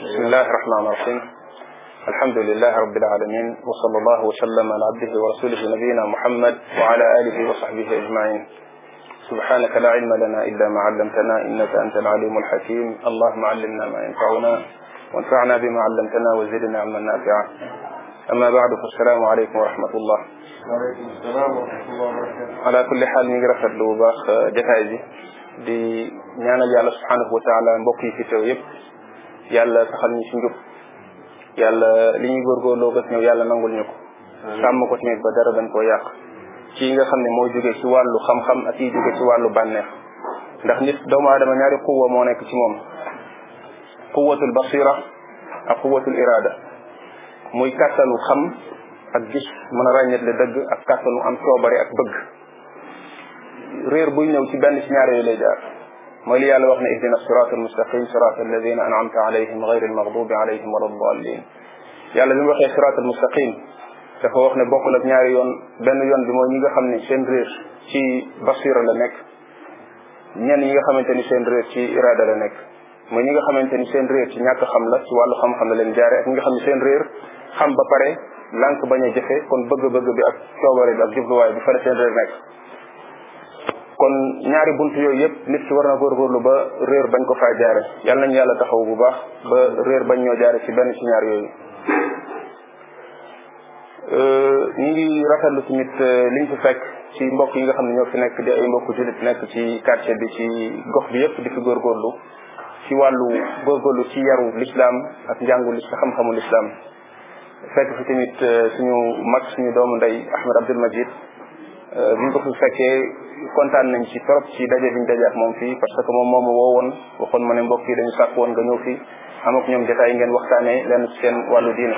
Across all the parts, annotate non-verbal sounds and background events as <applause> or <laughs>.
bismillahi rahmaani rahim alhamdulilahi rabbil alamin wa sallallahu wa sallam ala abdihi wa rasulihi nabiyina muhammad wa ala alihi wa sahbihi ajmain subhanaka la ilma lana illa ma allamtana innaka anta alalimu alhakim allahuma allimna ma yanfauna wanfana bima allamtana wa zidna ilman nafia amma baadu fa assalaamu aleykum wa rahmatullah waaleykum salaam wa rahmatullah wa barakatu ala kulli xaal ñu ngi rafetlu bu baax jataay euh, bi di ñaanal yàlla subhanahu wa taala mbokk yi fi teew yëpp yàlla saxal ñu ci njub yàlla li ñuy góor góorgóorloo ba ñëw yàlla nangul ñu ko sàmm ko tamit ba dara bañ koo yàq ci nga xam ne moo jóge ci wàllu xam-xam ak yi jóge ci wàllu bànneex ndax nit doomu aadama ñaari quwa moo nekk ci moom quwatul basira ak quwatul irada muy kàttanu xam ak gis mën a ràññet dëgg ak kàttanu am coobare ak bëgg réer buy ñëw ci benn ci ñaar yooyu lay jaar mooy li yàlla wax ne ihdina siraat almustaqim siraat alladina anamta alayhim gayr almaghdubi alayhim wala dallin yàlla bi mu waxee siraat almustaqim dafa wax ne bokkul ak ñaari yoon benn yoon bi mooy ñi nga xam ne seen réer ci basira la nekk ñenn ñi nga xamante ni seen réer ci irada la nekk mooy ñi nga xamante ni seen réer ci ñàkk xam la ci wàllu xam-xam la leen jaare ak nga xam ne seen réer xam ba pare lànk bañ a jëfe kon bëgg-bëgg bi ak coobare bi ak jubluwaay bi fa la seen réer nekk kon ñaari bunt yooyu yëpp nit ci war na góorgóorlu ba réer bañ ko faa jaare yàlla nañ yàlla taxaw bu baax ba réer bañ ñoo jaare ci benn ci ñaar yooyu ñu ngi rafetlu tamit e, liñ fi fekk ci mbokk yi nga xam ne ñoo fi nekk di ay mbokk julit nekk ci quartier bi ci gox bi yëpp di fi góorlu ci wàllu góorgóorlu ci yaru l'islam ak njàngu li xam-xamu l'islam fekk fi tamit e, suñu mag suñu doomu ndey Ahmed Abdul Majid Euh, buñ ko fi fekkee kontaan nañ ci trop ci daje biñ daje ak moom fii parce que moom moomu woo woon waxoon ma ne mbokk yi dañu sàkk woon nga ñëw fii am ak ñoom jotaay ngeen waxtaanee lenn ci seen wàllu diine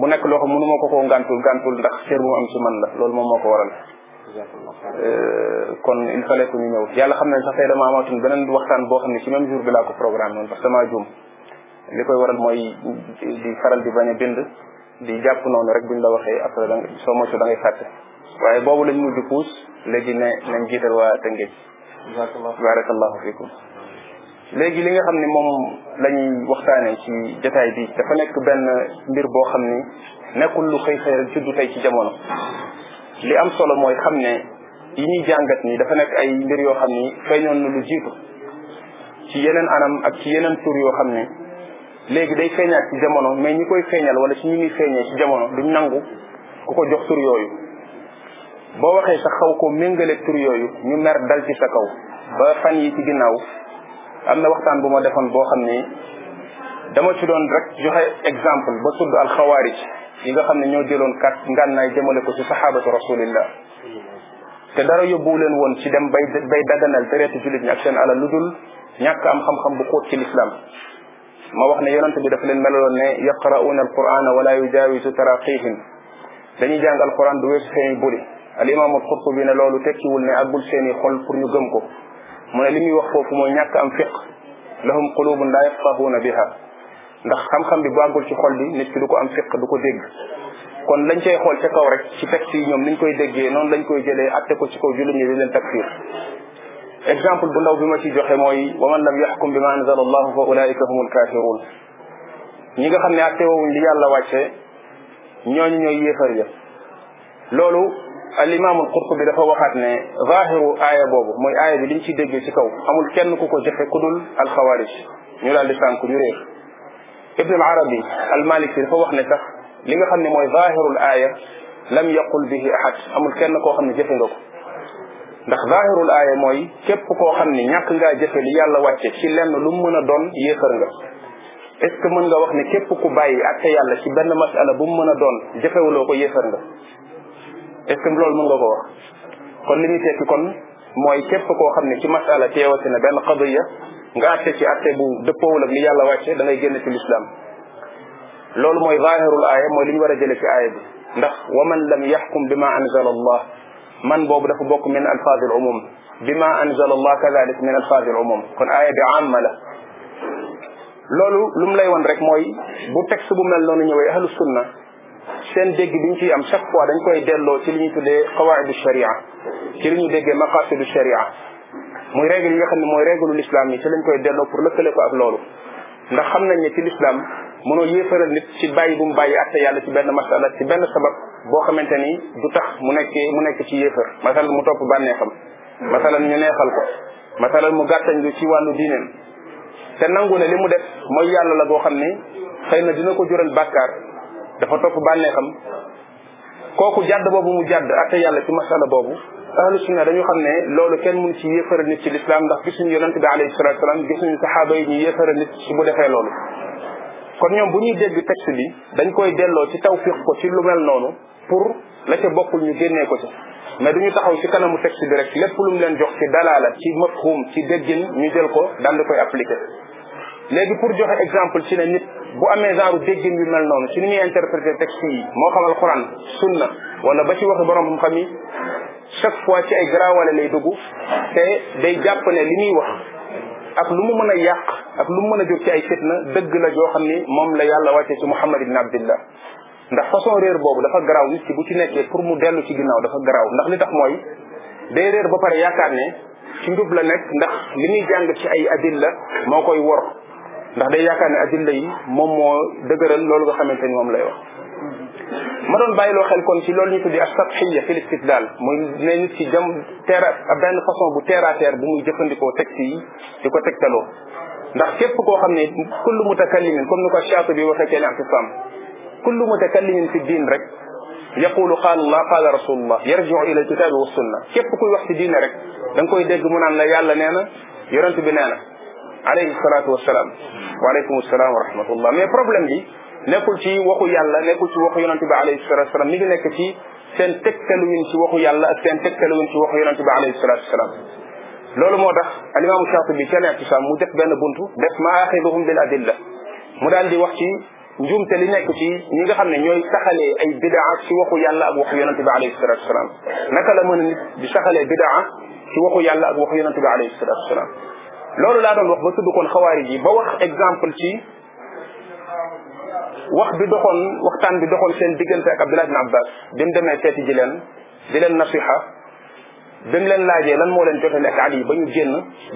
mu nekk loo xam mënu ma ko koo gàntul gàntul ndax cër bu am man la loolu moom moo ko waral euh, kon il fallait que ñu ñëw yàlla xam ne sax tey dama amaatoon beneen waxtaan boo xam ne ci même jour bi laa ko programme noonu parce que damaa juum li koy waral mooy di xaral di bañ a bind di jàpp noonu rek bu ñu la waxee après da nga soo moytu da ngay fàtte waaye boobu lañ mujj puus léegi ne nañ jiital waa Tëngéej barakallahu fikum léegi li nga xam ne moom lañuy ñuy waxtaane ci jataay bi dafa nekk benn mbir boo xam ni nekkul lu xëy xëy rek juddu tey ci jamono li am solo mooy xam ne yi ñuy jàngat ni dafa nekk ay mbir yoo xam ni feeñoon na lu jiitu ci yeneen anam ak ci yeneen tur yoo xam ne léegi day feeñaat ci jamono mais ñi koy feeñal wala ci ñi muy feeñee ci jamono duñ nangu ku ko jox tur yooyu boo waxee sa xaw koo méngaleeg tur yooyu ñu mer dal ci sa kaw ba fan yi ci ginnaaw am na waxtaan bu ma defoon boo xam ni dama ci doon rek joxe exemple ba tudd alxawaarij yi nga xam ne ñoo jëloon kat ngànnaay jëmale ko ci saxaabatu rasulillah te dara yóbbuwu leen woon si dem bay bay daganal deretu jullit ñi ak seen alal lu dul ñàkk am xam-xam bu xóot ci lislaam ma wax ne yonante bi dafa leen melaloon ne yaqra'una alqur'ana wala yujawisu taraqihim dañuy jàng alquran du weesu seen buli al imaamul Qurtubi ne loolu tekkiwul ne àggul seeni xol pour ñu gëm ko mu ne li muy wax foofu mooy ñàkk am fiq lahum qulubun la yafqahuna biha ndax xam-xam bi bu àggul ci xol bi nit ki du ko am fiq du ko dégg kon lañ cay xool ca kaw rek ci texte yi ñoom niñ koy déggee noonu lañ koy jëlee atte ko ci kaw jullit ñi di leen takfir exemple bu ndaw bi ma ci joxe mooy wa man lam yaxkum bi ma anzala allahu fa ulaika humul kafirun ñi nga xam ne atte woowuñ li yàlla wàcce ñooñu ñooy yéefar al imaamu alqurtubi dafa waxaat ne zahiru aaya boobu mooy aaya bi liñ ci déggee ci kaw amul kenn ku ko jëfe ku dul alxawaarij ñu daal di sànk ñu réer ibn al arabi al maliki dafa wax ne tax li nga xam ne mooy zahirul aya lam yaqul bihi ahad amul kenn koo xam ne jëfe nga ko ndax zahirul aaya mooy képp koo xam ni ñàkk ngaa jëfe li yàlla wàcce ci lenn lu mu mën a doon yéefar nga est ce mën nga wax ne képp ku bàyyi ak te yàlla ci benn masala bu mu mën a doon jëfewuloo ko yéefar nga est loolu mën nga ko kon li muy tekki kon mooy képp koo xam ne ci masala teewati na benn qadiya nga atte ci atte bu dëppoowul ak li yàlla wàcce da ngay génn ci lislaam loolu mooy zaahirul aaya mooy li ñu war a jële ci aaya bi ndax wa man lam yaxkum bima anzala allah man boobu dafa bokk min alfaaz al umum bima anzala allah kadalik min alfaaz al umum kon aaya bi amma la loolu lu mu lay won rek mooy bu texte bu mel noonu ñëwee ahlu sunna seen dégg bi ñu ciy am chaque fois dañ koy delloo ci li ñu tuddee qawaidu sharia ci li ñu déggee maqasidu sharia muy règle yi nga xam ne mooy règle l'islam yi ci lañ koy delloo pour lëkkale ko ak loolu ndax xam nañ ne ci l'islam mënoo yéefaral nit ci bàyyi bu mu bàyyi atte yàlla ci benn masala ci benn sabab boo xamante ni du tax mu nekk mu nekk ci yéefar masalan mu topp bànneexam masalan ñu neexal ko masalan mu gàttañ lu ci wàllu diineem te nangu ne li mu def mooy yàlla la boo xam ne xëy na dina ko jural bàkkaar dafa topp bànneexam kooku jàdd boobu mu jàdd atte yàlla ci masala boobu ahlu sunna dañu xam ne loolu kenn mun ci yéefara nit ci lislaam ndax gisuñu yonente bi alayhi salatu salaam gisuñu saxaaba yi ñu yéefara nit ci bu defee loolu kon ñoom bu ñuy dégg texte bi dañ koy delloo ci tawfiq ko ci lu mel noonu pour la ca bokkul ñu génnee ko ci mais duñu taxaw ci kanamu texte bi rek lépp lu mu leen jox ci dalaala ci mafhum ci déggin ñu jël ko daal di koy appliquer léegi pour joxe exemple ci ne nit bu amee genre déggin yu mel noonu ci ni ñuy interpréter texte yi moo xam alquran sunna wala ba ci waxi borom xam-xam yi chaque fois ci ay garaawale lay dugg te day jàpp ne li muy wax ak lu mu mën a yàq ak lu mu mën a jóg ci ay fitna dëgg la joo xam ni moom la yàlla wàcce ci Muhammad ibn Abdillah ndax façon réer boobu dafa garaaw nit ki bu ci nekkee pour mu dellu ci ginnaaw dafa garaaw ndax li tax mooy day réer ba pare yaakaar ne ci la ndax li muy jàng ci ay adilla moo koy wor ndax day yaakaar ne adilla yi moom moo dëgëral loolu nga xamante ni moom lay wax ma doon bàyyiloo xel kon ci loolu ñu tuddee ak satxiya fil istidlal muy ne nit ci jam terre benn façon bu terre à terre bu muy jëfandikoo texte yi di ko tegtaloo ndax képp koo xam ne kullu mutakallimin comme ni ko Shaatibi waxee ci al-i'tisam kullu mutakallimin fi diin rek yaqulu qaala allah qaala rasulullah yarjiu ila al-kitaabi wa sunna képp kuy wax ci diine rek da nga koy dégg mu naan la yàlla nee na yonent bi nee na alayhi salaatu wasalaam waaleykum salaam wa rahmatullah mais problème bi nekkul ci waxu yàlla nekkul ci waxu yonente bi alayhi salatu wasalaam mi ngi nekk ci seen tegtaluwin ci waxu yàlla ak seen tegtaluwin ci waxu yonente bi alayhi salatu wasalaam loolu moo tax alimaamu Shaatibi ca I'tisaam mu def benn buntu def ma axiduhum bil adilla mu daal di wax ci njuumte li nekk ci ñi nga xam ne ñooy saxalee ay bidaa ci waxu yàlla ak waxu yonente bi alayhi salatu wasalaam naka la mën a nit di saxalee bidaa ci waxu yàlla ak waxu yonente bi alayhi salatu wasalaam loolu laa doon wax ba tudd koon xawaarij yi ba wax exemple ci wax bi doxoon waxtaan bi doxoon seen diggante ak Abdullah na Abbas bi mu demee seeti ji leen di leen nasiha bi mu leen laajee lan moo leen jotale ak Ali ba ñu génn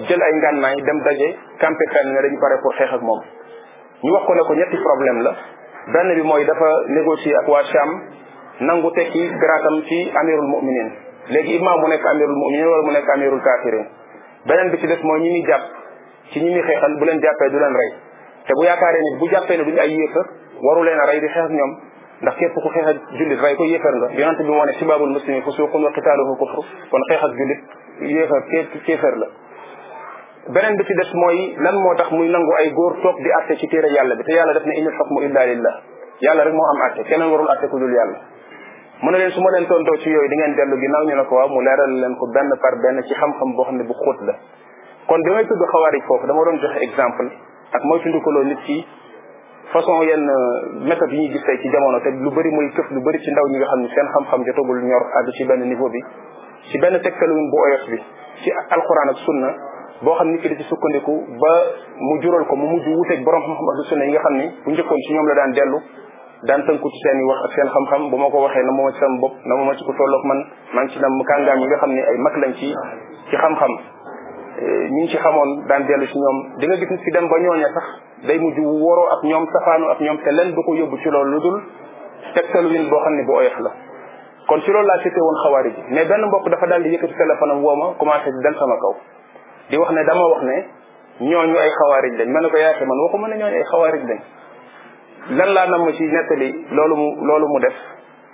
jël ay ngànnaay dem daje campé fenn ne dañu pare pour xeex ak moom ñu wax ko ne ko ñetti problème la benn bi mooy dafa négocier ak waa Sham nangu tekki garaatam ci amirul muminin léegi imam mu nekk amirul muminin wala mu nekk amirul kafirin beneen bi ci des mooy ñi muy jàpp ci ñi muy xeexal bu leen jàppee du leen rey te bu yaakaaree ni bu jàppee ne duñu ay yéefar waru leen a rey di xeex ñoom ndax képp ku xeex ak jullit rey ko yéefar nga yonent bi moo ne sibaabul muslimi fusuuqun wa qitaaluhu kufr kon xeex ak jullit yéefar képp kéefar la beneen bi ci des mooy lan moo tax muy nangu ay góor toog di atte ci téere yàlla bi te yàlla def ne inil xukmu illa lillah yàlla rek moo am atte keneen warul atte ku dul yàlla mu ne leen su ma leen tontoo ci yooyu di ngeen dellu ginnaaw ñu ne ko waaw mu leeral leen ko benn par benn ci xam-xam boo xam ne bu xóot la kon bi may tudd xawaarij foofu dama doon joxe exemple ak mooy tundukaloo nit ki façon yenn euh, méthode yi ñuy ci jamono te lu bëri muy këf lu bëri ci ndaw ñi nga xam ne seen xam-xam jotagul ñor àgg ci benn niveau bi ci benn tegtaluwun bu oyos bi ci alquran ak sunna boo xam nit ki da ci sukkandiku ba mu jural ko mu mujj wuteeg borom xam-xam ak sunna yi nga xam ni bu ci ñoom la daan dellu daan tënku ci seen i wax ak seen xam-xam bu ma ko waxee na ma ma ci sama bopp na ma ma ci ko tolloog man maa ngi ci nam kàngaam yi nga xam ne ay mag lañ ci ci xam ñu eh, ñi ci xamoon daan dellu ci ñoom di nga gis ci dem ba ñooña sax day mujj woroo ak ñoom safaanu ak ñoom te leen du ko yóbbu ci loolu lu dul tegtalu win boo xam ne bu oyof la kon ci loolu laa cité woon xawaari ji mais benn mbokk dafa daal di yëkkati téléphone am woo ma commencé di dal sama wax ne dama wax ne ñooñu ay xawaarij lañ ma ne ko yaake man waxuma ne ñooñu ay xawaarij lañ lan laa namm ci nettali loolu mu loolu mu def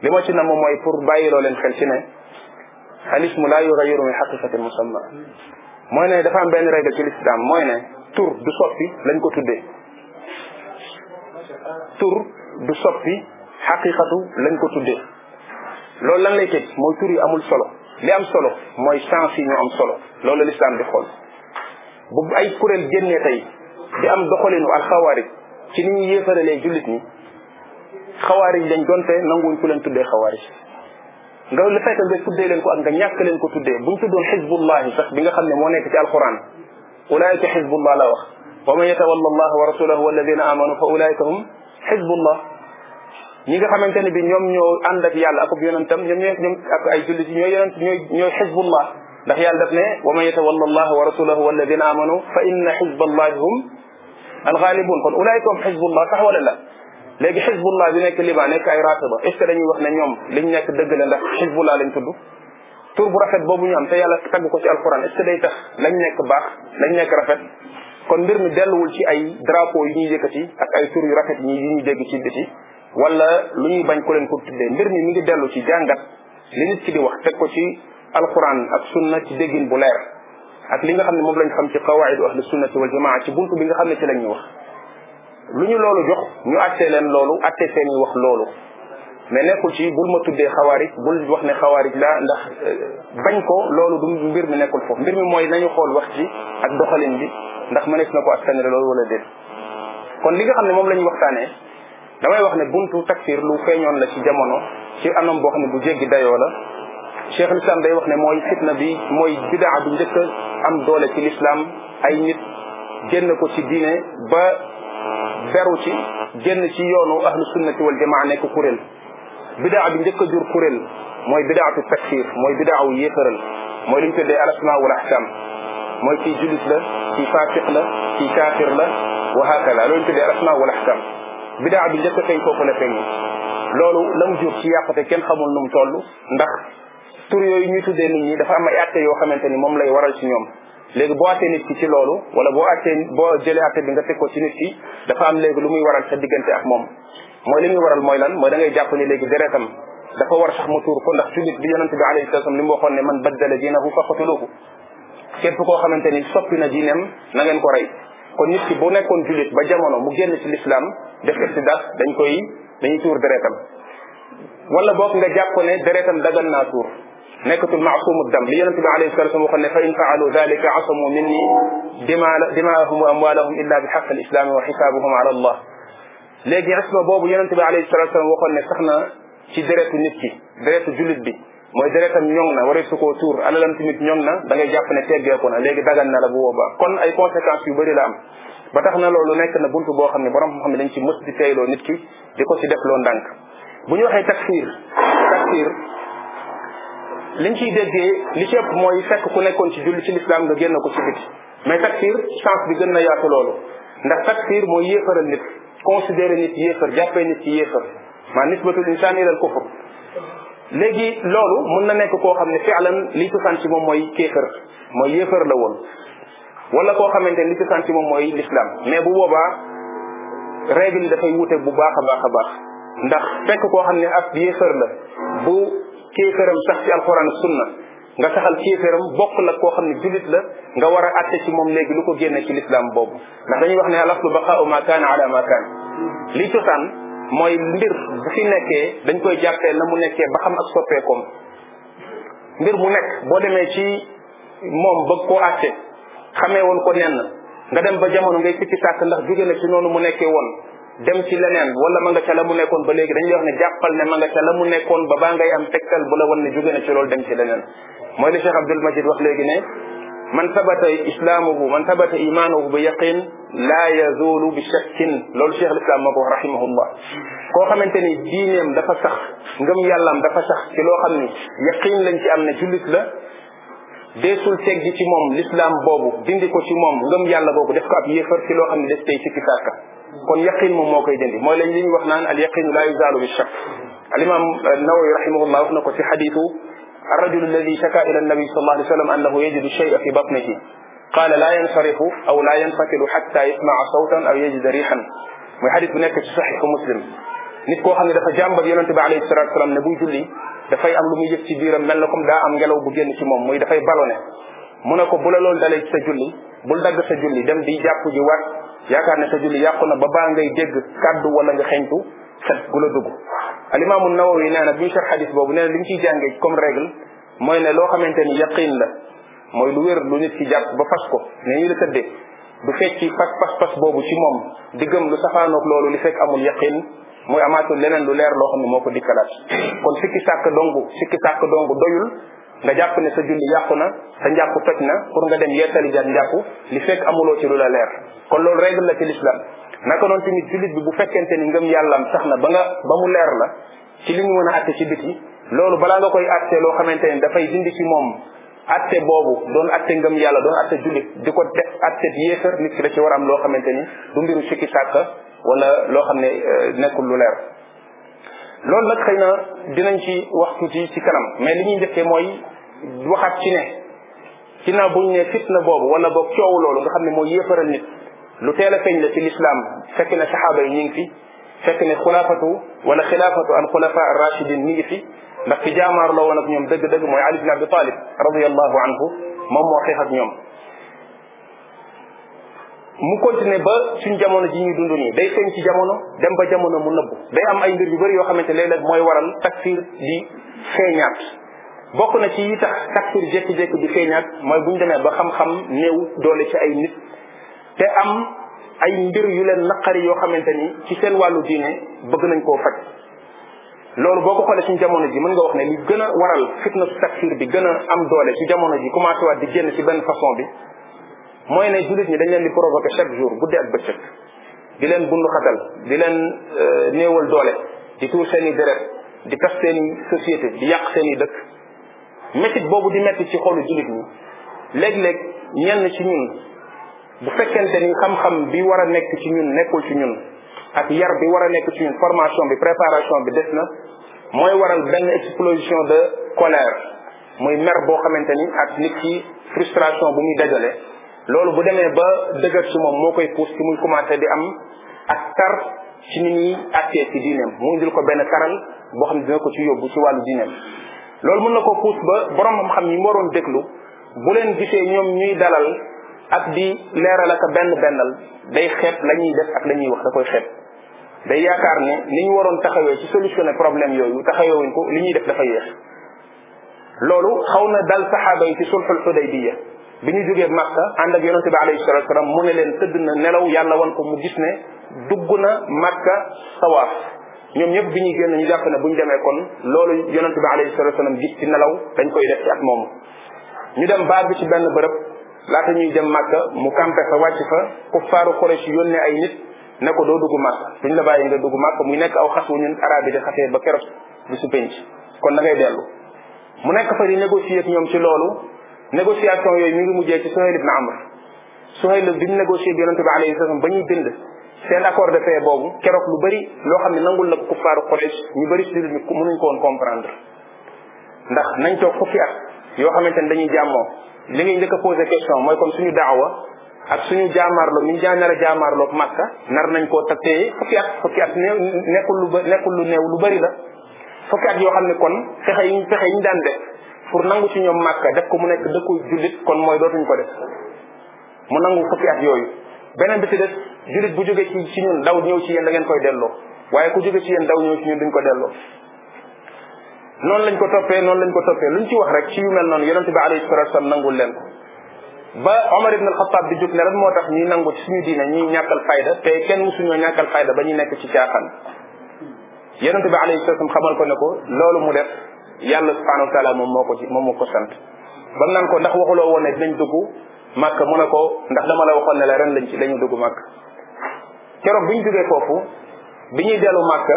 li ma ci namm mooy pour bàyyiloo leen xel ci ne alismu laa yugayiru min xaqiqatin musamma mooy ne dafa am benn règle ci l'islam mooy ne tur du soppi lañ ko tuddee tur du soppi xaqiqatu lañ ko tuddee loolu lan lay teg mooy tur yi amul solo li am solo mooy sens yi ñoo am solo loolu l'islam di xool bu ay kuréel génne tey di am doxalinu alxawaarij ci ni ñuy yéefaralee jullit ñi xawaarij dañ donte nanguwuñ ku leen tuddee xawaarij nga le fekk nga tuddee leen ko ak nga ñàkk leen ko tuddee buñ tuddoon xizbullahi sax bi nga xam ne moo nekk ci alquran ulaayika xizbullah la wax wa man yatawalla allah wa rasulahu walladina amanu fa ulaayika hum xizbullah ñi nga xamante ne bi ñoom ñoo ànd ak yàlla akub yonentam ñoom ñooy ñoom ak ay jullit yi ñooy yonent ñooy ñooy xizbullah ndax yàlla daf ne wa man yatawalla allah wa rasulahu walladina amanu fa inna xizballahi hum alxaalibuun kon ulaayka hum xizbullah sax wala la léegi xizbullah bi nekk Liban nekk ay raatiba est ce que dañuy wax ne ñoom liñ nekk dëgg la ndax xizbullah lañ tudd tur bu rafet boobu ñu am te yàlla tagg ko ci alquran est ce que day tax lañ nekk baax lañ nekk rafet kon mbir mi delluwul ci ay drapo yu ñuy yëkkati ay tur yu rafet yi ñuy dégg ci biti wala lu ñuy bañ ku leen ko tuddee mbir mi mi ngi dellu ci jàngat li nit di wax teg ko ci alquran ak sunna ci déggin bu leer ak li nga xam ne moom lañ xam ci qawaidu ahli sunnati wal jamaa ci buntu bi nga xam ne ci ñu wax lu ñu loolu jox ñu àttee leen loolu àttee seen wax loolu mais nekkul ci bul ma tuddee xawaarij bul wax ne xawaarij la ndax euh, bañ ko loolu du mbir mi nekkul foofu mbir mi mooy nañu xool wax ji ak doxalin bi ndax mënees na ko askanale loolu walla déet kon li nga xam ne moom la ñu waxtaanee damay wax ne buntu takfir lu feeñoon la ci jamono ci anam boo xam ne bu jéggi dayoo la cheikh al islam day wax ne mooy fitna bi mooy bidaa bu njëkk am doole ci l'islam ay nit jën ko ci diine ba beru ci génn ci yoonu ahlu sunnati wal jamaa nekk kuréel bidaa bi njëkk jur kuréel mooy bidaatu takfir mooy bidaawu yéefëral mooy li ñu tuddee al asmaa wal ahkam mooy kii julit la kii fasiq la kii kaafir la wa hakada loolu ñu tuddee al asmaa wal ahkam bidaa bi njëkk a feeñ foofu la feeñ loolu la mu jur ci yàqate kenn xamul nu mu toll tur yooyu ñuy tuddee nit ñi dafa am ay atte yoo xamante ni moom lay waral ci ñoom léegi boo attee nit ki ci loolu wala boo attee boo jëlee atte bi nga teg ko ci nit ki dafa am léegi lu muy waral diggante ak moom mooy li muy waral mooy lan mooy da ngay jàpp léegi deretam dafa war sax mu tuur ko ndax jullit bi yonente bi alayhi salaam li mu waxoon ne man baddala diinahu fa qatuluhu képp koo xamante ni soppi na diineem na ngeen ko rey kon nit ki bu nekkoon jullit ba jamono mu génn ci lislaam def istidaat dañ koy dañuy tuur deretam wala boog nga jàpp ne deretam dagan naa tuur nekkatul maasumu dam li yonente bi alayhi salatu waxoon ne fa in faalu dalika asamu minni dima dimaahum wa amwalahum illa bi xaq al islaami wa xisaabuhum ala allah léegi isma boobu yonente bi alayhi salatu salaam waxoon ne sax na ci deretu nit ki deretu jullit bi mooy deretam ñoŋ na waree su koo tuur alalam tamit ñoŋ na da ngay jàpp ne teggeeku na léegi dagan na la bu boobaa kon ay conséquences yu bëri la am ba tax na loolu nekk na buntu boo xam ne borom xam ne dañ ci mës di teyloo nit ki di ko si def loo ndànk bu ñu waxee takfiir takfiir liñ ciy déggee li ci ëpp mooy fekk ku nekkoon ci julli ci lislaam nga génn ko ci biti mais takfir chance bi gën na yaatu loolu ndax takfir mooy yéefaral nit considéré nit yéefar jàppee nit ci yéefar maa nisbatul insaan ilal kufr léegi loolu mën na nekk koo xam ne fialan li cosaan ci moom mooy kéefar mooy yéefar la woon wala koo xamante ne li cosaan ci moom mooy l'islam mais bu boobaa règle dafay wute bu baax a baax a baax ndax fekk koo xam ne ak yéefar la bu kéeféram sax ci alxuraan sunna nga saxal kéeféram bokk la koo xam ne jullit la nga war a atte ci moom léegi lu ko génne ci lislaam boobu ndax dañuy wax ne al aslu baqaau ma kaana ala ma kaan li cosaan mooy mbir bu fi nekkee dañ koy jàppee na mu nekkee ba xam ak soppeekoom mbir mu nekk boo demee ci moom ba ko atte xamee woon ko nenn nga dem ba jamono ngay sikki sàkk ndax jóge na ci noonu mu nekkee woon dem ci leneen wala ma nga ca la mu nekkoon ba léegi dañuy wax ne jàppal ne ma nga ca la mu nekkoon ba baa ngay am tegtal bu la wan ne jóge na ci loolu dem ci leneen mooy li Cheikh Abdul Majid wax léegi ne man sabata islaamuhu man sabata imaanuhu bi yaqin laa yazulu bi shakkin loolu cheikh al islam moo ko wax rahimahullah koo xamante ni diineem dafa sax ngëm yàllaam dafa sax ci loo xam ni yaqin lañ ci am ne jullit la deesul teggi ci moom l'islam boobu dindi ko ci moom ngëm yàlla boobu def ko ab yéefar ci loo xam ne des tey sikki sàkka kon yaqin moom moo koy dindi mooy lañ li ñuy wax naan al yaqinu la yuzaalu bi shakk al imam nawawi rahimahullah wax na ko ci xaditu الرجل الذي شكا إلى النبي صلى الله عليه وسلم أنه يجد الشيء في بطنه قال لا ينصرف أو لا ينفتل حتى يسمع صوتا أو يجد ريحا muy xadis bu nekk ci saxiixu muslim nit koo xam ne dafa jàmbat yonente bi alayhi salatu salaam ne buy julli dafay am lu muy yëg ci biiram mel na comme daa am ngelaw bu génn ci moom muy dafay ballonné mu ne ko bu la loolu dalee ci sa julli bul dagg sa julli dem di jàpp ji waat yaakaar ne sa julli yàqu na ba baa ngay dégg kaddu wala nga xeñtu xet gu la dugg alimaamu nawawi nee na bi ñu sar xadis boobu nee na li ñu ciy jàngee comme règle mooy ne loo xamante ni yaqin la mooy lu wér lu nit ci jàpp ba fas ko ne ñu la tëddee du fekki fas fas fas boobu ci moom di gëm lu safaanoog loolu li fekk amul yaqin mooy amaatul leneen lu leer loo xam ne moo ko dikkalaat kon sikki sàkk dong sikki sàkk dong doyul nga jàpp ne sa julli yàqu na sa njàpp toj na pour nga dem yettali jar njàpp li fekk amuloo ci lu la leer kon loolu règle la ci l'islam naka noonu tamit jullit bi bu fekkente ni ngëm yàllaam sax na ba nga ba mu leer la ci li ñu mën a atte ci biti loolu balaa nga koy atte loo xamante ni dafay dindi ci moom atte boobu doon atte ngëm yàlla doon atte jullit di ko def atte yéefar nit ki da ci war am loo xamante ni du mbiru sikki sàkk wala loo xam ne euh, nekkul lu leer loolu nag xëy na dinañ ci wax tuuti ci kanam mais li ñuy njëkkee mooy waxaat ci ne ginnaaw buñ ne fitna boobu wala boog coow loolu nga xam ne mooy yéefaral nit lu teel a feeñ la ci lislaam fekk na saxaaba yi ñu ngi fi fekk ne xulaafatu wala xilaafatu al xulafa ar rachidin ñi ngi fi ndax fi jaamaar loo la woon ak ñoom dëgg-dëgg mooy ali bin abi talib radiallahu anhu moom moo xeex ak ñoom mu continuer ba suñ jamono ji ñuy dund nii day feeñ ci jamono dem ba jamono mu nëbbu day am ay mbir yu bari yoo xamante léeg-léeg mooy waral takfir di feeñaat bokk na ci yi tax takfir jékki-jékki di feeñaat mooy bu ñu demee ba xam-xam néew doole ci ay nit te am ay mbir yu leen naqari yoo xamante ni ci seen wàllu diine bëgg nañ koo faj loolu boo ko xoolee suñ jamono ji mën nga wax ne li gën a waral fitna takfir bi gën a am doole ci jamono ji commencé waat di génn ci benn façon bi mooy ne jullit ñi dañ leen di provoquer chaque jour guddi ak bëccëg di leen bundu xatal di leen euh, néewal doole di tuur seeni i deret di tas seen i société di yàq seen i dëkk métit boobu di métti ci xolu jullit ñi léeg-léeg ñenn ci ñun bu fekkente ni xam-xam bi war a nekk ci ñun nekkul ci ñun ak yar bi war a nekk ci ñun formation bi préparation bi des na mooy waral benn explosion de colère muy mer boo xamante ni ak nit ki frustration bu muy dajale loolu bu demee ba dëgër ci moom moo koy puus ci muy commencé di am ak tar ci nit ñi àttee ci diineem mu indil ko benn taral boo xam dina ko ci yóbbu ci wàllu diineem loolu mën na ko puus ba borom xam-xam yi mu waroon déglu bu leen gisee ñoom ñuy dalal ak di leeral ak benn bennal day xeeb la ñuy def ak la ñuy wax da koy xeeb day yaakaar ne li ñu waroon taxawee ci solutionné problème yooyu wuñ ko li ñuy def dafa yéex loolu xaw na dal saxaaba yi ci sulxul xudaybiya bi ñu jógee Makka ànd ak yonente bi alayhi salatu wasalam mu ne leen tëdd na nelaw yàlla wan ko mu gis ne dugg na Makka sawaaf ñoom ñëpp bi ñuy génn ñu jàpp ne bu ñu demee kon loolu yonente bi alayhi salatu wasalam gis ci nelaw dañ koy def ci at moomu ñu dem baar bi ci benn bërëb laata ñuy dem Makka mu campé fa wàcc fa kuffaaru Quraysh yónnee ay nit ne ko doo dugg Makka duñ la bàyyi nga dugg Makka muy nekk aw xas wu ñun arab yi di xasee ba keroog bi su penc kon da ngay dellu mu nekk fa di ci loolu négociation yooyu mi ngi mujjee ci Suhayl ibn Amr Suhayl bi mu négocié bi yonente bi alayhi salaam ba ñuy bind seen accord de paix boobu keroog lu bëri loo xam ne nangul la ko kuffaaru Quraysh ñu bari si jullit mu mënuñ ko woon comprendre ndax nañ toog fukki at yoo xamante ne dañuy jàmmoo li ngay njëkk a posé question mooy kon suñu daawa ak suñu jaamaarloo mi ñu nar a jaamaarloo Makka nar nañ koo tagtee fukki at fukki at néew nekkul lu ba nekkul lu new lu bëri la fukki at yoo xam ne kon fexe yi fexe ñu daan pour nangu ci ñoom màkka def ko mu nekk dëkku jullit kon mooy dootuñ ko def mu nangu fukki at yooyu beneen bi ci des jullit bu jógee ci ci ñun daw ñëw ci yéen da ngeen koy delloo waaye ku jóge ci yéen daw ñëw ci ñun duñ ko delloo noonu lañ ko toppee noonu lañ ko toppee luñ ci wax rek ci yu mel noonu yonente bi alayhi salatu wasalam nangul leen ko ba Omar ibn al-Khattab di jóg ne lan moo tax ñuy nangu ci suñu diine ñu ñàkkal fayda te kenn musuñoo ñàkkal fayda ba ñuy nekk ci caaxaan yonente bi alayhi salatu wasalam xamal ko ne ko loolu mu def yàlla subhanahu wa taala moom moo ko ci moom moo ko sant bam naan ko ndax waxuloo woon ne dinañ duggu màkk mu ne ko ndax dama la waxoon ne la ren lañ ci dañu dugg màkk keroog bi ñu jógee foofu bi ñuy dellu màkk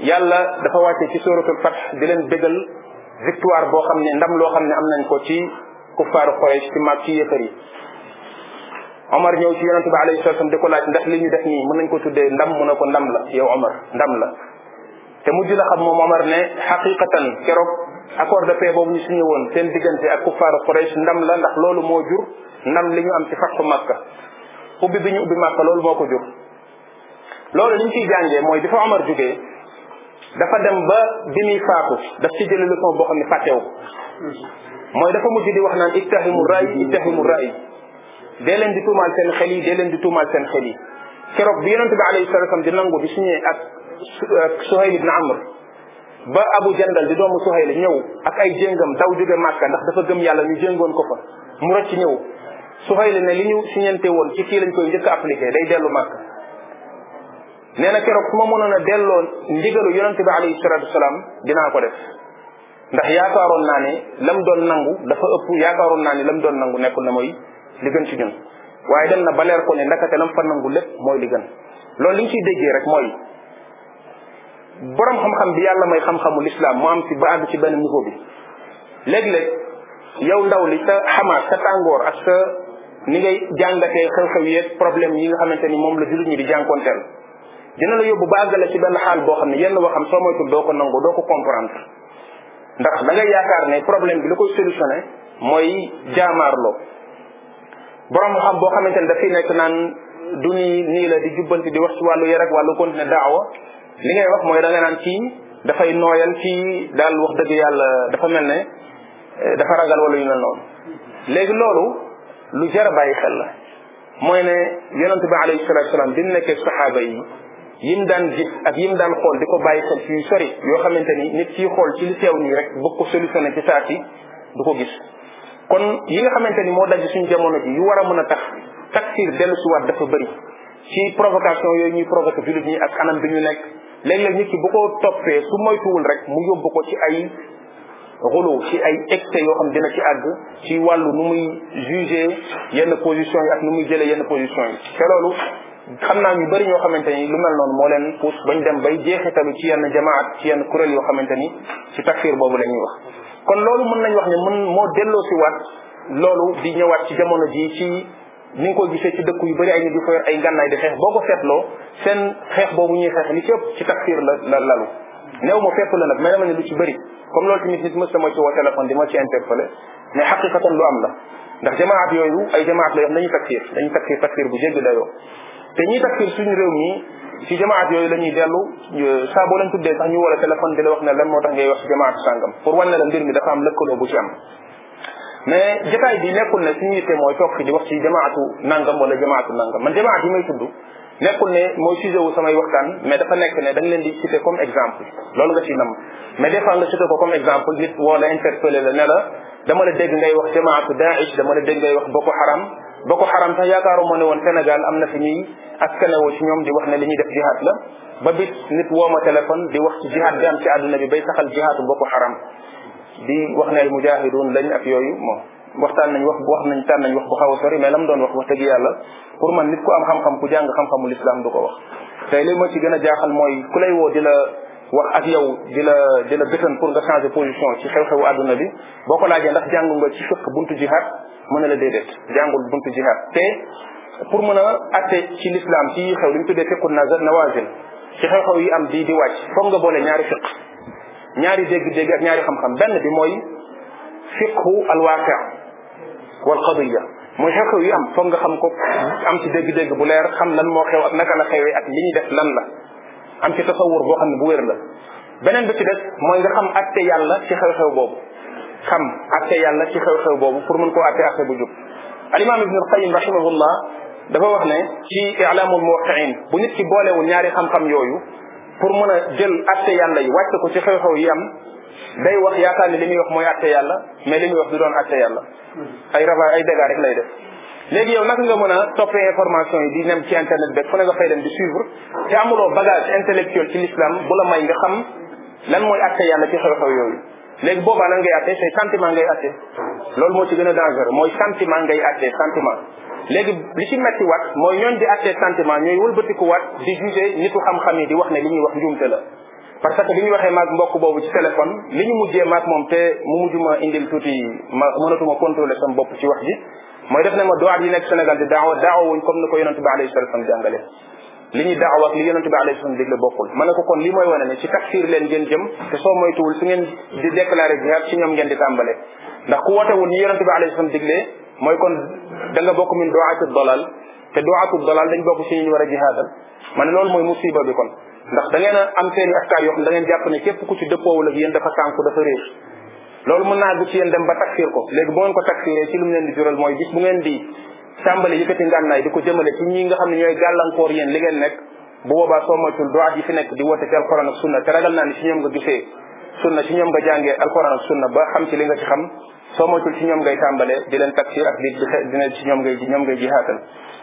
yàlla dafa wàcce ci suratul fath di leen bégal victoire boo xam ne ndam loo xam ne am nañ ko ci kuffaaru Quraysh ci màkk ci yëfër yi Omar ñëw ci yonente bi alayhi salaam di ko laaj ndax li ñu def nii mën nañ ko tuddee ndam mu ne ko ndam la yow Omar ndam la te mujj la xam moom Omar ne xaqiqatan keroog accord de boobu ñu signé woon seen diggante ak kuffaaru Quraysh ndam la ndax loolu moo jur ndam li ñu am ci fatxu Makka ubbi bi ñu ubbi Makka loolu moo ko jur loolu li ñu ciy jàngee mooy bi fa Omar jógee dafa dem ba bi muy faatu daf ci jële leçon boo xam ne fàttewu mooy dafa mujj di wax naan ittahimu ra'i ittahimu ra'i dee leen di tuumaal seen xel yi dee leen di tuumaal seen xel yi keroog bi yonente bi alayhi salatu di nangu di signé ak Uh, Suhayl ibn Amr ba Abu Jandal di doomu Suhayl ñëw ak ay jéngam daw jóge Màkka ndax dafa gëm yàlla ñu jéngoon ko fa mu ci ñëw Suhayl ne li ñu siñante woon ci kii lañ koy njëkk appliqué day dellu Màkka nee na keroog su ma mënoon a delloo ndigalu yonente bi alayhi salatu salaam dinaa ko def ndax yaakaaroon naa ne lam doon nangu dafa ëpp yaakaaroon naa ne lam doon nangu nekkul na mooy li gën ci ñun waaye dem na ba leer ko ne ndakate lam fa nangu lépp mooy loolu li ñu rek mooy borom xam-xam bi yàlla may xam-xamu lislaam mu am ci ba àgg ci benn niveau bi léeg-léeg yow ndaw li sa xamaat sa tàngoor ak sa ni ngay jàngatee xew-xew yeeg problème yi nga xamante ni moom la jullit ñi di jànkonteel dina la yóbbu ba àggale ci benn xaal boo xam ne yenn waxam soo moytul doo ko nangu doo ko comprendre ndax da ngay yaakaar ne problème bi li koy solutionné mooy jaamaarloo borom xam boo xamante ni dafay nekk naan du ni nii la di jubbanti di wax ci wàllu yar ak wàllu continuer li ngay wax mooy da naan kii dafay nooyal kii daal wax dëgg yàlla dafa mel ne eh, dafa ragal wala yu mel noonu léegi loolu lu jar a bàyyi xel la mooy ne yonente bi alayhi salatu wasalaam bi mu nekkee saxaaba yi yim daan gis ak yim daan xool di ko bàyyi xel ci sori yoo xamante ni nit ciy xool ci li teew nii rek bëgg ko solutionné ci saa si du ko gis kon yi nga xamante ni moo daj suñu jamono ji yu war a mën a tax takfir dellusiwaat dafa bëri ci provocation yooyu ñuy provoqué jullit ñi ak anam bi ñu nekk léegi léeg nit ki bu ko toppee su moytuwul rek mu yóbbu ko ci ay rolo ci ay excès yoo xam dina ci àgg ci wàllu nu muy juger yenn position yi ak nu muy jëlee yenn position yi te loolu xam naa ñu bëri ñoo xamante ni lu mel noonu moo leen pousse bañ dem bay jeexitalu ci yenn jamaat ci yenn kuréel yoo xamante ni ci takfir boobu la ñuy wax kon loolu mën nañ wax ni mën moo delloo si waat loolu di ñëwaat ci jamono ji ci ni nga koy gisee ci dëkk yu bari ay nit yu fa ay gànnaay di xeex boo ko seetloo seen xeex boobu ñuy xeex li ci ci takfir la la lalu néew ma fépp la nag mais dama ne lu ci bëri comme loolu tamit nit mës sama ci woo téléphone di ma ci interpellé mais lu am la ndax jamaat yooyu ay jamaat la yoo xam dañuy takfir dañuy takfir takfir bu jéggi dayoo te ñiy takfir suñu réew mi ci jamaat yooyu la ñuy dellu saa boo leen tuddee sax ñu wala téléphone di la wax ne lan moo tax ngay wax ci jamaat sàngam pour wan ne la mbir bu ci am mais jotaay bi nekkul ne suñu yitte mooy toog fi di wax ci jamaatu nangam wala jamaatu nangam man jamaat yi may tudd nekkul ne mooy sujet wu samay waxtaan mais dafa nekk ne da leen di cité comme exemple loolu nga ci nam mais des fois nga cité ko comme exemple nit woo la interpellé la ne la dama la dégg ngay wax jamaatu Daesh dama la dégg ngay wax Boko Haram bokko Haram sax yaakaaru moo ne woon Sénégal am na fi ak askanewoo ci ñoom di wax ne li ñuy def jihad la ba bis nit woo ma téléphone di wax ci jihad bi am ci àdduna bi bay saxal jihaatu Boko Haram di wax ne al mujahidun lañ ak yooyu moom waxtaan nañ wax wax nañ tànn nañ wax bu xaw a sori mais la mu doon wax wax dëgg yàlla pour man nit ku am xam-xam ku jàng xam-xamul islam du ko wax te li ma ci gën a jaaxal mooy ku lay woo di la wax ak yow di la di la bëtan pour nga changer position ci xew-xewu adduna bi boo ko laajee ndax jàngu nga ci fekk buntu jihad mën na la déedéet jàngul buntu jihad te pour mën a atte ci l'islam ci xew li ñu tuddee fiqu nawazil ci xew-xew yi am di di wàcc foog nga boole ñaari fiq ñaari dégg-dégg ak ñaari xam-xam benn bi mooy fiqhu alwaqi wal qadiya mooy xew-xew yi am foog nga xam ko am ci dégg-dégg bu leer xam lan moo xew ak naka la xewee ak li ñu def lan la am ci tasawur boo xam ne bu wér la beneen bi ci des mooy nga xam atte yàlla ci xew-xew boobu xam atte yàlla ci xew-xew boobu pour mun koo atte atte bu jub alimam ibn alqayim rahimahullah dafa wax ne ci i'lamul muwaqqi'in bu nit ci boolewul ñaari xam-xam yooyu pour mën a jël atte yàlla yi wàcce ko ci xew-xew yi am day wax yaakaar ni li muy wax mooy atte yàlla mais li muy wax du doon atte yàlla ay rava ay dégâts rek lay def léegi yow naka nga mën a toppee information yi di nem ci internet beeg fu ne nga fay dem di suivre te amuloo bagage intellectuel ci l'islam bu la may nga xam lan mooy atte yàlla ci xew-xew yooyu léegi boobaa nan ngay atte say sentiment ngay atte loolu moo ci gën a dangereux mooy sentiment ngay atte sentiment léegi li ci metti waat mooy ñooñ di attee sentiment ñooy wëlbatiku waat di jugé nitu xam-xam yi di wax ne li ñuy wax njuumte la parce que bi ñu waxee maag mbokk boobu ci téléphone li ñu mujjee maag moom te mu mujj ma indil tuuti ma mënatuma contrôler sama bopp ci wax ji mooy def na ma doaat yi nekk Sénégal di daawa daawa wuñ comme ni ko yonente bi alayhi salatu wasallam jàngale li ñuy daawa ak li yonente bi alayhi salatu digle bokkul ma ne ko kon li mooy wane leen ngeen jëm te soo moytuwul ngeen di déclarer jihad ñoom ngeen di tàmbale ndax ku wootewul ñi yonente bi alayhi mooy kon da nga bokk min duwaatu dolal te duwaatu dolal dañ bokk si ñu war a jihaadal ma ne loolu mooy musiba bi kon ndax da am seen i askaar yoo xam ne képp ku ci dëppoowul ak yéen dafa sànku dafa réer loolu mën naa dugg ci dem ba takfir ko léegi bu ngeen ko takfiree ci leen di jural mooy bis bu ngeen di sàmbale yëkkati ngànnaay ko jëmale nga xam ne ñooy gàllankoor yéen li ngeen nekk bu boobaa soo moytul duwaat yi fi nekk di woote ci alquran ak sunna te ragal naa ni si ñoom nga gisee sunna si ñoom nga jàngee alquran ak sunna ba xam ci li nga ci xam soo moytul ci ñoom ngay tàmbalee di leen takfir ak di dina ci ñoom ngay ñoom ngay jihaatal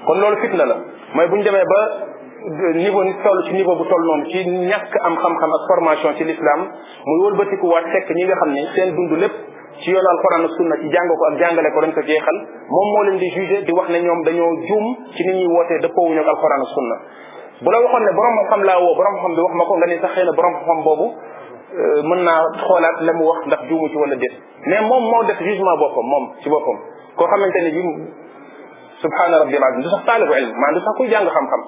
kon loolu fitna la mooy bu ñu demee ba euh, niveau ni toll ci niveau bu toll noonu ci ñàkk am xam-xam ak formation ci l'islam muy wëlbatiku waat fekk ñi nga xam ne seen dund lépp ci yoonu alxuraan ak sunna ci jàng ko ak jàngale ko dañ ko jeexal moom moo leen di jugé di wax ne ñoom dañoo juum ci ni ñuy wootee dëppoowuñu ak alxuraan ak sunna bu la waxoon ne borom xam laa woo borom xam wax ma ko nga ne sax borom xam boobu Euh, mën naa xoolaat la mu wax ndax juumu ci wala déet mais moom moo def jugement boppam moom ci boppam koo xamante ne bi subhaana rabbil azim du sax taalibu ilm maanaam du sax kuy jàng xam-xam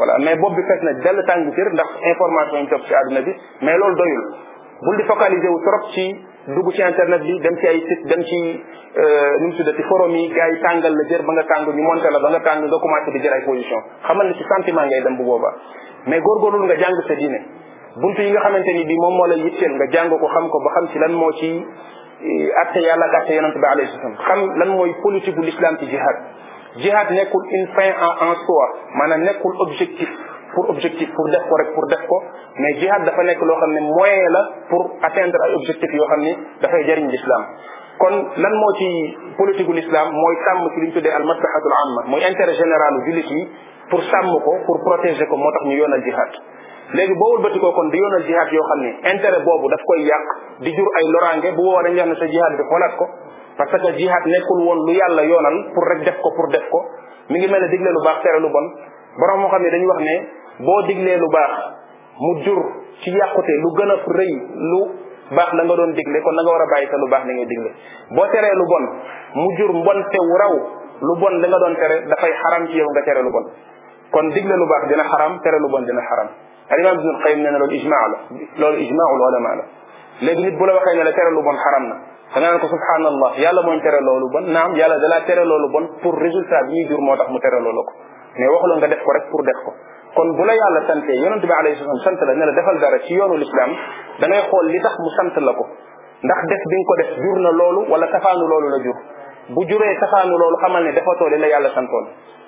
wala mais bopp bi fees na dell tàng kër ndax information yi topp ci àdduna bi mais loolu doyul bul di focaliser wu trop ci dugg ci internet bi dem ci ay site dem ci euh, nu mu tuddati forum yi tàngal la jër ba nga tàng ñu monté la ba nga tàng nga commencé di jël ay position xamal ne ci ngay dem bu boobaa mais góorgóorlu nga jàng sa diine bunt yi nga xamante ni bi moom moo la yitteel nga jàng ko xam ko ba xam ci lan moo ci atte eh, yàlla ak atte yonente bi alayhi xam lan mooy politique bu l'islam ci jihad jihad nekkul une fin en en soi maanaam nekkul objectif pour objectif pour def ko rek pour def ko mais jihad dafa nekk loo xam ne moyen la pour atteindre ay objectifs yoo xam ni dafay jariñ l'islam kon lan moo ci politique gu l'islam mooy sàmm ci lu ñu tuddee al maslahatul amma mooy intérêt général u yi pour sàmm ko pour protéger ko moo tax ñu yoonal jihad léegi boo wëlbatikoo kon di yoonal jihaad yoo xam ne intérêt boobu daf koy yàq di jur ay loraange bu boobaa dañuy wax ne sa jihaad bi xoolaat ko parce que jihaad nekkul woon lu yàlla yoonal pour rek def ko pour def ko mi ngi mel ne digle lu baax tere lu bon borom moo xam ne dañuy wax ne boo diglee lu baax mu jur ci yàqute lu gën a rëy lu baax la nga doon digle kon na nga war a bàyyi sa lu baax li ngay digle boo teree lu bon mu jur mbonte wu raw lu bon la nga doon tere dafay xaram ci yow nga tere lu kon digle lu baax dina xaram tere lu dina xaram al imam ibnul qayim nee na loolu ijmaa la loolu ijmaul ulama la léegi nit bu la waxee ne la tere lu bon xaram na da nga naan ko subhanallah yàlla mooñ tere loolu bon naam yàlla dalaa tere loolu bon pour résultat bi ñuy jur moo tax mu tere loolu ko mais waxu loon nga def ko rek pour def ko kon bu la yàlla sante yonente bi alayhi salaam sant la ne defal dara ci yoonu lislaam da ngay xool li tax sant la ko ndax def bi ko def jur na loolu wala safaanu loolu la bu juree safaanu loolu xamal ne defatoo li la yàlla santoon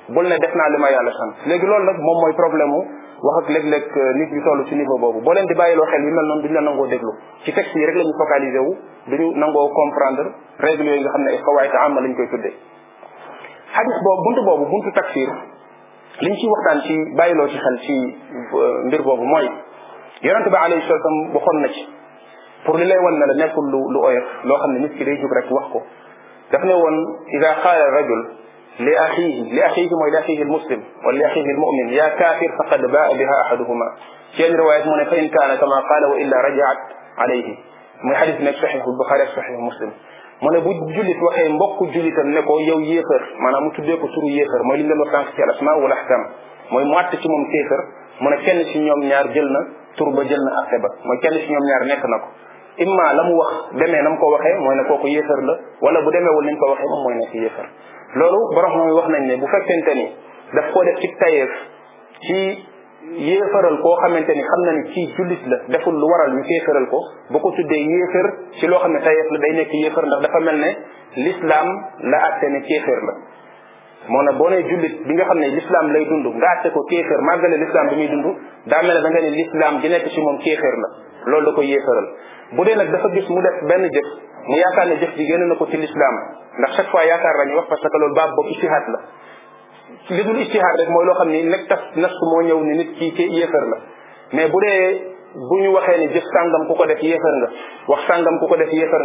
bul ne def naa li ma yàlla sant léegi loolu nag moom mooy problème mu wax ak léeg-léeg euh, nit ñu toll ci niveau boobu boo leen di bàyyiloo xel yu mel noonu duñu la nangoo déglu ci texte yi rek la ñu focalisé wu duñu nangoo comprendre règle yooyu nga xam ne ay xawaay te amma lañ koy tuddee xadis boobu buntu boobu buntu takfir liñ ci waxtaan ci bàyyiloo ci xel ci euh, mbir boobu mooy yonente bi alayhi salaam waxoon na ci pour li lay wan ne la nekkul lu lu oyof loo xam ne nit ki day jóg rek wax ko dax ne woon ida qaala rajul li axiihi li axiihi mooy li axiihi almuslim wala li axiihi almumin yaa kaafir faqad baa biha ahaduhuma ci yenn riwaayat mu ne fa in kaana kama qaala wa illa rajaat alayhi muy xadis nekk saxiixu buxaari ak saxiixu muslim mu ne bu jullit waxee mbokk jullitam ne ko yow yéefar maanaam mu tuddee ko turu yéefar mooy li ñu leen wax sànq ci al asmaa wal ahkam mooy mu àtt ci moom kéefar mu ne kenn ci ñoom ñaar jël na tur ba jël na àtte ba mooy kenn ci ñoom ñaar nekk na ko imma la mu wax demee na mu ko waxee mooy ne kooku yéefar la wala bu demee wala ni mu ko waxee moom mooy nekk yéefar loolu borom mooy wax nañ ne bu fekkente ni daf koo def ci tayeef ci yéefaral koo xamante ni xam na ni ci jullit la deful lu waral ñu kéefaral ko boo ko tuddee yéefar ci loo xam ne tayeef la day nekk yéefar ndax dafa mel ne l'islam la àtte ne kéefar la moo ne boo nee jullit bi nga xam ne l'islam lay dund nga atte ko kéeféer màggale l'islam bi muy dund daa mel ne nga ne l'islam di nekk ci moom kéeféer la loolu da koy yéeféeral bu dee nag dafa gis mu def benn jëf mu yaakaar ne jëf ji na ko ci l'islam ndax chaque fois yaakaar lañuy wax parce que loolu baab boobu istihaad la li dul istihaad rek mooy loo xam ne nekk tas nas moo ñëw ni nit kii ki yéeféer la mais bu dee bu ñu waxee ne jëf sàngam ku ko def yéeféer nga wax sàngam ku ko def yéeféer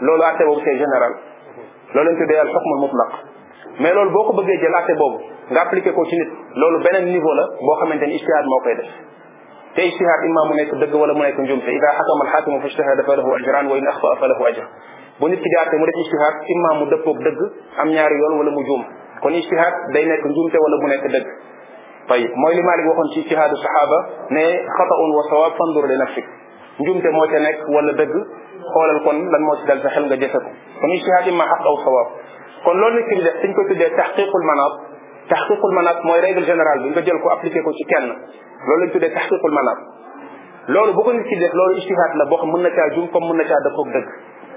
loolu atte boobu général loolu lañ tuddee al hukmul mutlaq mais loolu boo ko bëggee jël atte boobu nga appliqué ko ci nit loolu beneen niveau la boo xamante ni ijtihaad moo koy def te ijtihaad imma mu nekk dëgg wala mu nekk njumte ida xakama alxaakimu fa ijtahada fa lahu ajran wa in axtaa fa lahu ajr bu nit ki jaarte mu def ijtihaad imma mu dëppoog dëgg am ñaari yoon wala mu juum kon ijtihaad day nekk njumte wala mu nekk dëgg tayib mooy li Malik waxoon ci ijtihaadu saxaaba ne xataun wa sawaab fandur li nafsik njumte moo ca nekk wala dëgg xoolal kon lan moo ci dal sa xel nga jëfe ko kon ijtihaad imma xaq aw sawaab kon loolu la ci def suñ ko tuddee taxqiqul manaat taxqiqul manaat mooy règle générale bi nga jël ko appliqué ko ci kenn loolu lañ tuddee taxqiqul manaat loolu boo ko nit ki def loolu ijtihaad la boo xam mën na caa jum comme mën na caa dëppoog dëgg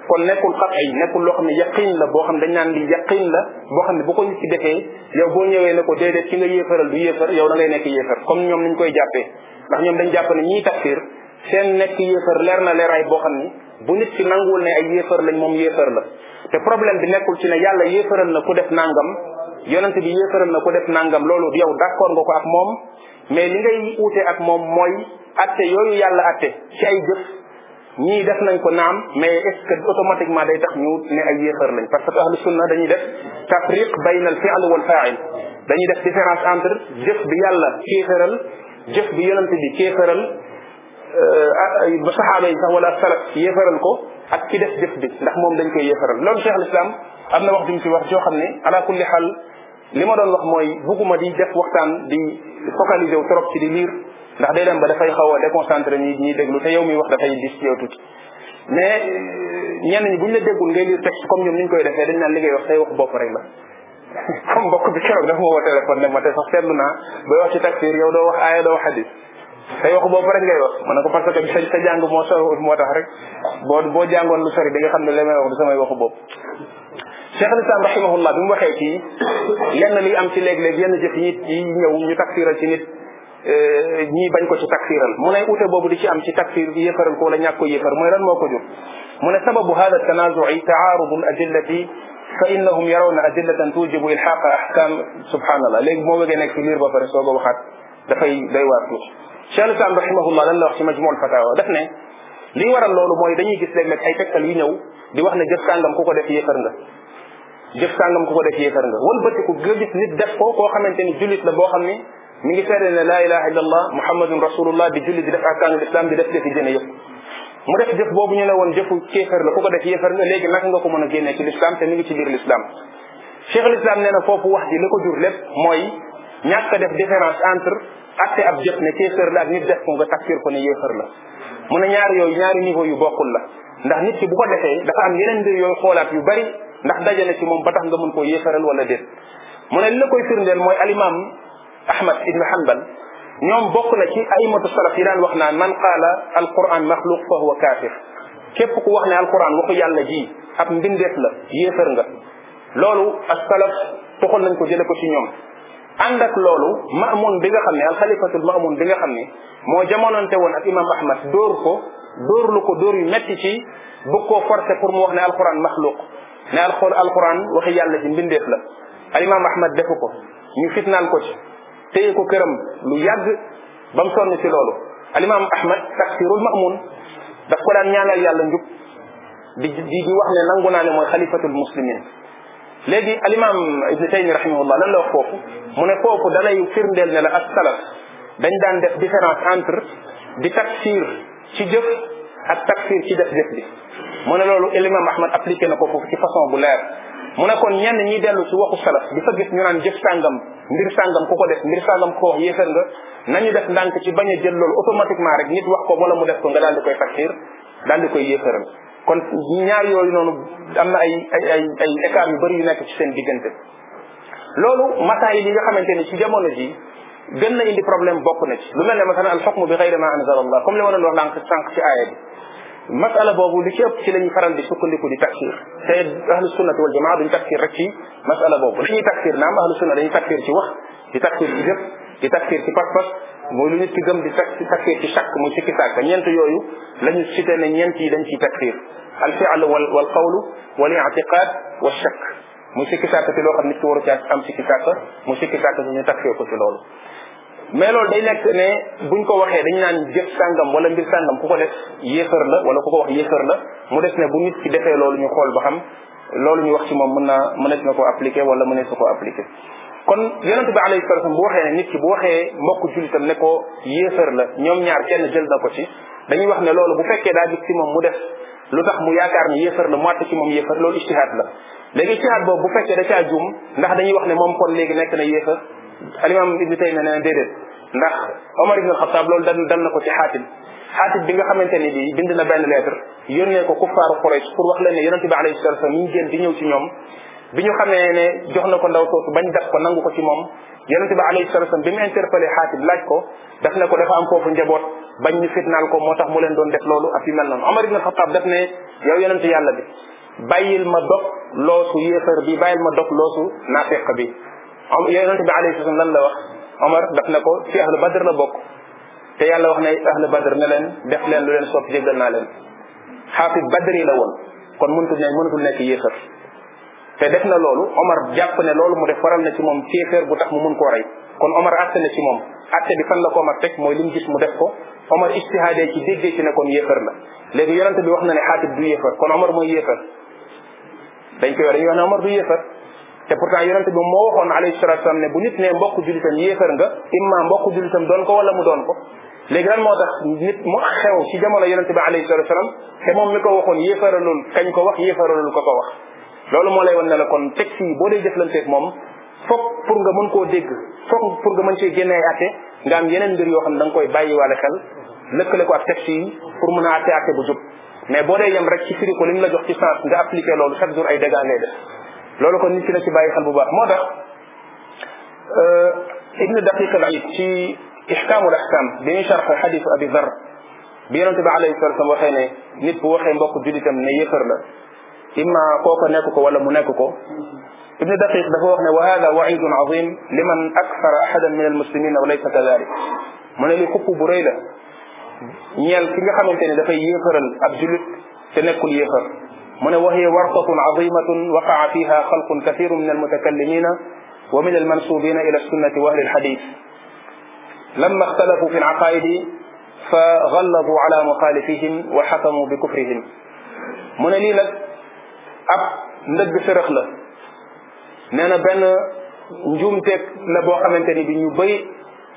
kon nekkul xat'i nekkul loo xam ne yaqin la boo xam ne dañ naan la boo xam ne bu ko nit ki defee yow boo ñëwee ne ko déedéet ki nga yéefaral du yéefar yow da ngay nekk yéefar comme ñoom niñ koy jàppee ndax ñoom dañ jàpp ne ñii takfir seen nekk yéefar leer na leeraay boo xam ne bu nit ki nanguwul ne ay yéefar lañ moom yéefar la te problème bi nekkul ci ne yàlla yéefaral na ku def nangam yonent bi yéefaral na ku def nangam loolu yow d'accord nga ko ak moom mais li ngay uute ak moom mooy atte yooyu yàlla atte ci ay jëf ñii def nañ ko naan mais est-ce que automatiquement day tax ñu ne ay yéefar lañ parce que ahlu sunna dañuy def tafriq bayna al fi'l wal fa'il dañuy def différence entre jëf bi yàlla kéeféral jëf bi yonent bi kéeféral euh, saxaaba yi sax wala salaf yéefaral ko ak ki def jëf bi ndax moom dañ koy yéefaral loolu cheikh al islam am na wax jum si wax joo xam ne ala kulli xaal li ma doon wax mooy bugguma di def waxtaan di focaliser wu trop ci di lire ndax day dem ba dafay xaw a déconcentré ñi ñuy déglu te yow muy wax dafay dis ci yow tuuti mais euh, ñenn ñi bu ñu la déggul ngay lire texte comme ñoom ni ñu koy defee dañ naan li ngay wax say wax bopp rek la <laughs> comme mbokk bi keroog dafa ma woo téléphone ma te sax seetlu naa bay wax ci tafsir yow doo wax aaya doo wax te waxu boobu rek ngay wax ma ne ko parce que sa sa jàng moo soriwul moo tax rek boo boo jàngoon lu sori di nga xam ne li may wax du samay waxu bopp cheikh al islam rahimahullah bi mu waxee ci lenn li am ci léeg-léeg yenn jëf yi yi ñëw ñu taksiral ci nit euh, ñii bañ ko ci taksiral mu ne ute boobu di ci am ci taksir yéefaral ko wala ñàkk ko yéefar mooy lan moo ko jur mu ne sababu hada tanazui taarudu al adillati fa innahum yarawna adillatan tujibu ilhaqa ahkam subhanallah léegi moo wegee nekk ci liir ba pare soog a waxaat dafay day waar tuuti Cheikh Islam rahimahullah lan la wax ci majmuul fatawa daf ne waral loolu mooy dañuy gis léeg-léeg ay tegtal yu ñëw di wax ne jëf sàngam ko def yéefar nga jëf sàngam ku ko def yéefar nga wal bëtiku nga gis nit def ko koo xamante ni jullit la boo xam ni mi ngi seede ne la ilaha illa allah muhammadun rasulullah di jullit di def arkaanul islam di def defi dina yëpp mu def jëf boobu ñu ne woon jëfu kéefar la ku ko def yéefar nga léegi naka nga ko mën a génnee ci l'islam te mi ngi ci biir l'islam cheikh al islam nee na foofu wax ji la ko jur lépp mooy ñàkk def différence entre atte ab jëf ne kéefër la ak nit def ko nga takfir ko ne yéefër la mu ne ñaari yooyu ñaari niveau yu bokkul la ndax nit ki bu ko defee dafa am yeneen mbir yooyu xoolaat yu bari ndax dajale ci moom ba tax nga mën koo yéefaral wala déet mu ne li la koy firndeel mooy alimaam ahmad ibnu hanbal ñoom bokk na ci aimatu salaf yi daan wax naa man qaala alquran maxluq fa huwa kaafir képp ku wax ne alquran waxu yàlla ji ab mbindeef la yéefar nga loolu as salaf toxal nañ ko jële ko ci ñoom ànd ak loolu maamun bi nga xam ne alxalifatul maamun bi nga xam ne moo jamononte woon ak imam ahmad dóor ko dóorlu ko dóor yu metti ci bëgg ko forcé pour mu wax ne alquran maxluq ne alxol alquran waxi yàlla ci mbindeef la al imam ahmad defu ko ñu fitnaal ko ci téye ko këram lu yàgg ba mu sonn ci loolu al imam ahmad taksirul maamun daf ko daan ñaanal yàlla njub di di wax ne nangu naa ne mooy xalifatul muslimin léegi alimam ibni taymi rahimahullah lan la wax foofu mu ne foofu dalay firndeel ne la ak salaf dañ daan def différence entre di takfir ci jëf ak takfir ci def jëf mu ne loolu alimam ahmad appliqué na ko foofu ci façon bu leer mu ne kon ñenn ñi dellu ci waxu salaf di fa gis ñu naan jëf sàngam mbir sàngam ku ko def mbir sàngam ku ko wax yéefar nga nañu def ndànk ci bañ a jël loolu automatiquement rek nit wax ko wala mu def ko nga daal di koy takfir daal di koy yéefaral kon ñaar yooyu noonu am na ay ay ay ay écart yu bëri yu nekk ci seen diggante loolu masaayil yi nga xamante ni ci jamono ji gën na indi problème bokk na ci lu mel ne masalan al xukmu bi xayri ma anzal allah comme li ma doon wax lànk sànq ci aaya bi masala boobu li ci ëpp ci la ñuy faral di sukkandiku di takfir te ahlu sunnati wal jamaa duñu takfir rek ci masala boobu dañuy takfir naam ahlu sunna dañuy takfir ci wax di takfir ci jëf di takfir ci pas-pas mooy lu nit ki gëm di tak ci takkee ci chàkk muy sikki sàkk ñeent yooyu la ñu cité ne ñeent yi dañ ci takfir al wal wal wal qawlu wal i'tiqad wa shakk muy sikki sàkk ci loo xam nit ki waru ci am sikki sàkk mu sikki sàkk ci ñu takfir ko ci loolu mais loolu day nekk ne buñ ko waxee dañ naan jëf sàngam wala mbir sàngam ku ko def yéefar la wala ku ko wax yéefar la mu des ne bu nit ki defee loolu ñu xool ba xam loolu ñu wax ci moom mën naa mënees na ko appliquer wala mënees na ko appliquer kon yonent bi alayhi salatu bu waxee ne nit ki bu waxee mbokk jullitam ne ko yéefar la ñoom ñaar kenn jël na ko ci dañuy wax ne loolu bu fekkee daa gis ci moom mu def lu tax mu yaakaar ni yéefar la mu àtte moom yéefar loolu ijtihaad la léegi ijtihaad boobu bu fekkee da ndax dañuy wax ne moom kon léegi nekk na yéefar alimam ibni taymiya nee na déedéet ndax omar ibn alxataab loolu dal dal na ko ci xaatim xaatim bi nga xamante ni bi bind na benn lettre yónnee ko kuffaaru Quraysh pour wax leen ne yonent bi alayhi salatu mi ngi génn di ñëw ci ñoom bi ñu xamee ne jox na ko ndaw soosu bañ def ko nangu ko ci moom yonente bi alayhi salatu wasallam bi mu interpellé xaatib laaj ko daf ne ko dafa am foofu njaboot bañ ñu fitnaal ko moo tax mu leen doon def loolu ak yu mel noonu Omar ibn na daf ne yow yonente yàlla bi bàyyil ma dog loosu yéefar bi bàyyil ma dog loosu naafeq bi yonente bi alayhi lan la wax Omar daf ne ko ci ahlu badr la bokk te yàlla wax ne ahlu badr ne leen def leen lu leen soob jéggal naa leen xaafib badri la woon kon mënutul ne mënutul nekk yéefar te def na loolu Omar jàpp ne loolu mu def faral na ci moom kéeféer bu tax mu mun koo rey kon Omar atte na ci moom atte bi fan la ko Omar teg mooy li mu gis mu def ko Omar ijtihaadee ci déggee ci ne kon yéefar la léegi yonente bi wax na ne xaatib du yéefar kon Omar mooy yéefar dañ koy wax dañuy wax ne Omar du yéefar te pourtant yonente bi moo waxoon alayhi salatu wasalam ne bu nit ne mbokk julitam yéefar nga imma mbokk julitam doon ko wala mu doon ko léegi lan moo tax nit mu xew ci jamono yonente bi alayhi salatu wasalam te moom mi ko waxoon yéefaralul kañ ko wax yéefaralul ko ko wax loolu moo lay wan ne la kon texte yi boo dee jëflanteeg moom foog pour nga mën koo dégg foog pour nga mën cee génne ay atte nga am yeneen mbir yoo xam ne da nga koy bàyyiwaale xel lëkkale ko ak texte yi pour mën a atte atte bu jub mais boo dee yem rek ci firi ko li ñu la jox ci sens nga appliqué loolu chaque jour ay dégâts ngay def loolu kon nit ki na si bàyyi xel bu baax moo tax euh, ibnu daqiq al aid ci ihkaamul ahkaam bi ñuy charx xadisu abi dhar bi yonente bi alayhi salatu wasallam waxee ne nit bu waxee mbokk julitam ne yëfër la imma kooka nekk ko wala mu nekk ko ibnu daqiq dafa wax ne wa hada waidun azim liman akfara ahadan min almuslimina wa laysa kadalik mu ne li xupp bu rëy la ñeel ki nga xamante ne dafay yéefaral ab julit te nekkul yéefar mu ne wa hiya warqatun azimatun waqaa fiha xalqun kathiru min almutakallimina wa min almansubina ila sunnati wa ahli alhadith lamma ixtalafu fi alaqaidi fa galladu ala muxaalifihim wa xakamu bi kufrihim mu ne lii nag ab ndëgg sërëx la nee na benn njuumteeg la boo xamante ni bi ñu bëri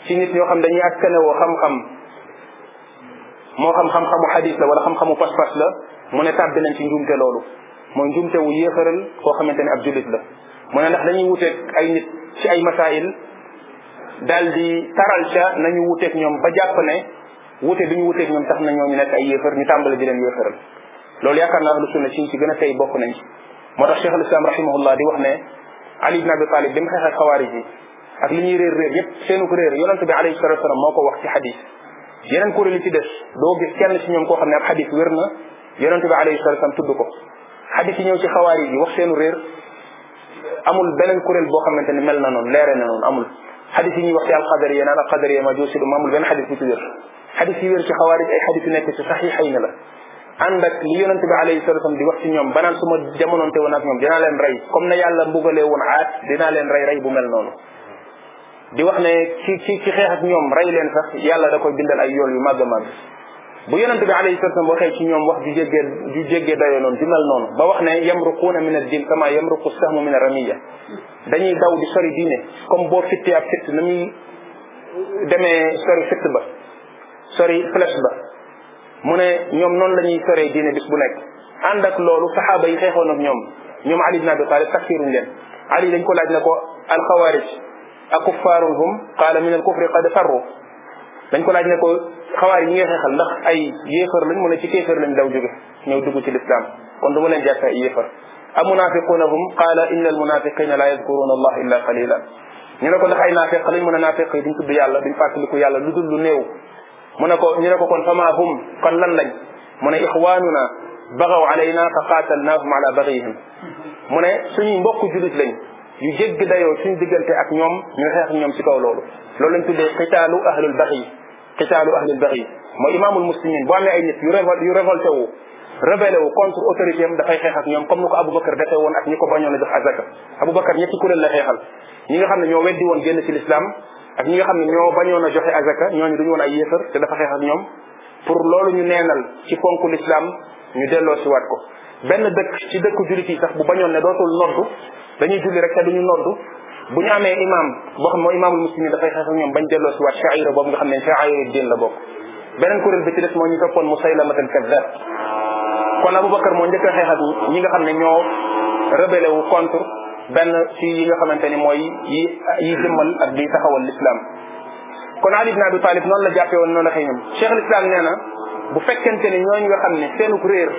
ci nit ñoo xam dañuy ak askanewoo xam-xam moo xam xam-xamu xadis la wala xam-xamu pas-pas la mu ne tàbbi nañ ci njuumte loolu mooy njuumte wu yéexaral koo xamante ni ab jullit la mu ne ndax dañuy wuteeg ay nit ci ay masail daal di taral ca nañu wuteeg ñoom ba jàpp ne wute bi ñu wuteeg ñoom tax na ñooñu nekk ay yéefar ñu tàmbale di leen yéefaral loolu yaakaar naa ahlu sunna siñ ci gën a tey bokk nañ ci moo tax cheikh al islam di wax ne ali ibn abi talib bi mu xeexee xawaarij ak li ñuy réer réer yépp seenu ko réer yonente bi alayhi salatu moo ko wax ci xadis yeneen kuréel yi ci des doo gis kenn ci ñoom koo xam ne ab xadis wér na yonente bi alayhi salatu wasalam tudd ko xadis yi ñëw ci xawaarij yi wax seenu réer amul beneen kuréel boo xamante ne mel na noonu leere na noonu amul xadis yi ñuy wax ci alqadariya naan alqadariya ma joosi du amul benn xadis bu ci wér xadis yi wér ci xawaarij ay xadis yu nekk ci na la ànd ak li yonent bi alayhi salatu wasallam di wax ci ñoom banaan su ma jamononte woon ak ñoom dinaa leen rey comme na yàlla mbugalee woon aat dinaa leen rey rey bu mel noonu di wax ne ci ci ci xeex ak ñoom rey leen sax yàlla da koy bindal ay yool yu màgg a bu yonent bi alayhi salatu wasallam waxee ci ñoom wax ju jéggee ju jéggee dayoo noonu ju mel noonu ba wax ne yamruquuna min ad-din kama yamruqu sahmu min ar-ramiya dañuy daw di sori diine comme boo fittee ab fitt na muy demee sori fitt ba sori flèche mu ne ñoom noonu la ñuy soree diine bis bu nekk ànd ak loolu saxaaba yi xeexoon ak ñoom ñoom ali ibn abi talib takfiruñ leen ali dañ ko laaj ne ko alxawaarij akuffaarun hum qaala min al kufri qad farru dañ ko laaj ne ko xawaar yi ngay xeexal ndax ay yéefar lañ mu ci kéefar lañ daw jóge ñoo dugg ci lislaam kon du ma leen jàppe ay yéefar a munafiquuna hum qaala inna al munafiqina la yadkuruna allah illa qalila ñu ne ko ndax ay naafeq lañ mu ne naafeq yi duñ tudd yàlla duñ fàttaliku yàlla lu dul lu néew mu ne ko ñu ne ko kon fama hum kon lan lañ mu ne ixwaanuna bagaw alayna fa qaatalnaahum ala bagihim mu ne su suñuy mbokk julit lañ yu jégg dayoo suñu diggante ak ñoom ñu xeex ñoom ci kaw loolu loolu lañ tuddee xitaalu ahlul baxi xitaalu ahlul baxi mooy imaamul muslimin bu amee ay nit yu révol yu révolté wu rebelle wu contre autorité am xeex ak ñoom comme ni ko Aboubacar defee woon ak ñi ko bañoon a jox azaka Aboubacar ñetti kuréel la xeexal ñi nga xam ne ñoo weddi woon génn ci lislaam ak ñi nga xam ne ñoo bañoon a joxe azaka ñooñu duñu woon ay yéefar te dafa xeex ak ñoom pour loolu ñu neenal ci fonk l'islam ñu delloo si waat ko benn dëkk ci dëkku jullit yi sax bu bañoon ne dootul noddu dañuy julli rek te duñu noddu bu ñu amee imam boo xam ne moo imaamul muslimin dafay xeex ak ñoom bañ delloo si waat shaira boobu nga xam ne shaira diin la bokk beneen kuréel bi ci des moo ñu toppoon Musaylamatul kazzab kon Abubakar moo njëkk a xeex ak ñi nga xam ne ñoo rebellé wu contre benn ci yi nga xamante ni mooy yi yi jëmmal ak di taxawal l'islam kon Ali ibn Abi Talib noonu la jàppee woon noonu la xëy ñoom Cheikh l'islam nee na bu fekkente ni ñooñu nga xam ne seenuk réer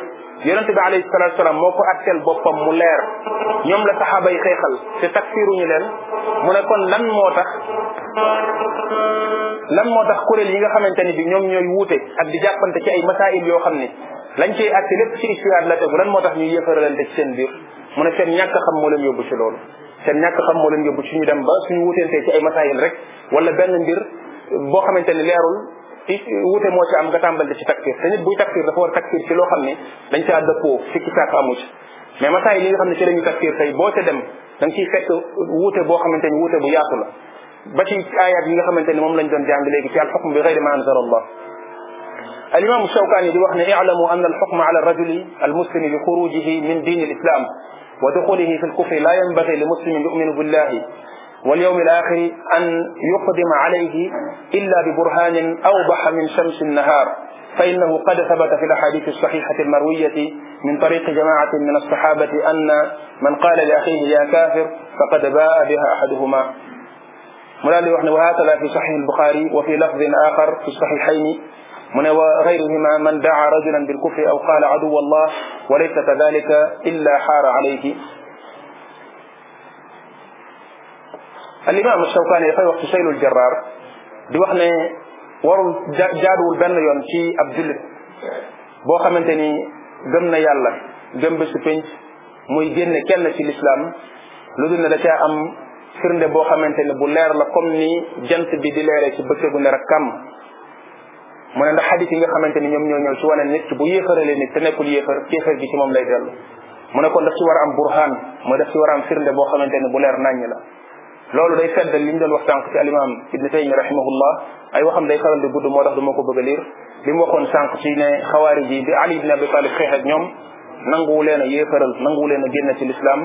bi alayhi salatu wasalaam moo ko atteel boppam mu leer ñoom la saxaaba yi xeexal te takfiruñu leen mu ne kon lan moo tax lan moo tax kuréel yi nga xamante ni bi ñoom ñooy wute ak di jàppante ci ay masail yoo xam ne lañ cey atte lépp ci istihaad la tegu lan moo tax ñuy yëfaralante ci seen biir mu ne seen ñàkk xam moo leen yóbbu ci lool seen ñàkk xam moo leen yóbbu ci ñu dem ba suñu wuteentee ci ay masaayil rek wala benn mbir boo xamante ni leerul ci wute moo ci am nga tàmbal di ci takfir te nit buy takfir dafa war takfir ci loo xam ne dañ caa dëppoo sikki sàkk amu ci mais masaayil yi nga xam ne ci la ñuy takfir boo dem da nga ciy fekk wuute boo xamante ni wuute bu yaatu la ba ci ayat yi nga xamante ni moom lañ doon jàng léegi ci alxukm bi gayri ma anzala allah alimamu shawkaani di wax ne i'lamu anna alxukma ala rajuli almuslimi bi xurujihi min diini alislam ودخوله في الكفر لا ينبغي لمسلم يؤمن بالله واليوم الآخر أن يقدم عليه إلا ببرهان أوضح من شمس النهار فإنه قد ثبت في الأحاديث الصحيحة المروية من طريق جماعة من الصحابة أن من قال لأخيه يا كافر فقد باء بها أحدهما mu daal di wax ne wa hakaza fi saxix albuxaari wa fi lafdin axar fi saxihaini mu ne wa xayrihima man daa rajulan bil kufri aw qaala aduwa allah wa laysa kadalika illa xaara alayhi al imam Shawkaani dafay wax ci saylul jaraar di wax ne warul jaaduwul benn yoon ci ab jullit boo xamante ni gëm na yàlla gëm bésu pénc muy génne kenn ci lislaam lu dul ne da caa am firnde boo xamante ne bu leer la comme ni jant bi di leere ci bëccëgu ne rakkam mu ne ndax xadis yi nga xamante ni ñoom ñoo ñëw ci wane nit ki bu yéexaralee nit te nekkul yéexar ci moom lay dellu mu ne kon daf ci war a am burhaan moo def ci war a am firnde boo xamante ni bu leer naññ la loolu day feddal li ñu doon wax sànq ci alimam ibni taymi rahimahullah ay waxam day xaral di gudd moo tax du ma ko bëgg a liir li mu waxoon sànq ci ne xawaari ji bi ali ibn abi talib xeex ak ñoom nanguwu leen a yéefaral nanguwu leen a génn ci lislaam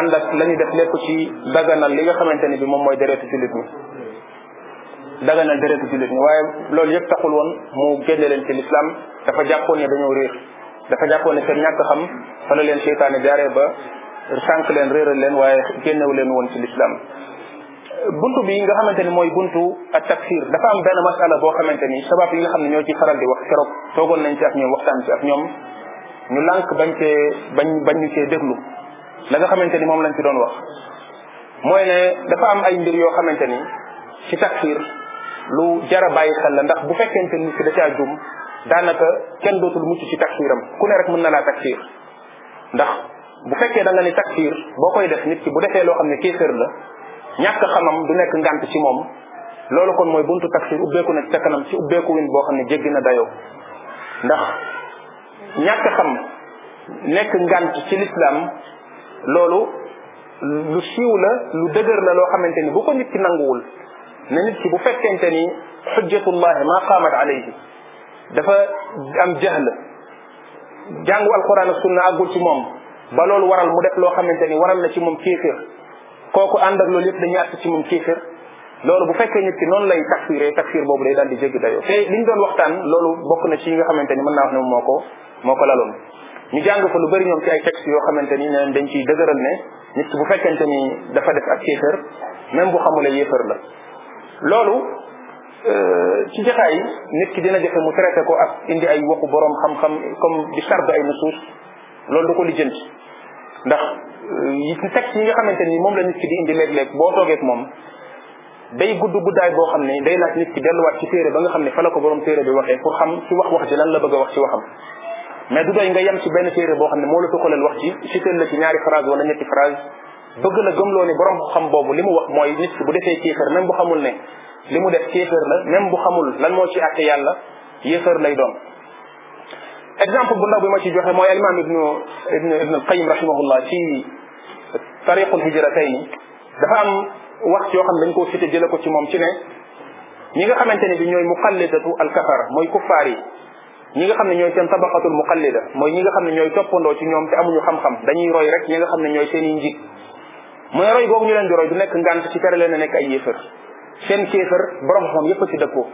ànd ak la ñu def lépp ci daganal li nga xamante ni bi moom mooy deretu jullit ñi daganal deretu jullit ñi waaye loolu yëpp taxul woon mu génne leen ci lislaam dafa jàppoon ne dañoo réer dafa jàppoon ne seen ñàkk xam fa la leen seytaane jaaree ba sànq leen réeral leen waaye génnewu leen woon ci lislaam bunt bi nga xamante ni mooy buntu ak takfir dafa am benn masala boo xamante ni sabab yi nga xam ne ñoo ci faral di wax keroog toogoon nañ ci ak ñoom waxtaan ci ak ñoom ñu lànk bañ cee bañ bañ ñu cee déglu la nga xamante ni moom lañ ci doon wax mooy dafa am ay yoo xamante ni ci takfir lu jara a bàyyi xel la ndax bu fekkente nit ki da caa jum daanaka kenn dootul mucc ci takfiiram ku ne rek mën na laa takfiir ndax bu fekkee da nga ni takfiir boo koy def nit ki bu defee loo xam ne kéeféer la ñàkk xamam du nekk ngant ci moom loolu kon mooy buntu takfiir ubbeeku na ci sa ci ubbeeku win boo xam ne jéggi na dayoo ndax ñàkk xam nekk ngant ci lislaam loolu lu siiw la lu dëgër la loo xamante ni bu ko nit ki nanguwul ne nit ki bu fekkente ni xujjatullahi ma qaamat alayhi dafa am jahl jàngu alquran ak sunna àggul ci moom ba loolu waral mu def loo xamante ni waral na ci moom kéefir kooku ànd ak loolu yëpp dañuy àtt ci moom kéefir loolu bu fekkee nit ki noonu lay takfiree takfir boobu day daal di jéggi dayoo te li doon waxtaan loolu bokk na ci yi nga xamante ni mën naa wax ne moo ko moo ko laloon ñu jàng fa lu bëri ñoom ci ay textes yoo xamante ni neen dañ ciy dëgëral ne nit bu fekkente ni dafa def ak kéefër même bu xamule yéefër la loolu euh, ci jotaay yi nit ki dina jafe mu traité ko ak indi ay waxu borom xam-xam comme di sarb ay nusuus loolu du ko lijjanti ndax euh, texte yi nga xamante ni moom la nit ki di indi léeg-léeg boo toogee ak moom day gudd guddaay boo xam ne day laaj nit ki delluwaat ci téere ba nga xam ne fa ko borom téere bi waxee pour xam ci wax wax ji lan la bëgg a wax ci waxam mais du doy nga yem ci benn téere boo xam ne moo la tëkkaleel wax ci citeel la ci ñaari phrase wala ñetti bëgg la loo ni borom xam boobu li mu wax mooy nit bu defee kéefër même bu xamul ne li mu def kéefër la même bu xamul lan moo ci àtte yàlla yéefër lay doon exemple bu ndaw bi ma ci joxe mooy alimam ibnu ibnu ibnu alqayim rahimahullah ci tariqul hijratayni dafa am wax yoo xam dañ koo cité ko ci moom ci ne ñi nga xamante ne bi ñooy muqallidatu alkafara mooy kuffaar yi ñi nga xam ne ñooy seen tabaxatul muqallida mooy ñi nga xam ne ñooy toppandoo ci ñoom amuñu xam dañuy roy rek ñi nga xam ne ñooy seen njiit mu ne roy boobu ñu leen di roy du nekk ngànt ci tere leen a nekk ay yéefar seen kéefar borom xam yëpp a ci dëppoo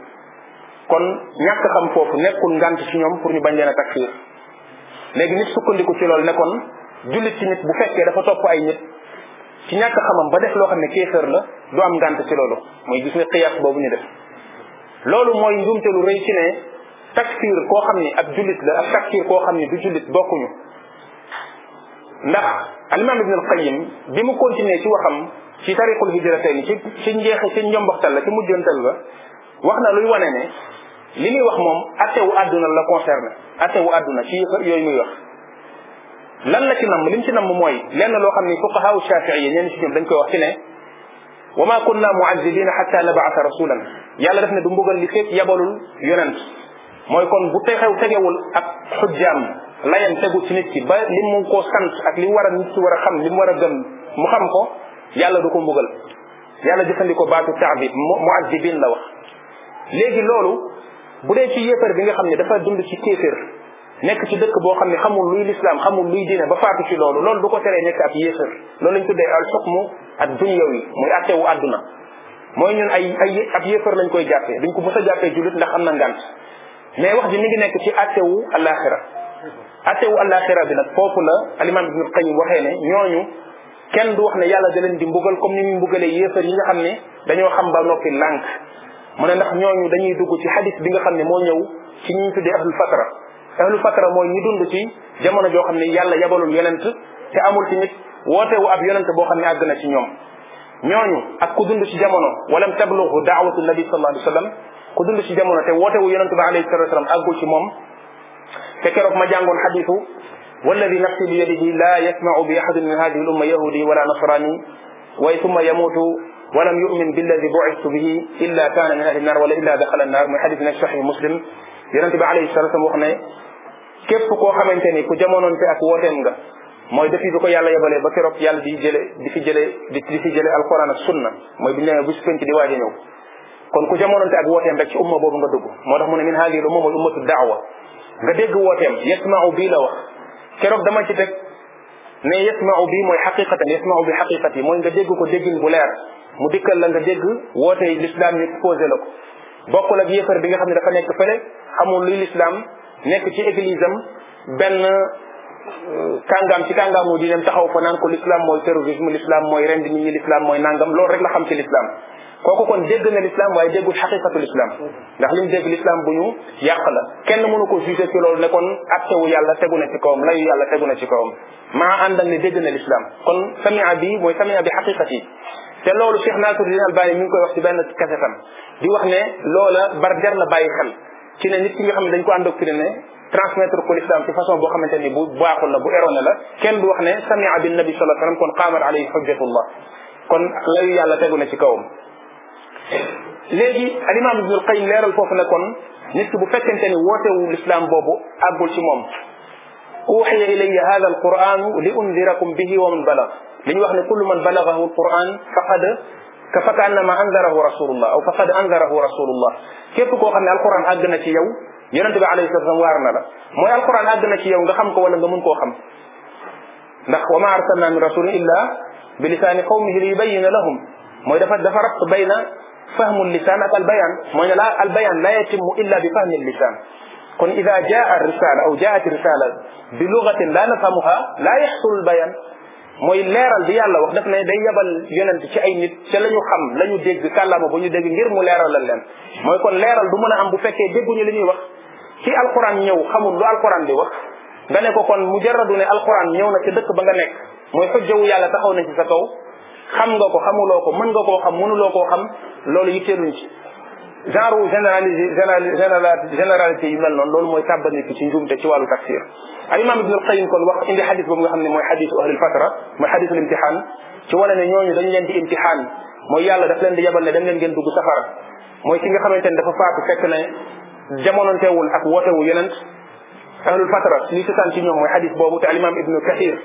kon ñàkk xam foofu nekkul ngànt ci ñoom pour ñu bañ leen a takfiir léegi nit sukkandiku ci loolu ne kon jullit ci nit bu fekkee dafa topp ay nit ci ñàkk xamam ba def loo xam ne kéefar la du am ngànt ci loolu mooy gis nga xiyaas boobu ñu def loolu mooy njuumte lu rëy ci ne takfiir koo xam ni ak jullit la ak takfiir koo xam ni du bokkuñu ndax alimam ibn alqayim bi mu continuer ci waxam ci tariqul hijratayni ci ci njeex ci njomboxtal la ci mujjantal ba wax na luy wane ne li muy wax moom attewu àdduna la concerné attewu àdduna ci yooyu muy wax lan la ci namm li mu ci namm mooy lenn loo xam ni fuqahaa shaafi'i ñenn ci ñoom dañ koy wax ci ne wa ma kunna mu'azzibina hatta nab'atha rasulan yàlla def ne du mbugal li fekk yabalul yonent mooy kon bu texew tegewul ak xujjaam layam tegu ci nit ki ba li mu ko sant ak li war a nit ki war a xam li mu war a gëm mu xam ko yàlla du ko mbugal yàlla jëfandikoo baatu taabib muaddibin la wax léegi loolu bu dee ci yéefar bi nga xam ne dafa dund ci kéefér nekk ci dëkk boo xam ne xamul luy lislaam xamul luy diine ba faatu ci loolu lool du ko teree nekk ab yéefar loolu lañ tuddee al xukmu ak dunyawi muy attewu àdduna mooy ñun ay ay ab yéefar lañ koy jàppee duñ ko mës a jàppee jullit ndax am na ngant mais wax ji mi ngi nekk ci attewu alaxira attewu àllaaxira bi nag foofu la alimam ibnu qayyim waxee ne ñooñu kenn du wax ne yàlla da leen di mbugal comme ni muy mbugalee yéefar yi nga xam ne dañoo xam ba noppi lànk mu ne ndax ñooñu dañuy dugg ci xadis bi nga xam ne moo ñëw ci ñi ñu tuddee ahlul fatra ahlul fatra mooy ñi dund ci jamono joo xam ne yàlla yabalul yonent te amul ci nit wootewu ab yonent boo xam ne àgg na ci ñoom ñooñu ak ku dund ci jamono walam tablugu daawatu nabi sallallahu alayhi wa sallam ku dund ci jamono te wootewu yonent ba alayhi salatu wasalam ci moom te keroog ma jàngoon xadisu walladi nafsi bi yadihi la yasmau bi ahadin min hadihi l umma yahudi wala nasrani way summa yamutu walam yumin billadi buistu bihi illa kaana min ahli naar wala illa daxala naar muy xadis nekk saxi muslim yonente bi alayhi salatu wasalam wax ne képp koo xamante ni ku jamonoonte ak wooteem nga mooy depuis bi ko yàlla yebalee ba keroog yàlla di jële di fi jële di fi jële alquran ak sunna mooy bu ñu demee bu si penc di waaj a ñëw kon ku jamonoonte ak wooteem rek ci umma boobu nga dugg moo tax mu ne min haadihi l umma mooy ummatu daawa nga dégg wooteem yasmau bii la wax keroog dama ci teg ne yasmau bii mooy xaqiqatan yasmau bi xaqiqati mooy nga dégg ko déggin bu leer mu dikkal la nga dégg woote l'islam ñu posé la ko bokkul ak yéefar bi nga xam ne dafa nekk fële xamul luy l'islam nekk ci église am benn euh, kàngaam ci kàngaamu diineem taxaw fa naan ko l'islam mooy terrorisme l'islam mooy rend nit ñi l'islam mooy nangam loolu rek la xam ci l'islam kooku kon dégg na l'islam waaye déggul xaqiqatul islam ndax li dégg l'islam bu ñu yàq la kenn mënu ko jugé ci loolu ne kon attewu yàlla tegu na ci kawam layu yàlla tegu na ci kawam maa ànd ak ne dégg na l'islam kon samia bi mooy samia bi xaqiqat yi te loolu Cheikh Nasiruddin Albani mi ngi koy wax ci benn kasetam di wax ne loola bar jar na bàyyi xel ci ne nit ki nga xam ne dañ ko endoctriné transmettre ko l'islam ci façon boo xamante ni bu baaxul la bu erroné la kenn du wax ne samia bi nabi sallallahu alayhi wa sallam kon qaamat alayhi hujjatullah kon layu yàlla tegu na ci kawam léegi alimaam ibnul qayim leeral foofu ne kon nit ki bu fekkente ni wootewu lislaam boobu àggul ci moom uxiya ilaya hada alquranu li undirakum bihi wa man balag li ñu wax ne kullu man balagahu alquran faqad ka faka annama andarahu rasulullah aw faqad andarahu rasulullah képp koo xam ne alquran àgg na ci yow yonent bi alayhi salatu wasallam waar na la mooy alquran àgg na ci yow nga xam ko wala nga mun koo xam ndax wa ma arsalna min rasulin illa bi lisaani qawmihi li yubayina lahum mooy dafa dafa rabt bayna fahmul lisaan ak albayaan mooy ne la albayaan la yatimu illa bi fahmil lisaan kon ida jaa risala aw jaat risala bi lugatin la nafhamuha la yaxsulul bayaan mooy leeral bi yàlla wax daf ne day yebal yonent ci ay nit ca la ñu xam la ñu dégg kàllaama ba ñu dégg ngir mu leeralal leen mooy kon leeral du mën a am bu fekkee dégguñu li ñuy wax ci alquran ñëw xamul lu alquran di wax nga ne ko kon mujarradu ne alquran ñëw na ca dëkk ba nga nekk mooy xujjawu yàlla taxaw na ci sa kaw xam nga ko xamuloo ko mën nga koo xam mënuloo koo xam loolu yitteeluñ ci genre généralisé généralité yu man noonu loolu mooy tàbbandiku ci njuumte ci wàllu tafsir al imam ibn al qayyim kon wax indi xadis boobu nga xam ne mooy xadisu ahlil fatra mooy xadisul imtixaan ci wane ne ñooñu dañ leen di imtixaan mooy yàlla daf leen di yabal ne dem leen ngeen dugg safara mooy ki nga xamante ne dafa faatu fekk ne jamononteewul ak wootewu yonent ahlul fatra li sëtaan ci ñoom mooy xadis boobu te al imam ibnu kathir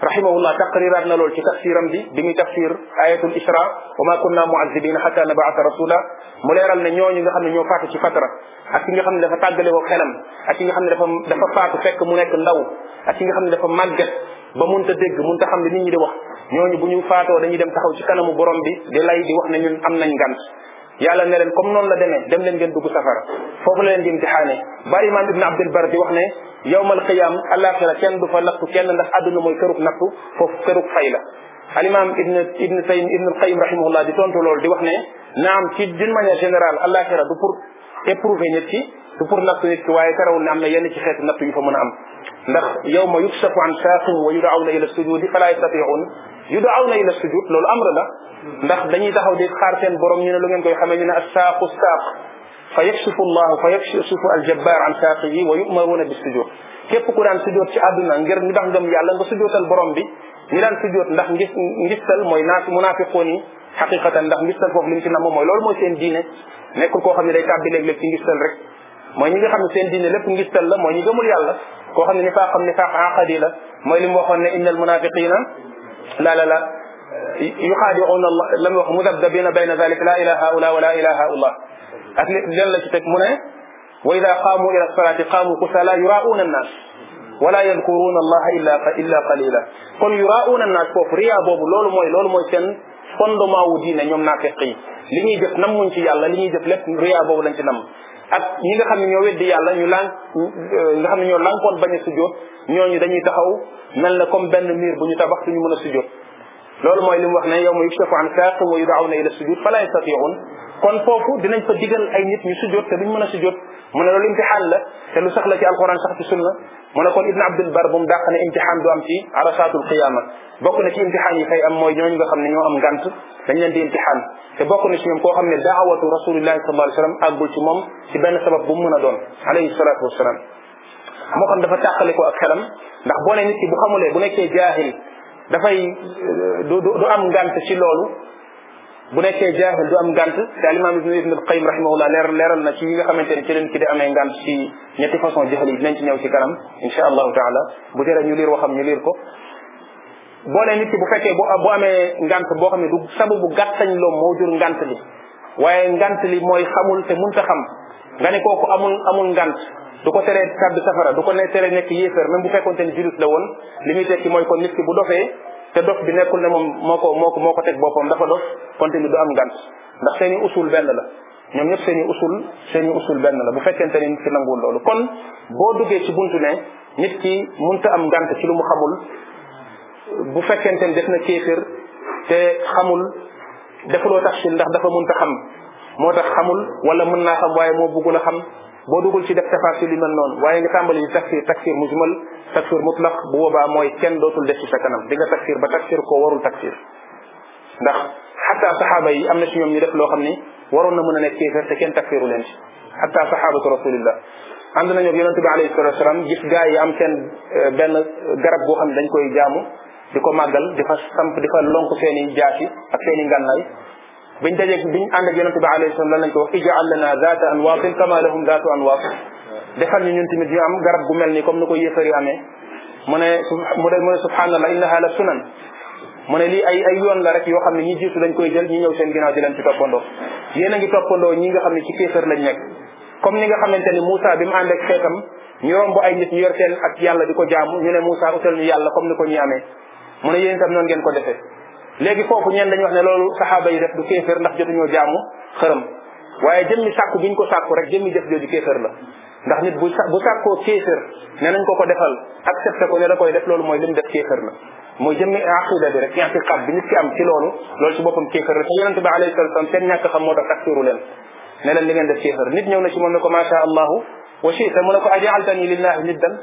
rahimahullah taqriraat na lool ci tafsiram bi bi muy tafsir ayatul isra wa ma kunna muazibina hatta nabaata rasula mu leeral ne ñooñu nga xam ne ñoo faatu ci fatara ak ki nga xam ne dafa tàggale woo xelam ak ki nga xam ne dafa faatu fekk mu nekk ndaw ak ki nga xam ne dafa màgget ba ta dégg mun munta xam ne nit ñi di wax ñooñu bu ñu faatoo dañuy dem taxaw ci kanamu borom bi di lay di wax ne ñun am nañ ngant yàlla ne leen comme noonu la demee dem leen ngeen dugg safara foofu la leen di imtixaane bari imaam ibn abdul di wax ne yawmal qiyaam alaxira kenn du fa nattu kenn ndax àdduna mooy kërug nattu foofu kërug fay la alimam ibn ibn taym ibn alqayim rahimahullah di tontu loolu di wax ne naam ci d'une manière générale alaxira du pour éprouver nit ki du pour nattu nit ki waaye terewul ne am na yenn ci xeetu nattu yu fa mën a am ndax yawma yukshafu an saaqin wa yud'awna ila sujudi fala yastati'un yud'awna ila sujud loolu amr la ndax dañuy taxaw di xaar seen borom ñu ne lu ngeen koy xamee ñu ne as-saaqu saaq fa yakshifu llahu fa yakshifu al-jabbar an saaqihi wa yu'maruna bis-sujud képp ku daan sujjoot ci àdduna ngir ndax ngëm yàlla nga sujjootal borom bi ñi daan ndax ngis ngistal mooy naa munaafiqoon yi xaqiqatan ndax ngistal foofu li mu ci namm mooy loolu mooy seen diine nekkul koo xam ne day tàbbi léeg-léeg ci ngistal rek mooy ñi nga xam ne seen diine lépp ngistal la mooy ñi gëmul yàlla koo xam ne nifaaqam nifaaq aqadi la mooy li mu waxoon ne innal munafiqina la la la yuxaadiuuna allah la mu wax mudabdabina bayna dalik la ila haula wala ila haula ak leen la ci teg mu ne wa ida qaamu ila salaati qaamu kusala yuraauuna annaas wala yadkuruuna allaha illa illa qalila kon yuraauuna annaas foofu riya boobu loolu mooy loolu mooy seen fondement wu diine ñoom naafiq yi li ñuy jëf nammuñ ci yàlla li ñuy jëf lépp riya boobu lañ ci namm ak ñi nga xam ne ñoo weddi yàlla ñu lànk nga xam ne ñoo lànkoon bañ a sujjóot ñooñu dañuy taxaw mel na comme benn mur bu ñu tabax suñu mën a sujjóot loolu mooy li mu wax ne yow ma yukshafu an saaqin wa yudawna ila sujud fala yastatiun kon foofu dinañ fa digal ay nit ñu sujjóot te duñ mën a sujjóot mu ne loolu imtixaan la te lu sax la ci alquran sax ci sunna mu ne kon ibne abdul bar bu mu dàq ne imtixaan ci arasatul qiyama bokk na ci imtixaan yi fay am mooy ñooñu nga xam ne ñoo am ngànt dañ leen di imtixaan te bokk na ci ñoom koo xam ne daawatu rasulillahi sallallahu alayhi wasallam àggul ci moom ci benn sabab bu mu mën a doon alayhi salatu wasalaam moo xam dafa tàqale ko ak xelam ndax boo ne nit ki bu xamulee bu nekkee jaahil dafay du du am ngànt ci loolu bu nekkee jaahil du am ngant te alimaam ibn qayyim rahimahullah leer leeral na ci yi nga xamante ne ci leen ki di amee ngant ci ñetti façon jaahil yi dinañ ci ñëw ci kanam insha allahu taala bu jëree ñu liir waxam ñu liir ko boole nit ki bu fekkee bu bu amee ngant boo xam ne du sababu gàttañ loom moo jur ngant li waaye ngant li mooy xamul te ta xam nga ne kooku amul amul ngant du ko teree tàbbi safara du ko ne teree nekk yéeféer même bu fekkonte ne jullit woon li muy tekki mooy kon nit ki bu dofee te dof bi nekkul ne moom moo ko moo ko moo ko teg boppam dafa dof kon tamit du am ngant ndax seen i usul benn la ñoom ñëpp seen i usul seen i usul benn la bu fekkente ni nit ki nanguwul loolu kon boo duggee ci buntu ne nit ki munta am ngant ci lu mu xamul bu fekkente ni def na kéefér te xamul defuloo tax si ndax dafa mun munta xam moo tax xamul wala mën naa xam waaye moo bëggul a xam boo dugul ci def tafasil yu mel noonu waaye nga tàmbali di tafsir tafsir mujmal tafsir mutlaq bu boobaa mooy kenn dootul def ci sa kanam di nga tafsir ba tafsir ko warul tafsir ndax xataa saxaaba yi am na ci ñoom ñu def loo xam ni waroon na mën a nekk kéefar te kenn tafsiru leen ci xataa saxaabatu rasulillah ànd nañu ak yonent bi alayhi salatu wasalam gis gaa yi am seen eh, benn garab boo xam ne dañ koy jaamu di ko màggal di fa samp di fa lonk seen i jaasi ak seen i ngànnaay biñ dajeeg biñ ànd ak yonente bi alayhi salaam lan lañ ko wax ij'al lana zaata anwaatin kama lahum zaatu anwaat defal ñu ñun tamit ñu am garab gu mel ni comme ni ko yéefar yi amee mu ne mu ne mu la sunan mu ne lii ay ay yoon la rek yoo xam ne ñi jiitu dañ koy jël ñi ñëw seen ginnaaw di leen ci toppandoo a ngi toppandoo ñi nga xam ne ci kéefër lañ nekk comme ni nga xamante ni Moussa bi mu ànd ak xeetam ñu romb ay nit ñu yor ak yàlla di ko jaamu ñu ne Moussa utal ñu yàlla comme ni ko ñuy amee mu ne yéen itam noonu ngeen ko defee léegi foofu ñenn dañuy wax ne loolu saxaaba yi def du kéefër ndax jotuñoo jaamu xërëm waaye jëmmi sàkku bi ñu ko sàkku rek jëmmi jëf jooju kéefër la ndax nit bu bu sàkkoo kéefër ne nañ ko ko defal accepté ko ne da koy def loolu mooy li mu def kéefër la mooy jëmmi aqida bi rek intiqaad bi nit am ci loolu loolu ci boppam kéefër la te yonente bi alayhi salatu wasalam seen ñàkk xam moo tax taksiru leen ne leen li ngeen def kéefër nit ñëw na ci moom ne ko macha allahu wa shita mu ne ko ajaaltani lillahi niddan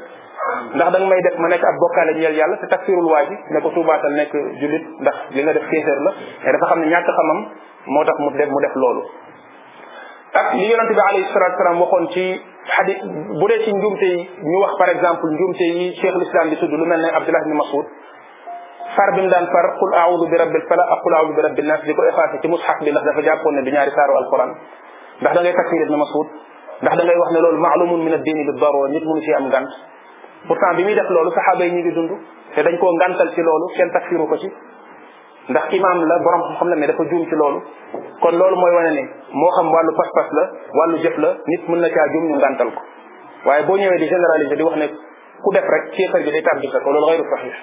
ndax da may def ma nekk ab bokkaale ñeel yàlla te takfirul waa ji ne ko tuubaatal nekk jullit ndax li nga def kéeféer la te dafa xam ne ñàkk xamam moo tax mu def mu def loolu ak li yonente bi alayhi salatu wasalam waxoon ci xadi bu dee ci njuumte ñu wax par exemple njuumte yi cheikhul islam di tudd lu mel ne abdullah ibn masud far bi mu bi rabbil fala ak qul aoudu bi rabbil nas di ko effacé bi ndax dafa jàppoon ne du ñaari saaru alquran ndax da ngay ndax da ngay wax ne loolu maalumun min ad diini bi darura nit mënu ci am gànt pourtant bi muy def loolu saxaaba yi ñu ngi dund te dañ koo ngantal ci loolu kenn takfiru ko ci ndax imaam la borom xam-xam la mais dafa juum ci loolu kon loolu mooy wane ne moo xam wàllu pas-pas la wàllu jëf la nit mën na caa juum ñu ngantal ko waaye boo ñëwee di généraliser di wax ne ku def rek kéefar gi day tàbbi sa ko loolu xayru saxiix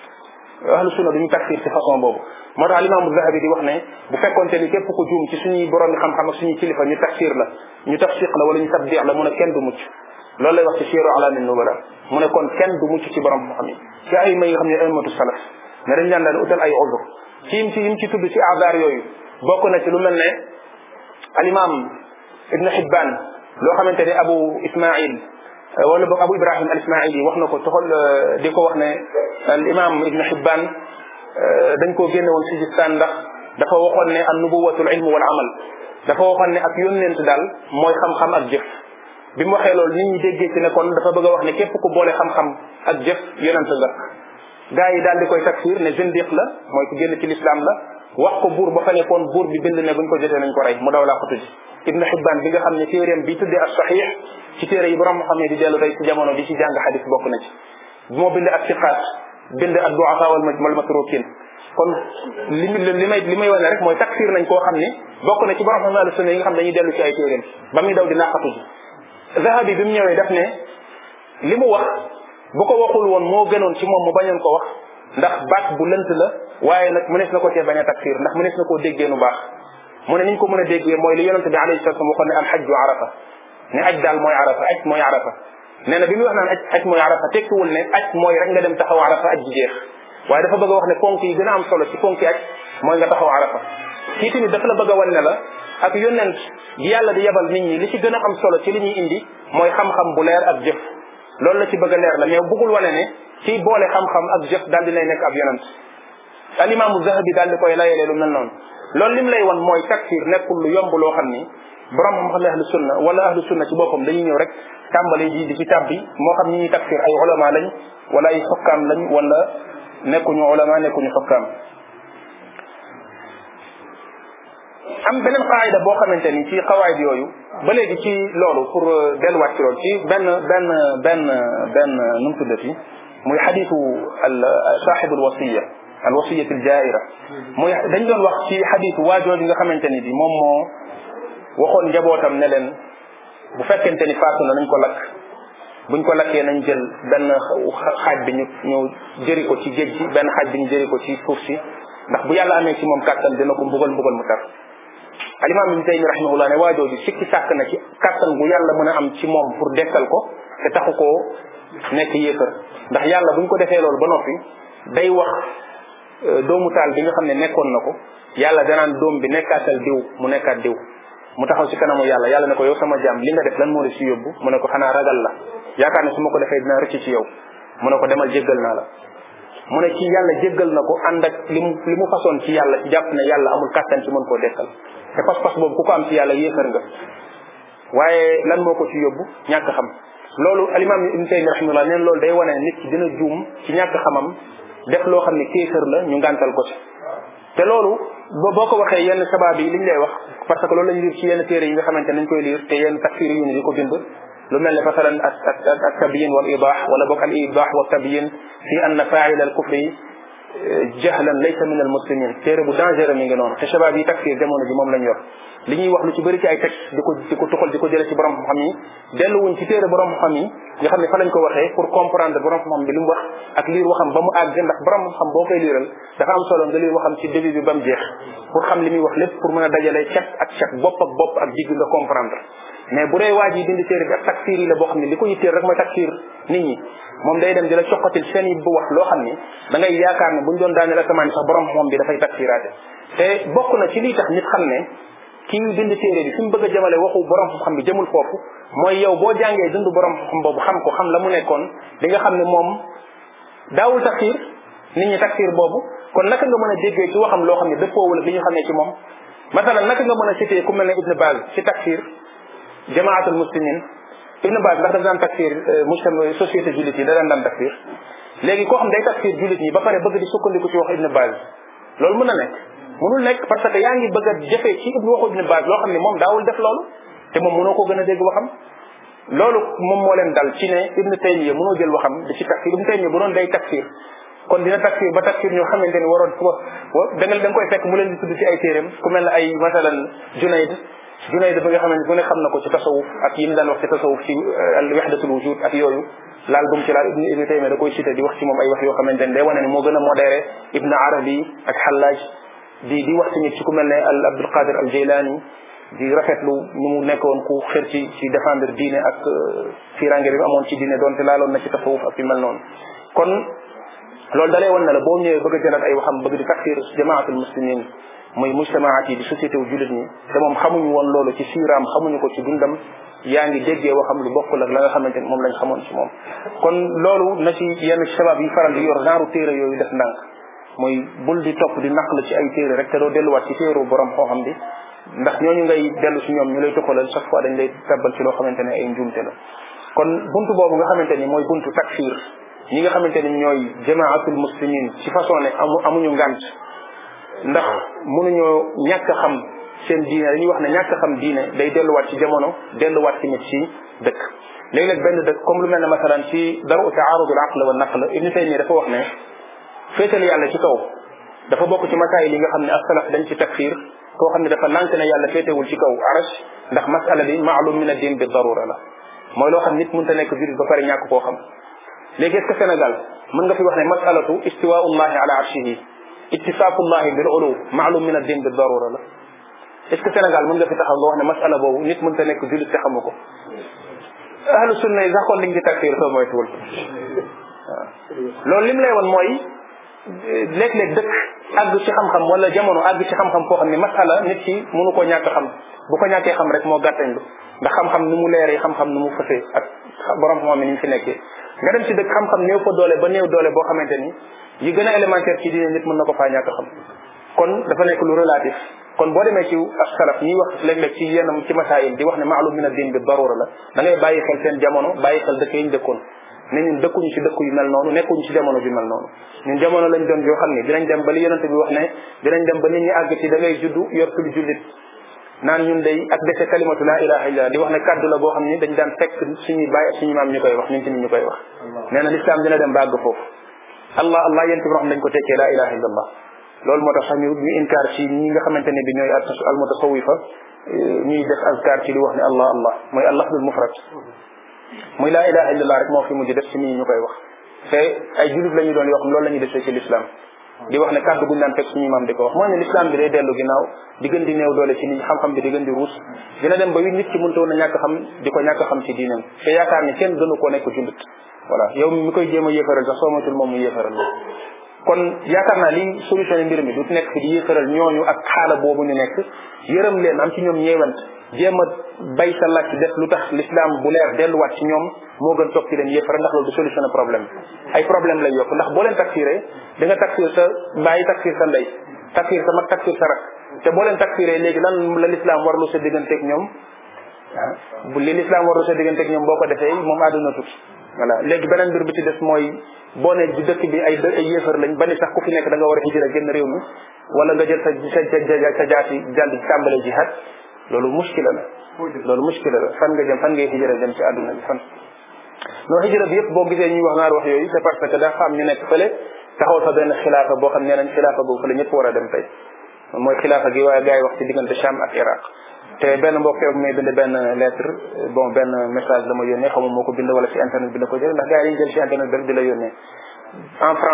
ahlu sunna duñu takfir ci façon boobu moo tax limaamu zahabi di wax ne bu fekkonte ni képp ku juum ci suñuy borom yi xam-xam ak suñuy kilifa ñu takfir la ñu tafsiq la wala ñu tabdiix la mun a kenn du mucc loolu lay wax ci siiru alaamin nubala mu ne kon kenn du mucc ci borom xam-xam yi ci ay ma yi nga xam ne ay matu salaf mais dañ daan daan utal ay uzur ci yim ci yim ci tudd ci azaar yooyu bokk na ci lu mel ne alimaam ibnu Hibbaan loo xamante ne abu Ismail euh, wala boog abu Ibrahim al Ismaili wax na ko toxal euh, di ko wax ne al imaam ibnu Hibbaan euh, dañ koo génne woon Sijistaan ndax dafa waxoon ne an nubuwatul ilmu wal amal dafa waxoon ne ak yónneent daal mooy xam-xam ak jëf bi mu waxee loolu nit ñi déggee ci ne kon dafa bëgg a wax ne képp ku boole xam-xam ak jëf yonent gaa yi daal di koy takfir ne zindiq la mooy ku génn ci lislaam la wax ko buur ba fa nekkoon buur bi bind ne buñ ko jotee nañ ko rey mu laa ko tuddi ibnu nga xam ne téeréem bi tuddee as saxiix ci téere yi borom xam ne di dellu tey ci jamono ci jàng xadis bokk na moo bind ak siqaat bind ak duafa wal mal matrukin kon li li may li may wane rek mooy takfir nañ koo xam ne bokk na ci borom xam ne sunna yi nga xam ne dañuy dellu ci ay téeréem ba muy daw di naaxatu ji zahabi bi mu ñëwee daf ne li mu wax bu ko waxul woon moo gënoon ci moom mu bañoon ko wax ndax baat bu lënt la waaye nag mënees na ko cee bañ a takfir ndax mënees na koo déggee nu baax mu ne niñ ko mën a déggee mooy li yonente bi alayhi salatu wasallam waxoon ne al hajju arafa ne aj daal mooy arafa aj mooy arafa nee bi muy wax naan aj aj mooy arafa tekkiwul ne aj mooy rek nga dem taxaw arafa aj ji waaye dafa bëgg a wax ne ponk yi gën a am solo ci ponk yi aj mooy nga taxaw arafa kii tamit dafa la bëgg a wan ne la ak yonent bi yàlla di yebal nit ñi li ci gën a am solo ci li ñuy indi mooy xam-xam bu leer ak jëf loolu la ci bëgg a leer la mais bëggul wane ne ci boole xam-xam ak jëf daal di lay nekk ab yonent alimaamu zahabi daal di koy layelee lu mel noonu lool lim lay wan mooy takfir nekkul lu yomb loo xam ni borom xam ahlu sunna wala ahlu sunna ci boppam dañuy ñëw rek tàmbali ji di ci tàbbi moo xam ñi ñuy takfir ay ulama lañ wala ay xokkaam lañ wala nekkuñu ulama nekkuñu xokkaam am beneen qaayida boo xamante ni ci xawaayid yooyu ba léegi ci loolu pour euh, delluwaat ci loolu ci benn benn benn benn nu mu tuddati muy xadiisu al euh, saaxibul wasiya al wasiyati al jaaira muy dañ doon wax ci xadiisu waajoo yi nga xamante ni bi moom moo waxoon njabootam ne leen bu fekkente ni faatu na nañ ko lakk buñ ko lakkee nañ jël benn xaaj bi ñu ñu jëri ko ci géej gi benn xaaj bi ñu jëri ko ci suuf si ndax bu yàlla amee ci moom kàttan dina ko mbugal mbugal mu tar alimaam ibn taymi rahimahullah ne bi sikki sàkk na ci kàttan gu yàlla mën a am ci moom pour dekkal ko te taxu ko nekk yéefar ndax yàlla buñ ko defee loolu ba noppi day wax euh, doomu taal bi nga xam ne nekkoon na ko yàlla danaan doom bi nekkaatal diw mu nekkaat diw mu taxaw ci kanamu yàlla yàlla ne ko yow sama jaam li nga def lan moo la ci yóbbu mu ne ko xanaa ragal la yaakaar ne su ma ko defee dinaa rëcc ci yow mu ne ko demal jéggal naa la mu ne ci yàlla jéggal na ko ànd li mu li mu façon ci yàlla jàpp yàlla amul kàttan ci mën koo dekkal te pas-pas boobu ku ko am ci yàlla yéefar nga waaye lan moo ko ci yóbbu ñàkk xam loolu alimam ibn taymi rahimahullah neen loolu day wane nit ki dina juum ci ñàkk xamam def loo xam ne kéefër la ñu ngàntal ko ci te loolu boo ko waxee yenn sabab yi li ñu lay wax parce que loolu lañu liir ci yenn téere yi nga xamante nañ koy liir te yenn takfir yu ni di ko bind lu mel ne masalan ak ak ak tabiyin wal idah wala boog al idah wa tabiyin fi anna faa'il al kufri jahlan laysa min al muslimin bu dangereux mi ngi noonu te shabaab yi takfir jamono ji moom lañ yor li ñuy wax lu ci bëri ci ay texte di ko di ko tuxal di ko jële ci borom xam-xam yi delluwuñ ci téere borom xam yi nga xam ne fa lañ ko waxee pour comprendre borom xam-xam bi li mu wax ak liir waxam ba mu àgg ndax borom xam boo koy liiral dafa am solo nga liir waxam ci début bi ba mu jeex pour xam li muy wax lépp pour mën a dajale cat ak cat bopp ak bopp ak digg nga comprendre mais bu dee waa la boo xam ne li ko yitteel rek mooy takfir nit ñi moom day dem di la coqatil seen i bu wax loo xam ni da ngay yaakaar ne bu ñu doon daaneel asamaan sax borom moom bi dafay takfiraate te bokk na ci lii tax nit xam ne kii bind téere bi fi mu bëgg a jëmale waxu borom xam-xam bi jëmul foofu mooy yow boo jàngee dund borom xam boobu xam ko xam la mu nekkoon di nga xam ne moom daawul takfir nit ñi takfir boobu kon naka nga mën a déggee ci waxam loo xam ne dëppoowul ak li ñu xamee ci moom masalan naka nga mën a cité ku mel ne Ibn Baz ci takfir jamaatul muslimin Ibn Baaz ndax daf daan takfir euh, mujtama société jullit yi da daan daan léegi koo xam day takfir jullit yi ba pare bëgg di sukkandiku ci wax Ibn Baaz loolu mën na nekk mënul nekk parce que yaa ngi bëgg a jëfee ci ibnu waxu Ibn Baaz loo xam ne moom daawul def loolu te moom mënoo ko gën a dégg waxam loolu moom moo leen dal ci ne Ibn Taymiya mënoo jël waxam di ci takfir Ibn Taymiya bu doon day takfir kon dina takfir ba takfir ñoo xamante ni waroon wa da koy fekk mu leen di tudd ci ay téeréem mel ne ay masalan Junayd Junayd dafa nga xam ne ku ne na ko ci tasawuf ak yi mu daan wax ci tasawuf ci euh, al wujud ak yooyu laal gum ci laal ibn ibn Taymiya da di wax ci moom ay wax yoo xamante ne day wane ne moo gën a modéré Ibn Arabi ak Hallaj di di wax tamit ci ku mel ne al Abdul Qadir al Jaylani di rafetlu ni mu nekkoon ku xër ci ci défendre diine ak euh, firange bi amoon ci diine donte laaloon na ci tasawuf ak yu mel noonu loolu dalay wan ne la boo ñëwee bëgg a jël ak ay waxam bëgg di takfir jamaatul muslimin muy mujtamaat yi di société wu jullit ñi te moom xamuñu woon loolu ci siiraam xamuñu ko ci dundam yaa ngi déggee waxam lu bokkul ak la nga xamante ni moom lañ xamoon ci moom kon loolu na ci yenn sabab yi faral di yor genre téere yooyu def ndànk mooy bul di topp di naq la ci ay téere rek te doo delluwaat ci téeru borom xam-xam bi ndax ñooñu ngay dellu ci ñoom ñu lay toxalal chaque fois dañ lay tabbal loo xamante ne ay njuumte la kon buntu boobu nga xamante ni mooy buntu takfir ñi nga xamante ni ñooy jamaatul muslimin ci façon ne amu amuñu ngant ndax mënuñoo ñàkk xam seen diine dañuy wax ne ñàkk xam diine day delluwaat ci jamono delluwaat tamit ci dëkk léegi nag benn dëkk comme lu mel ne masalan ci daru taarudul aql wa naql ibnu taymiya dafa wax ne féetal yàlla ci kaw dafa bokk ci masaayil yi nga xam ne asalaf dañ ci takfir koo xam ne dafa lànk ne yàlla féetewul ci kaw arash ndax masala bi maalum min ad din b darura la mooy loo xam nit mënta nekk jullit ba pare ñàkk koo xam léegi est-ce que Sénégal mën nga fi wax ne masalatu istiwaullahi ala arshihi ittifaaqullahi bil ulu maalum min ad-din bi darura la est-ce que Sénégal mën nga fi taxaw nga wax ne masala boobu nit mën ta nekk jullit te xamu ko ahlu sunna yi sax kon liñ ci takfir soo moytuwul waaw loolu lim lay woon mooy léeg-léeg dëkk àgg ci xam-xam wala jamono àgg ci xam-xam koo xam ne masala nit ki mënu ko ñàkk xam bu ko ñàkkee xam rek moo gàttañ lu ndax xam-xam ni mu leeree xam-xam ni mu fësee ak borom xam-xam ni mu fi nekkee nga dem ci dëkk xam-xam néew fa doole ba néew doole boo xamante ni yi gën a élémentaire ci diine nit mën na ko faa ñàkk xam kon dafa nekk lu relatif kon boo demee ci as salaf ñiy wax léeg-léeg ci yenn ci masaayil di wax ne maalum min ad-din bi darura la da ngay bàyyi xel seen jamono bàyyi xel dëkk yi ñu dëkkoon ne ñun dëkkuñu ci dëkk yu mel noonu nekkuñu ci jamono ju mel noonu ñun jamono lañ doon yoo xam ne dinañ dem ba li yonente bi wax ne dinañ dem ba nit ñi àgg ci da ngay juddu yor lu jullit naan ñun day ak dese kalimatu laa ilaha illa di wax ne kaddu la boo xam ni dañ daan fekk suñuy bàyyi ak suñu maam ñu koy wax ñu tamit ñu koy wax nee na lislaam dina dem bàgg foofu allah allah yéen tamit xam dañ ko tekkee laa ilaha illa allah loolu moo tax sax ñu ñu inkaar nga xamante ne bi ñooy al mutasawifa eh, ñuy def di wax ne allah allah mooy al lafdul mufrad muy laa ilaha illa allah rek moo fi mujj def ci nii ñu koy wax te ay jullit la ñu doon yoo xam loolu la ñuy defee ci lislaam di wax ne kàddu guñ daan fekk suñu maam di ko wax mooy ne l'islam bi day dellu ginnaaw di gën di néew doole ci nit xam-xam bi di gën di ruus dina dem ba wi nit ki mënta woon a ñàkk xam di ko ñàkk xam ci diinam te yaakaar ni kenn gënu koo nekk jullit voilà yow mi koy jéem a yéefaral sax soo moytul moom mu yéefaral la kon yaakaar naa li solution mbir mi du nekk fi di yéefaral ñooñu ak xaala boobu ñu nekk yërëm leen am ci ñoom ñeewant jéem a bay sa làkk def lu tax l'islam bu leer delluwaat ci ñoom moo gën toog ci leen yéefara ndax loolu du solutionné problème ay problème lay yokk ndax boo leen taksiree da nga taksir sa bàyyi taksir sa ndey taksir sa mag taksir sa rak te boo leen taksiree léegi lan la l'islam warlu sa digganteeg ñoom bu li l'islam warlu sa digganteeg ñoom boo ko defee moom àdduna tut voilà léegi beneen mbir bi ci des mooy boo ne di dëkk bi ay ay yéefar lañ ba ni sax ku fi nekk da nga war a hijra génn réew mi wala nga jël sa sa sa jaasi jàll di tàmbale jihad loolu muskila la loolu muskila la fan nga jëm fan ngay hijra jëm ci àdduna bi fan noo hijra bi yëpp boo gisee ñuy wax naar wax yooyu c'est parce que dafa am ñu nekk fële taxaw fa benn xilaafa boo xam ne nañ xilaafa boo fële ñëpp war a dem tey mooy xilaafa gi waaye gars yi wax ci diggante Cham ak Iraq te benn mbokk yow may bind benn lettre bon benn message la ma yónnee xaw ma moo ko bind wala ci internet bi na ko jël ndax gars yi dañu jël ci internet bi rek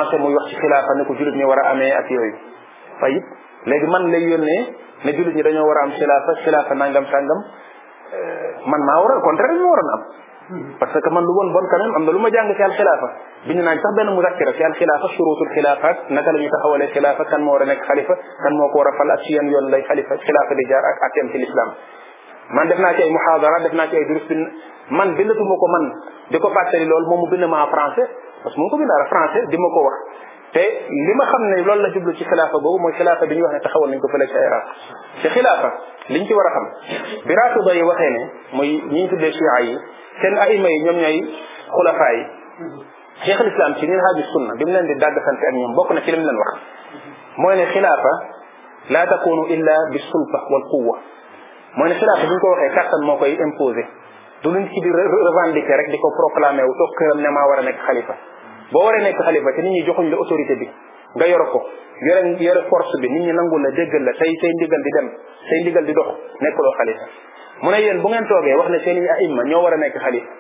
di ne ko jullit ñi war amee ak yooyu fayit léegi man lay yónnee ne jullit ñi dañoo war a am xilaafa xilaafa nangam sàngam euh, man maa war a contraire ñu waroon am parce que man lu bon bon quand am na lu ma jàng ci alxilaafa bi ñu naan sax benn muzakkira ci alxilaafa surutul xilaafaat naka la ñuy taxawalee xilaafa kan moo war a nekk xalifa kan moo ko war a fal ak ci yan yoon lay xalifa xilaafa di jaar ak atem ci l'islam man def naa ci ay muhaadara def naa ci ay durus bind man bindatuma ko man di ko fàttali loolu moom mu bind ma ko bind dara di ma ko wax te li ma xam ne loolu la jublu ci xilaafa boobu mooy xilaafa bi ñu wax ne taxawal nañ ko fële ci Iraq ci xilaafa ñu ci war a xam bi ba yi waxee ne mooy ñi ñu tuddee chia yi seen aima yi ñoom ñooy xulafaa yi cheikh al islam ci minhaju sunna bi mu leen di dàgg sante ak ñoom bokk na ci li mu leen wax mooy ne xilaafa laa takunu illa bi sulta wal quwa mooy ne xilaafa bu ñu ko waxee kàttan moo koy imposé du luñ ci di revendiquer rek di ko proclamer wu maa war nekk xalifa boo waree nekk xalifa te nit ñi joxuñ la autorité bi nga yor ko yore yore force bi nit ñi nangu la déggal la say say ndigal di dem say ndigal di dox nekk nekkuloo xalifa mu ne yéen bu ngeen toogee wax ne seen i aïmma ñoo war a nekk xalifa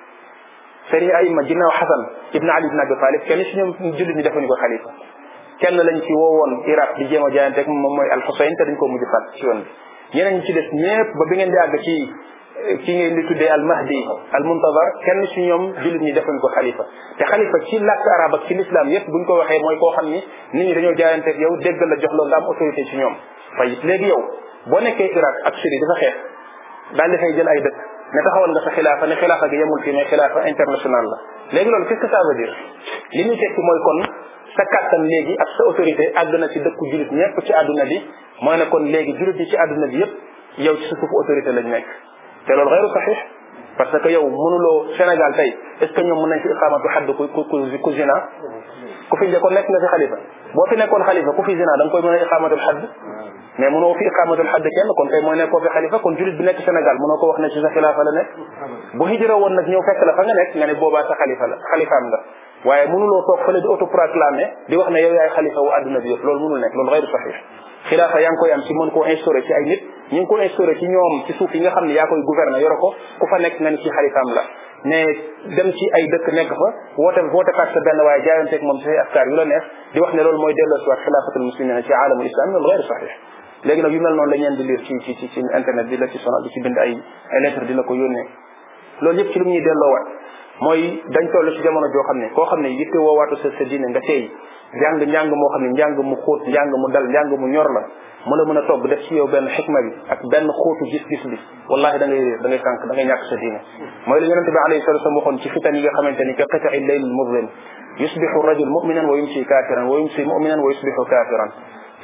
seen i aïmma ginnaaw xasan ibn ali ibn abi talib kenn si ñoom jullit ñi defuñu ko xalifa kenn lañ ci woowoon iraq di jéem a jaayante ak moom mooy al xusayn te dañ ko mujj fat ci woon bi ñeneen ñi ci des ñépp ba bi ngeen di àgg ci ki ngeen di tuddee al mahdi al muntazar kenn si ñoom jullit ñi defuñ ko xalifa te xalifa ci làkk arab ak ci l'islam yépp buñ ko waxee mooy koo xam ni nit ñi dañoo jaayanteeg yow dégg la jox la nga am autorité ci ñoom fay léegi yow boo nekkee Irak ak Syrie dafa xeex daal di jël ay dëkk ne taxawal nga sa xilaafa ne xilaafa gi yemul fii mais xilaafa international la léegi loolu qu'est-ce que ça veut dire li muy tekki mooy kon sa kàttan léegi ak sa autorité ci dëkku jullit ñépp ci àdduna bi mooy kon léegi jullit yi ci àdduna bi yépp yow ci sa suufu autorité lañ nekk te loolu xeyru saxiix parce que yow mënuloo Sénégal tey est ce que ñoom mën nañ fi iqaamatu xadd ku zina ku fi njëkkoon nekk nga fi xalifa boo fi nekkoon xalifa ku fi zina da koy mën a iqaamatul xadd mais mënoo fi iqaamatul xadd kenn kon tey mooy nekkoo fi xalifa kon julit bi nekk Sénégal mënoo ko wax ne ci sa xilaafa la nekk bu hijra woon nag ñëw fekk la fa nga nekk nga ne boobaa sa xalifa la xalifaam nga waaye mënuloo toog fële di autoproclamer di wax ne yow yaay xalifa wu àdduna bi yëpp loolu mënul nekk loolu yaa ngi koy am ci ko instauré ci ñoom suuf yi nga xam ne yaa koy gouverner yore ko ku fa nekk nga ni la mais dem ci ay dëkk nekk fa woote woote faak sa benn waaye jaayanteeg moom ci say askar yu la di wax ne loolu mooy delloosiwaat xilaafatul muslimina ci alamul islam loolu xayru la ñeen di lire ci ci ci internet di la ci sonal di ci la ko yónnee loolu yëpp ci lu ñuy delloowaat mooy dan toll ci jamono joo xam ne koo xam ne yitte woowaatu sa sa diine nga seey njàng njàng moo xam ne njàng mu xóot njàng mu dal njàng mu ñor la mu la mën a togg def ci yow benn xikma bi ak benn xóotu gis-gis bi wallahi da ngay réer da ngay mooy li yonente bi alayhi salatu wasallam ci fitan nga xamante ni ka qita'i layl mudlim yusbihu rajul muminan wa yumsi kafiran wa yumsi muminan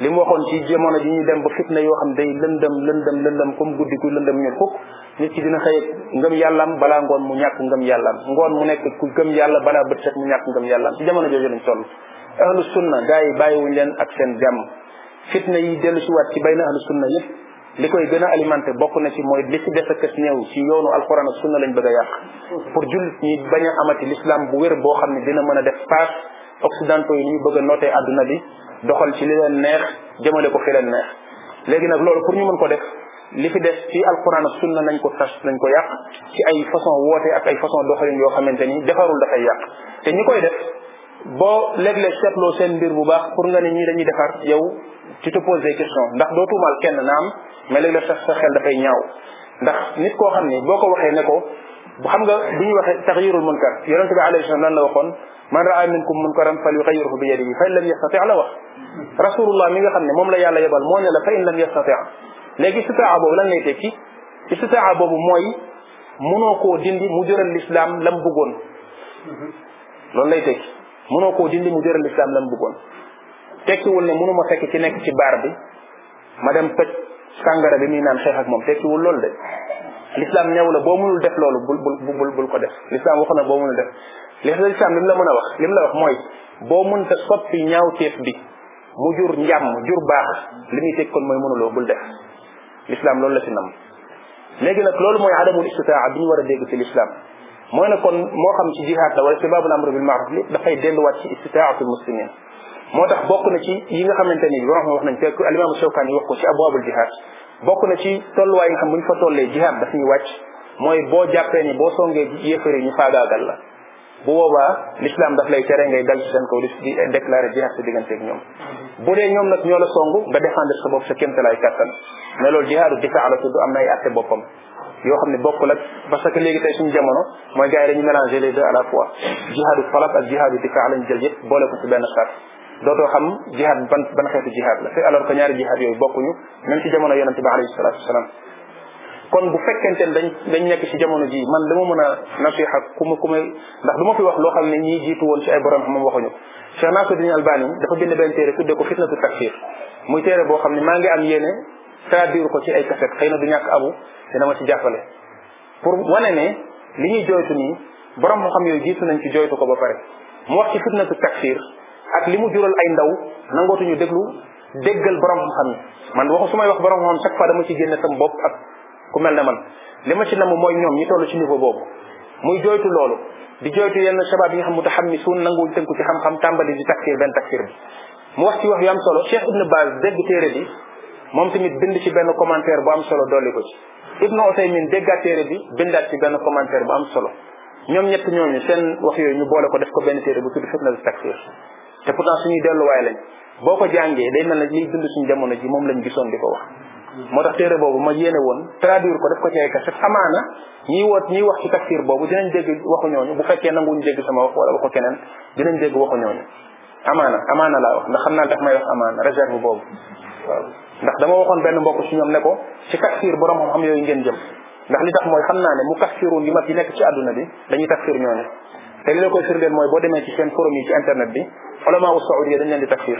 li mu waxoon ci jamono ji ñuy dem ba fitna yoo xam day lëndëm lëndëm lëndëm comme guddi ku lëndëm ñun fukk nit ki dina xëy ngëm yàllaam balaa ngoon mu ñàkk ngëm yàllaam ngoon mu nekk ku gëm yàlla balaa bët set mu ñàkk ngëm yàllaam ci jamono jooju lañ toll ahlu sunna gars yi bàyyiwuñ leen ak seen jàmm fitna yi dellu si waat ci bay na ahlu sunna yëpp li koy gën a alimenté bokk na ci mooy li ci des ak néew ci yoonu alxuraan ak sunna lañ bëgg a yàq pour jullit ñi bañ a amati l'islam bu wér boo xam ne dina mën a def paas occidentaux yi ni ñu bëgg a nootee àdduna bi doxal ci li leen neex jëmale ko fi leen neex léegi nag loolu pour ñu mën ko def li fi des ci alquran ak sunna nañ ko tas nañ ko yàq ci ay façon woote ak ay façon doxalin yoo xamante nii defarul dafay yàq te ñi koy def boo léeg-léeg seetloo seen mbir bu baax pour nga ne ñii dañuy defar yow ci te poses des questions ndax doo tuumaal kenn naam mais léeg-léeg sax sa xel dafay ñaaw ndax nit koo xam ni boo ko waxee ne ko xam nga bu ñu waxee taxyirul mën yonente bi alayhi salaam lan la waxoon man raa minkum munkaran falyughayyirhu bi yadihi fa in lam yastati' la wax rasulullah mi nga xam ne moom la yàlla yebal moo ne la fa in lam yastati' léegi istitaa boobu lan lay tekki istitaa boobu mooy mënoo koo dindi mu jëral lislaam lam bëggoon loolu lay tekki mënoo koo dindi mu jëral lislaam lam bëggoon tekkiwul ne mënuma fekk ci nekk ci baar bi ma dem toj sàngara bi muy naan xeex ak moom tekkiwul lool de l'islam ñaw la boo mënul def loolu bul bul bul ko def l'islam waxu na boo mënul def li lislaam li mu la mën a wax li mu la wax mooy boo mënta soppi ñaawteef bi mu jur njàmm jur baax li muy teg kon mooy mënuloo bul def lislaam loolu la ci nam léegi nag loolu mooy adamul istitaa bi ñu war a dégg ci lislaam mooy ne kon moo xam ci jihaad la wala sibaabul amri bil maaruf li dafay delluwaat ci istitaatul muslimin moo tax bokk na ci yi nga xamante ni wax xam wax nañ fekk alimaamu Shawkaani wax ko ci abwaabul jihaad bokk na ci tolluwaay nga xam bu ñu fa tollee jihaad daf ñuy wàcc mooy boo jàppee ni boo songee yéefari ñu faagaagal la bu boobaa lislaam daf lay tere ngay dal ci seen kaw di déclarer jihaad sa digganteeg ñoom bu dee ñoom nag ñoo la songu nga défendre sa bopp sa kéemtalaay kàttan mais loolu jihaadu difaa la tudd am na ay atte boppam yoo xam ne bokkul ak parce que léegi tey suñu jamono mooy gars yi dañu mélanger les deux à la fois jihaadu talab ak jihaadu difaa lañu jël yëpp boole ko ci benn sart dootoo xam jihaad ban ban xeetu jihaad la te alors que ñaari jihaad yooyu bokkuñu même ci jamono yonente bi alayhi salatu kon bu fekkente dañ dañ nekk ci jamono ji man ma mën a nasiha ku ma ku may ndax du ma fi wax loo xam ne ñii jiitu woon ci ay borom xam-xam waxuñu Cheikh Nasruddin Albani dafa bind benn téere tuddee ko fitnatu takfir muy téere boo xam ne maa ngi am yéene traduire ko ci ay kaset xëy na du ñàkk abu dina ma ci jàppale pour wane ne li ñuy joytu nii borom moo xam yooyu jiitu nañ ci joytu ko ba pare mu wax ci fitnatu takfir ak li mu jural ay ndaw nangootuñu déglu déggal borom xam-xam man waxu su may wax borom xam chaque fois dama ci génne sam bopp ak ku mel ne man li ma ci nam mooy ñoom ñi toll ci niveau boobu muy jooytu loolu di jooytu yenn sabab yi nga xam mutaxammisuun nanguwuñ tënku ci xam-xam tàmbali di takfir benn takfir bi mu wax ci wax yu am solo Cheikh Ibn Baz dégg téere tamit bind ci benn commentaire bu am solo dolli ko ci Ibn Usaymin déggaat téere bi bindaat ci benn commentaire bu am solo ñoom ñett ñooñu seen wax yooyu ñu boole ko def ko benn téere bu tudd fitnatu takfir te pourtant suñuy delluwaay lañ boo ko jàngee day mel na liy dund suñu jamono ji moom lañ gisoon di ko wax moo tax téere boobu ma yéene woon traduire ko def ko ci ay kaset amaana ñiy woot ñiy wax ci tafsir boobu dinañ dégg waxu ñooñu bu fekkee nanguñ dégg sama wax wala waxu keneen dinañ dégg waxu ñooñu amaana amaana laa wax ndax xam naa daf may wax amaana réserve boobu waaw ndax dama waxoon benn mbokk ci ñoom ne ko ci tafsir borom xam-xam yooyu ngeen jëm ndax li tax mooy xam naa ne mu tafsirun yi mat yi nekk ci àdduna bi dañuy tafsir ñooñu te li la koy firndeel mooy boo demee ci seen forum ci internet bi ulama u saoudia dañ leen di tafsir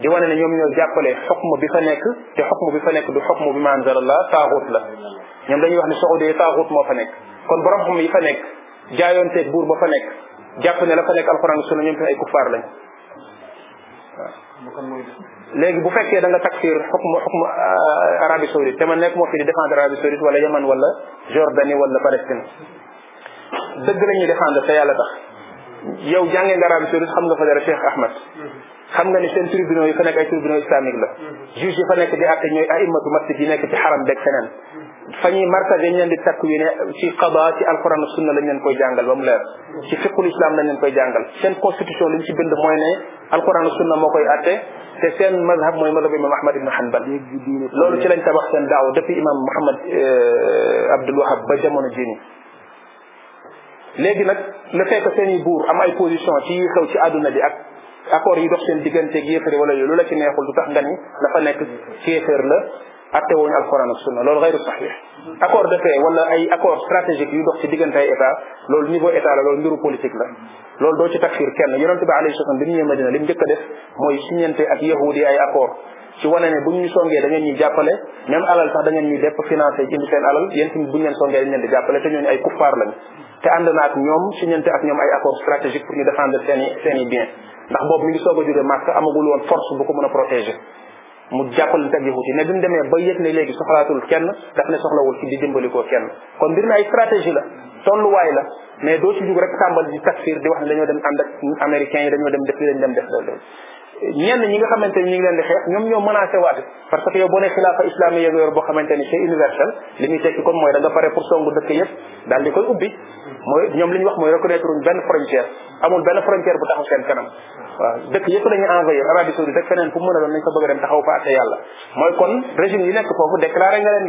di wane na ñoom ñoo jàppale xukmu bi fa nekk te nekk du xukmu bi ma anzalallah taaxut la ñoom dañuy wax ne saoudiya taaxut moo fa nekk kon ba xam yi fa nekk jaayoonteeg buur ba fa nekk jàpp ne la fa nekk alxuraan sunna ñoom tam ay kuffaar lañ waaw léegi bu fekkee da nga takfir xukmu xukmu euh, Arabie Saoudite te man nekk moo fi di défendre Arabie Saoudite wala Yaman wala Jordanie wala Palestine dëgg la ñuy défendre te yàlla tax yow jàngee nga Arabie Saoudite xam nga fa dara Cheikh Ahmed xam nga ni seen tribunaux yi fa nekk ay tribunaux islamique la mm-hmm. juge yi fa nekk di àtte ñooy aimatu masjid yi nekk ci xaram beeg feneen fa ñuy marta dañ leen di takku yu ne ci qada ci alquran ak sunna lañ leen koy jàngal ba mu leer mm-hmm. ci fiqul islam lañ leen koy jàngal seen constitution li ñu ci bind mooy ne alquran ak sunna moo koy àtte te seen mazhab mooy mazhab imam ahmad ibn hanbal loolu ci lañ tabax seen daaw depuis imam muhammad euh, abdul wahab ba jamono jii nag le fait que buur am ay position ci yi ci àdduna bi ak accord yi dox seen diggante yéeféer wala yooyu lu la ci neexul du tax nga ni dafa nekk kéeféer la atte wooñu alquran sunna loolu xeyru saxiix accord de paix wala ay accord stratégique yu dox ci diggante ay loolu niveau état la loolu mbiru politique la loolu doo ci takfir kenn yonent bi alayhi bi mu ñëwee Madina li mu njëkk def mooy signante ak yahudi ay accord ci wane ne bu ñu songee da ngeen jàppale même alal sax da ñu leen songee dañ leen di jàppale te ñooñu ay kuffaar lañ te ànd na ak ñoom signante ndax boobu mi ngi soog a jóge màkk amagul woon force bu ko mën a protéger mu jàppal teg yahuut yi ne bi mu demee ba yëg ne léegi soxlaatul kenn daf ne soxlawul ci di dimbalikoo kenn kon mbir mi ay stratégie la tolluwaay la mais doo ci jug rek tàmbal di takfir di wax ne dañoo dem ànd ak américains yi dañoo dem def li dañ dem def loolu ñenn ñi nga xamante ni ñu leen di xeex ñoom ñoo menacé waate parce que yow boo ne xilaafa islamique nga yor boo xamante ni universel li muy kon mooy da pare pour songu dëkk yëpp daal di koy ubbi mooy ñoom li wax mooy reconnaître uñ benn frontière amul benn frontière bu taxaw seen kanam waaw dëkk yëpp dañuy envahir Arabie Saoudite ak feneen fu mu mën a doon nañ fa bëgg dem taxaw fa àtte yàlla mooy kon régime yi nekk foofu déclaré nga leen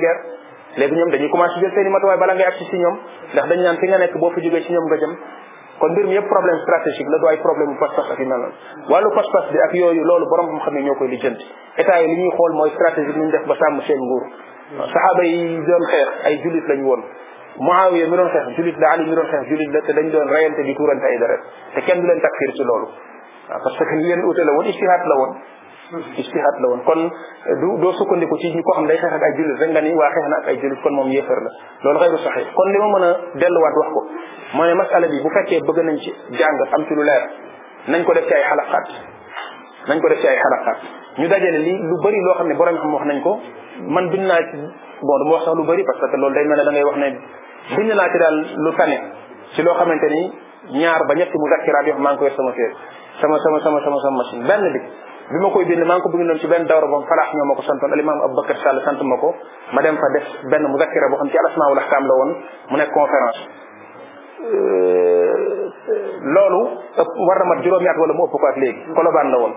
kon mbir mi yëpp problème stratégique la du ay problème bu pas ak yu mel noonu wàllu pas-pas ak yooyu loolu borom xam-xam ñoo koy li état yi li ñuy xool mooy stratégique ni ñu def ba sàmm seen nguur hmm. saxaaba yi doon xeex ay jullit lañ woon Muawiya mi doon xeex jullit la Ali mi doon xeex jullit la te dañ doon reyante di tuurante ay deret te kenn du leen takfir ci loolu waaw parce que li leen ute la woon istihaad la woon ijtihaad la woon kon eh, du doo sukkandiku ci ñu ko xam day xeex ak ay jullit rek nga ni waa xeex na ak ay jullit kon moom yéefar la loolu xëy du saxee kon li ma mën a delluwaat wax ko moo ne masala bi bu fekkee bëgg nañ ci jàng am ci lu leer nañ ko def ci ay xalaqaat nañ ko def ci ay xalaqaat ñu dajale li lu bëri loo xam ne borom xam wax nañ ko man bind naa ci bon du wax sax lu bëri parce que loolu day mel ne da ngay wax ne bind naa ci daal lu tane ci loo xamante ni ñaar ba ñetti mu zakkiraat yoo maa ngi koy sama téere sama sama sama sama sama machine benn bi bi ma koy bind maa ngi ko bindoon ci benn dawra boo xam falaax ñoo ma ko santoon alimam Aboubacar Sall sant ma ko ma dem fa def benn muzakkira boo xam ci alasmaawul ahkaam la woon mu nekk conférence euh, loolu war na mat juróomi at wala mu ëpp ko ak léegi kolobaan la woon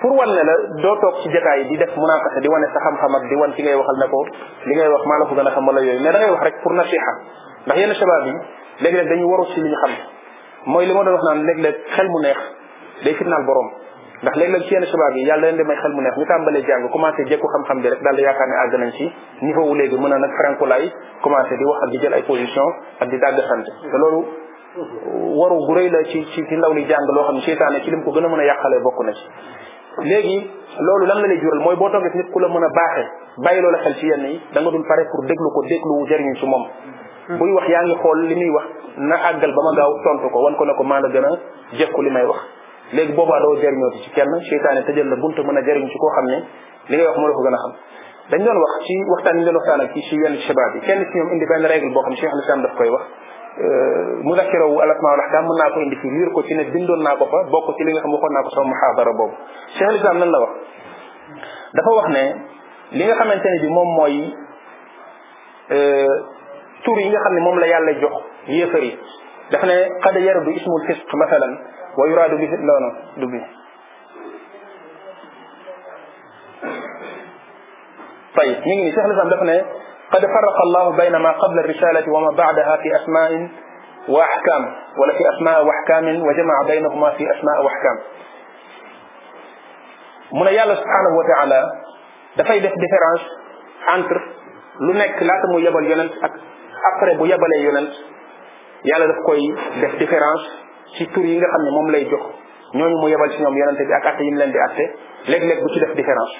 pour wan ne la doo toog ci jotaay di def munaqasa di wane sa xam-xam ak di wan ci ngay waxal ne ko li ngay wax maa la ko gën a xam wala yooyu mais da wax rek pour nasiha ndax yenn sabab yi léegi-léeg dañu waru ci li ñu xam mooy li ma doon wax naan léeg-léeg xel mu neex day fitnaal ndax léeg-léeg ci yenn yi yàlla leen di may xel mu neex ñu tàmbalee jàng commencé jékku xam-xam bi rek daal léegi a nag franco lay di wax ak di jël ay position ak di dàgg sant te loolu waru gu rëy la ci ci ndaw li jàng loo xam ne seytaane ci lim ko gën a mën a yàqalee bokk na ci léegi loolu lan la lay jural mooy boo toogee nit ku la mën a baaxee bàyyi loola xel ci yenn yi da nga dul pare pour déglu ko déglu jëriñu ci moom buy wax yaa ngi xool li muy wax na àggal ba ma gaaw tontu ko wan ko ne ko maa la gën a jekku li may wax léegi boobaa doo jariñooti ci kenn seytaane tëjal la bunta mën a jariñ ci koo xam ne li ngay wax moo la ko gën a xam dañ doon wax ci waxtaan yi doon waxtaan ak ci yenn shabaab yi kenn ci ñoom indi benn règle boo xam ne Cheikh al Islam daf koy wax euh, mudakira wu al asmaa ko indi fi liir ko ci naa ko fa bokk ci li nga xam waxoon naa ko la wax dafa wax ne li nga xamante ne bi moom mooy euh, tur yi nga xam ne moom la yàlla jox yéefar yi daf ne qad yardu ismul fisq masalan wa yuraadu bihi loolu du bi tayib ñu ngi nii Cheikh Lislam daf ne qad faraqa allahu bayna ma qabla risalati wa ma baadaha fi asmain wa ahkam wala fi asmaa wa ahkamin wa jamaa baynahuma fi asmaa wa ahkam mu ne yàlla subhanahu wa taala dafay def différence entre lu nekk laata mu yebal yonent ak après bu yebalee yonent yàlla daf koy def différence ci tur yi nga xam ne moom lay jox ñooñu mu yebal ci ñoom yonente bi ak atte yi mu leen di atte léeg-léeg bu ci def différence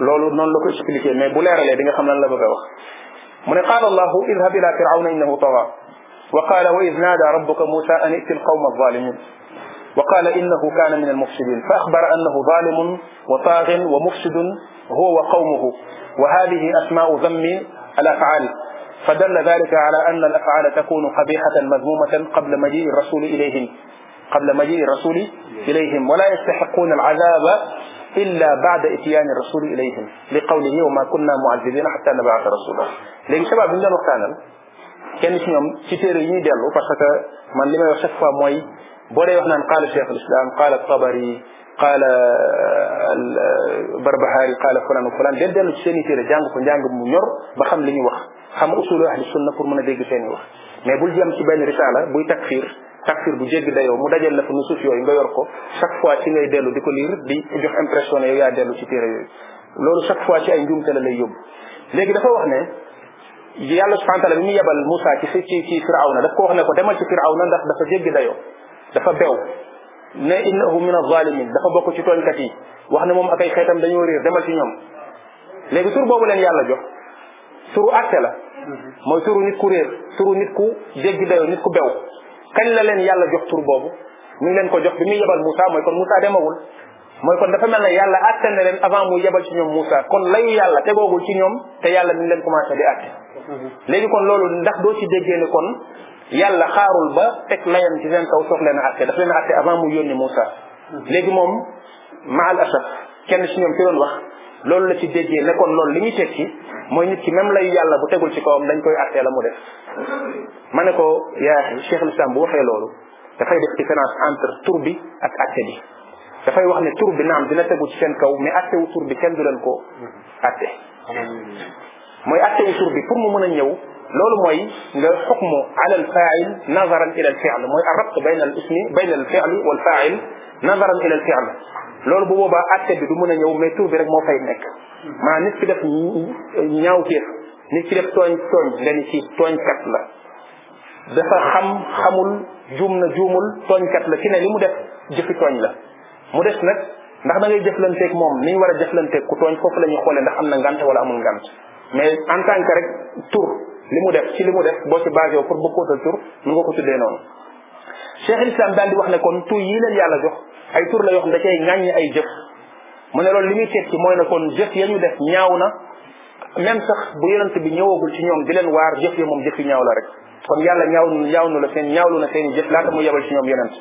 loolu noonu la ko expliqué mais bu leeralee di nga xam lan la bëgg a wax mu ne qaala allahu idhab ila firawna innahu tawa wa qaala wa id naada rabbuka musa an iti alqawma alzalimin wa qaala innahu kaana min almufsidin fa axbara annahu zalimun wa taagin wa mufsidun huwa wa qawmuhu wa hadihi asmaau zammi ala faali fa dalla dalika ala an al afaala takunu qabixatan madmumatan qabla majii rasuli ilayhim qabla majii rasuli ilayhim wala yastaxiquuna al azaba illa baada ityaani rasuli ilayhim li qawlihi wa ma kunna muazibina xata nabaata rasula léegi sabab bi ñu doon waxtaanal kenn ci ñoom ci téere yi ñuy dellu parce que man li may wax chaque fois mooy boo dee wax naan qaala cheikh al islam qaala tabari qaala barbahaari qaala fulaan fulaan leen dellu ci seen i téere jàng ko njàng mu ñor ba xam li ñuy wax xam usulu ahli sunna pour mën a dégg seen i wax mais bul jëm ci benn risaala buy takfir takfir bu jéggi dayoo mu dajal la fa nusuuf yooyu nga yor ko chaque fois ci ngay dellu di ko liir di jox impression ne yow yaa dellu ci téere yooyu loolu chaque fois ci ay njuumte la lay yóbbu léegi dafa wax ne yàlla subhanahu wa taala bi mu yebal Moussa ci ci ci Firawna daf ko wax ne ko demal ci Firawna ndax dafa jéggi dayoo dafa bew ne innahu min az-zalimin dafa bokk ci tooñkat yi wax ne moom ak ay xeetam dañoo réer demal ci ñoom léegi tur boobu leen yàlla jox suru àtte la mooy suru nit ku réer nit ku jéggi dayoo nit ku bew kañ la leen yàlla jox tur boobu mi ngi leen ko jox bi muy yebal Moussa mooy kon Moussa demawul mooy kon dafa mel ne yàlla àtte na leen avant muy yebal ci ñoom Moussa kon layu yàlla tegoogul ci ñoom te yàlla mi leen commencé di àtte mhm. léegi kon loolu ndax doo ci déggee ne kon yàlla xaarul ba teg mayam ci seen kaw soog leen a àtte daf leen a àtte avant mu yónni Moussa hmm. léegi moom maal asaf kenn si ñoom ci doon wax loolu la ci déggee nekkoon kon loolu li teg tekki mooy nit ki même lay yàlla bu tegul ci kawam dañ koy àttee la mu def ma ne ko yaa Cheikh l'Islam bu waxee loolu dafay def différence entre tur bi ak àtte bi dafay wax ne tour bi naam dina tegu ci seen kaw mais àtte wu tur bi kenn du leen ko hmm. àtte mooy àtte wu tur bi pour mu mën a ñëw loolu mooy nga xukmu ala al fa'il nazaran ila al fi'l mooy ar-rabt bayna al ismi bayna na fi'l wal fa'il nazaran ila al fi'l loolu bu boobaa atte bi du mën a ñëw mais tur bi rek moo fay nekk maa nit ki def ñaaw téef nit ci def tooñ tooñ nga ni ci tooñkat la dafa xam xamul juum na juumul tooñkat la ci ne li mu def jëfi tooñ la mu des nag ndax da ngay jëflanteeg moom ni ñu war a jëflanteeg ku tooñ foofu la ñuy xoolee ndax am na ngant wala amul ngant mais en tant que rek tur li mu def ci li mu def boo ci basé pour bëgg koo sa tur nu nga ko tuddee noonu cheikh l'islam daal di wax ne kon tur yii leen yàlla jox ay tur la yoo xam da cay ŋàññi ay jëf mu ne loolu li muy tekki mooy ne kon jëf ya ñu def ñaaw na même sax bu yonent bi ñëwagul ci ñoom di leen waar jëf ya moom jëf yu ñaaw la rek kon yàlla ñaaw ñaaw nu la seen ñaawlu na seen i jëf laa mu yebal ci ñoom yonent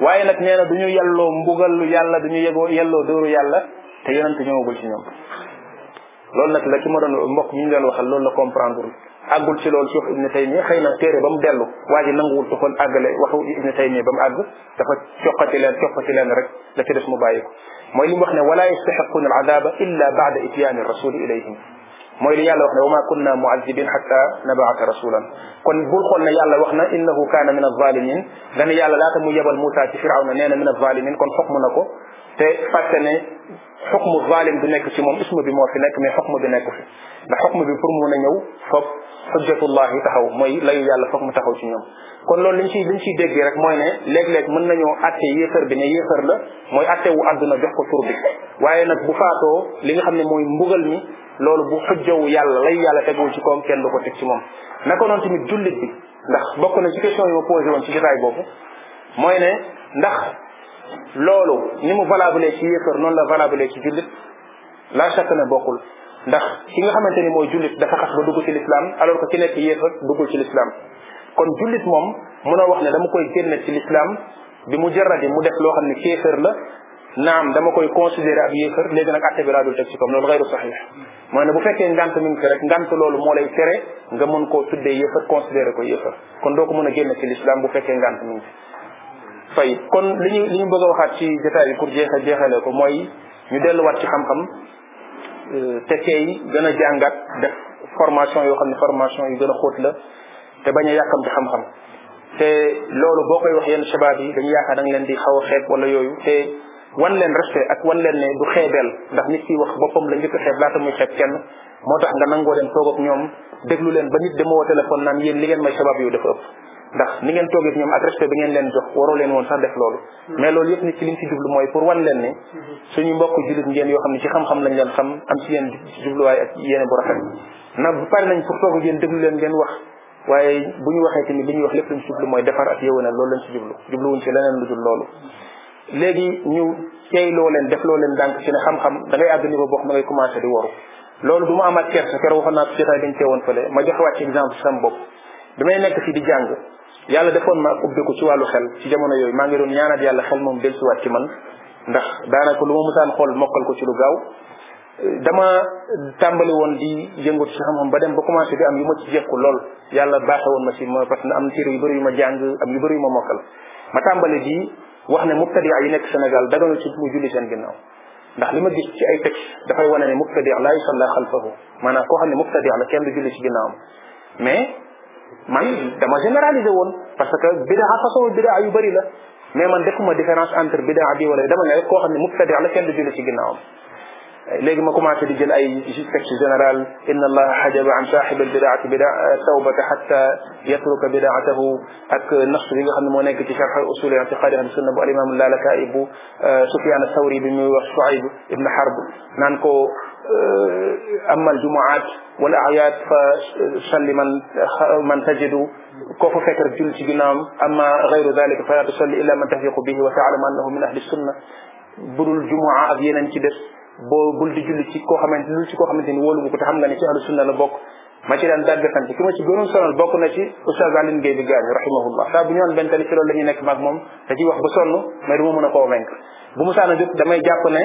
waaye nag nee na du ñu yelloo mbugalu yàlla du ñu yegoo yelloo dóoru yàlla te yonent ñëwagul ci ñoom loolu nag la ki ma doon mbokk mi ñu doon waxal loolu la comprendre àggul ci loolu Cheikh Ibn Taymiya xëy na téere ba mu dellu waa ji nanguwul tuxoon àggale waxu Ibn Taymiya ba mu àgg dafa coqati leen coqati leen rek la ci des mu bàyyi ko mooy li mu wax ne wala yastaxiquuna al adaba illa bada ityaani rasuli ilayhim mooy li yàlla wax ne wa ma kunna muazibin xatta nabaata rasulan kon bul xool ne yàlla wax na innahu kaana min alzalimin dana yàlla laata mu yebal Moussa ci firawna nee na min alzalimin kon xokmu na ko te fàtte ne xukmu zalim du nekk ci moom ismu bi moo fi nekk mais xukmu du nekku fi ndax xukmu bi pour mu mën a ñëw foog xujjatullah yi taxaw mooy layu yàlla foog mu taxaw ci ñoom kon loolu ñu liñ ciy liñ ciy déggee rek mooy ne léeg-léeg mën nañoo atte yéefar bi ne yéefar la mooy atte wu àdduna jox ko tur bi waaye nag bu faatoo li nga xam ne mooy mbugal mi loolu bu xujjawu yàlla layu yàlla tegul ci ko kenn du ko teg ci moom naka noonu tamit jullit bi ndax bokk na ci question woon ci jotaay boobu mooy ne ndax loolu ni mu valable ci yéefar noonu la valable ci jullit laa chaque ne bokkul ndax ki nga xamante ni mooy jullit dafa xas ba dugg ci l'islam alors que ki nekk yéefar duggul ci l'islam kon jullit moom mënoo wax ne dama koy génn ci l'islam bi mu jaradi mu def loo xam ne kéefar la naam dama koy considéré ab yéefar léegi nag atte bi laa dul teg ci comme loolu xayru saxiix mooy ne bu fekkee ngant mi ngi fi rek ngant loolu moo lay tere nga mën koo tuddee yéefar considéré ko kon doo ko mën a génne ci l'islam bu fekkee ngant mi fay kon li ñu li ñu bëgg waxaat ci jotaay bi pour jeexe jeexalee ko mooy ñu delluwaat ci xam-xam euh, te tey gën a jàngat def formation yoo xam ne formation yu gën a xóot la te bañ a yàkkam xam-xam te loolu boo koy wax yenn shabaab yi dañu yaakaar da leen di xaw a xeeb wala yooyu te wan leen respect ak wan leen ne du xeebeel ndax nit ki wax boppam la njëkk a xeeb laata muy xeeb kenn moo tax nga nangoo dem toog ak ñoom déglu leen ba nit demoo téléphone naan yéen li ngeen may shabaab yu dafa ëpp ndax ni ngeen toogee ñoom ak respect bi ngeen leen jox waroo leen woon sax def loolu mais loolu yëpp nit ci liñ ci jublu mooy pour wan leen ne suñu mbokk jullit ngeen yoo xam ne ci xam-xam lañ leen xam am ci yéen jubluwaay ak yéene na bu nañ pour toog ngeen déglu leen ngeen wax waaye bu ñu waxee tamit li ñu wax lépp lañ ci jublu mooy defar ak yéwénal loolu lañ ci jublu jubluwuñ ci leneen lu dul loolu léegi ñu tey loo leen def loo leen dànk ci ne xam-xam da ngay àgg niveau boo xam da ngay commencé di waru loolu du ma amaat kersa keroog waxoon naa jotaay dañ teewoon fële ma joxewaat ci exemple sam bopp bi may nekk fii di jàng yàlla defoon ma ko ci wàllu xel ci jamono yooyu maa ngi doon ñaanaat yàlla xel moom dellusiwaat ci man ndax daanaka lu ma musaan xool mokkal ko ci lu gaaw dama tàmbali woon di yëngatu ci xam-xam ba dem ba commencé di am yu ma ci lool yàlla baaxe woon ma ci ma parce que am téere bëri yu ma jàng am yu bëri yu ma mokkal ma tàmbali di wax ne mubtadia yi nekk Sénégal daganu ci mu julli seen ginnaaw ndax li ma gis ci ay texte dafay wane ne mubtadia laa yusalla xalfahu maanaam koo xam ne mubtadia la kenn du julli ci ginnaawam mais man dama généraliser woon parce que bidaa façon bidaa yu bëri la mais man defuma différence entre bidaa bi wala dama ne rek koo xam ne mubtadi la kenn du julli ci ginnaawam léegi ma commencé di jël ay texte général inna allaha xajaba an saaxib al bidaati bida tawbata xata yatruka bidaatahu ak nafs nga xam ne moo nekk ci charx usuli itiqaadi ahli sunna bu alimam lalakai bu euh, sufyaan athawri bi muy wax shuayb ibn harb naan ko amal jumaat wala ayaat fa salli man man tajidu koo fa fekk rek julli ci ginnaawam amma gayru dalika fa laa tusalli illa man tafiqu bihi wa taalamu annahu min ahli sunna budul jumaa ak yeneen ci des boo bul di julli ci koo xamante lul ci koo xamante ni wóolu bu ko te xam nga ne ci ahlu sunna la bokk ma ci daan dàggatante ki ma ci gënoon sonal bokk na ci oustaz Alioune Guèye bi gaañu rahimahullah saa bu ñu woon benn tali ci loolu la ñuy nekk maag moom da ciy wax ba sonn mais du ma mën a convaincre bu mu saana jot damay jàpp ne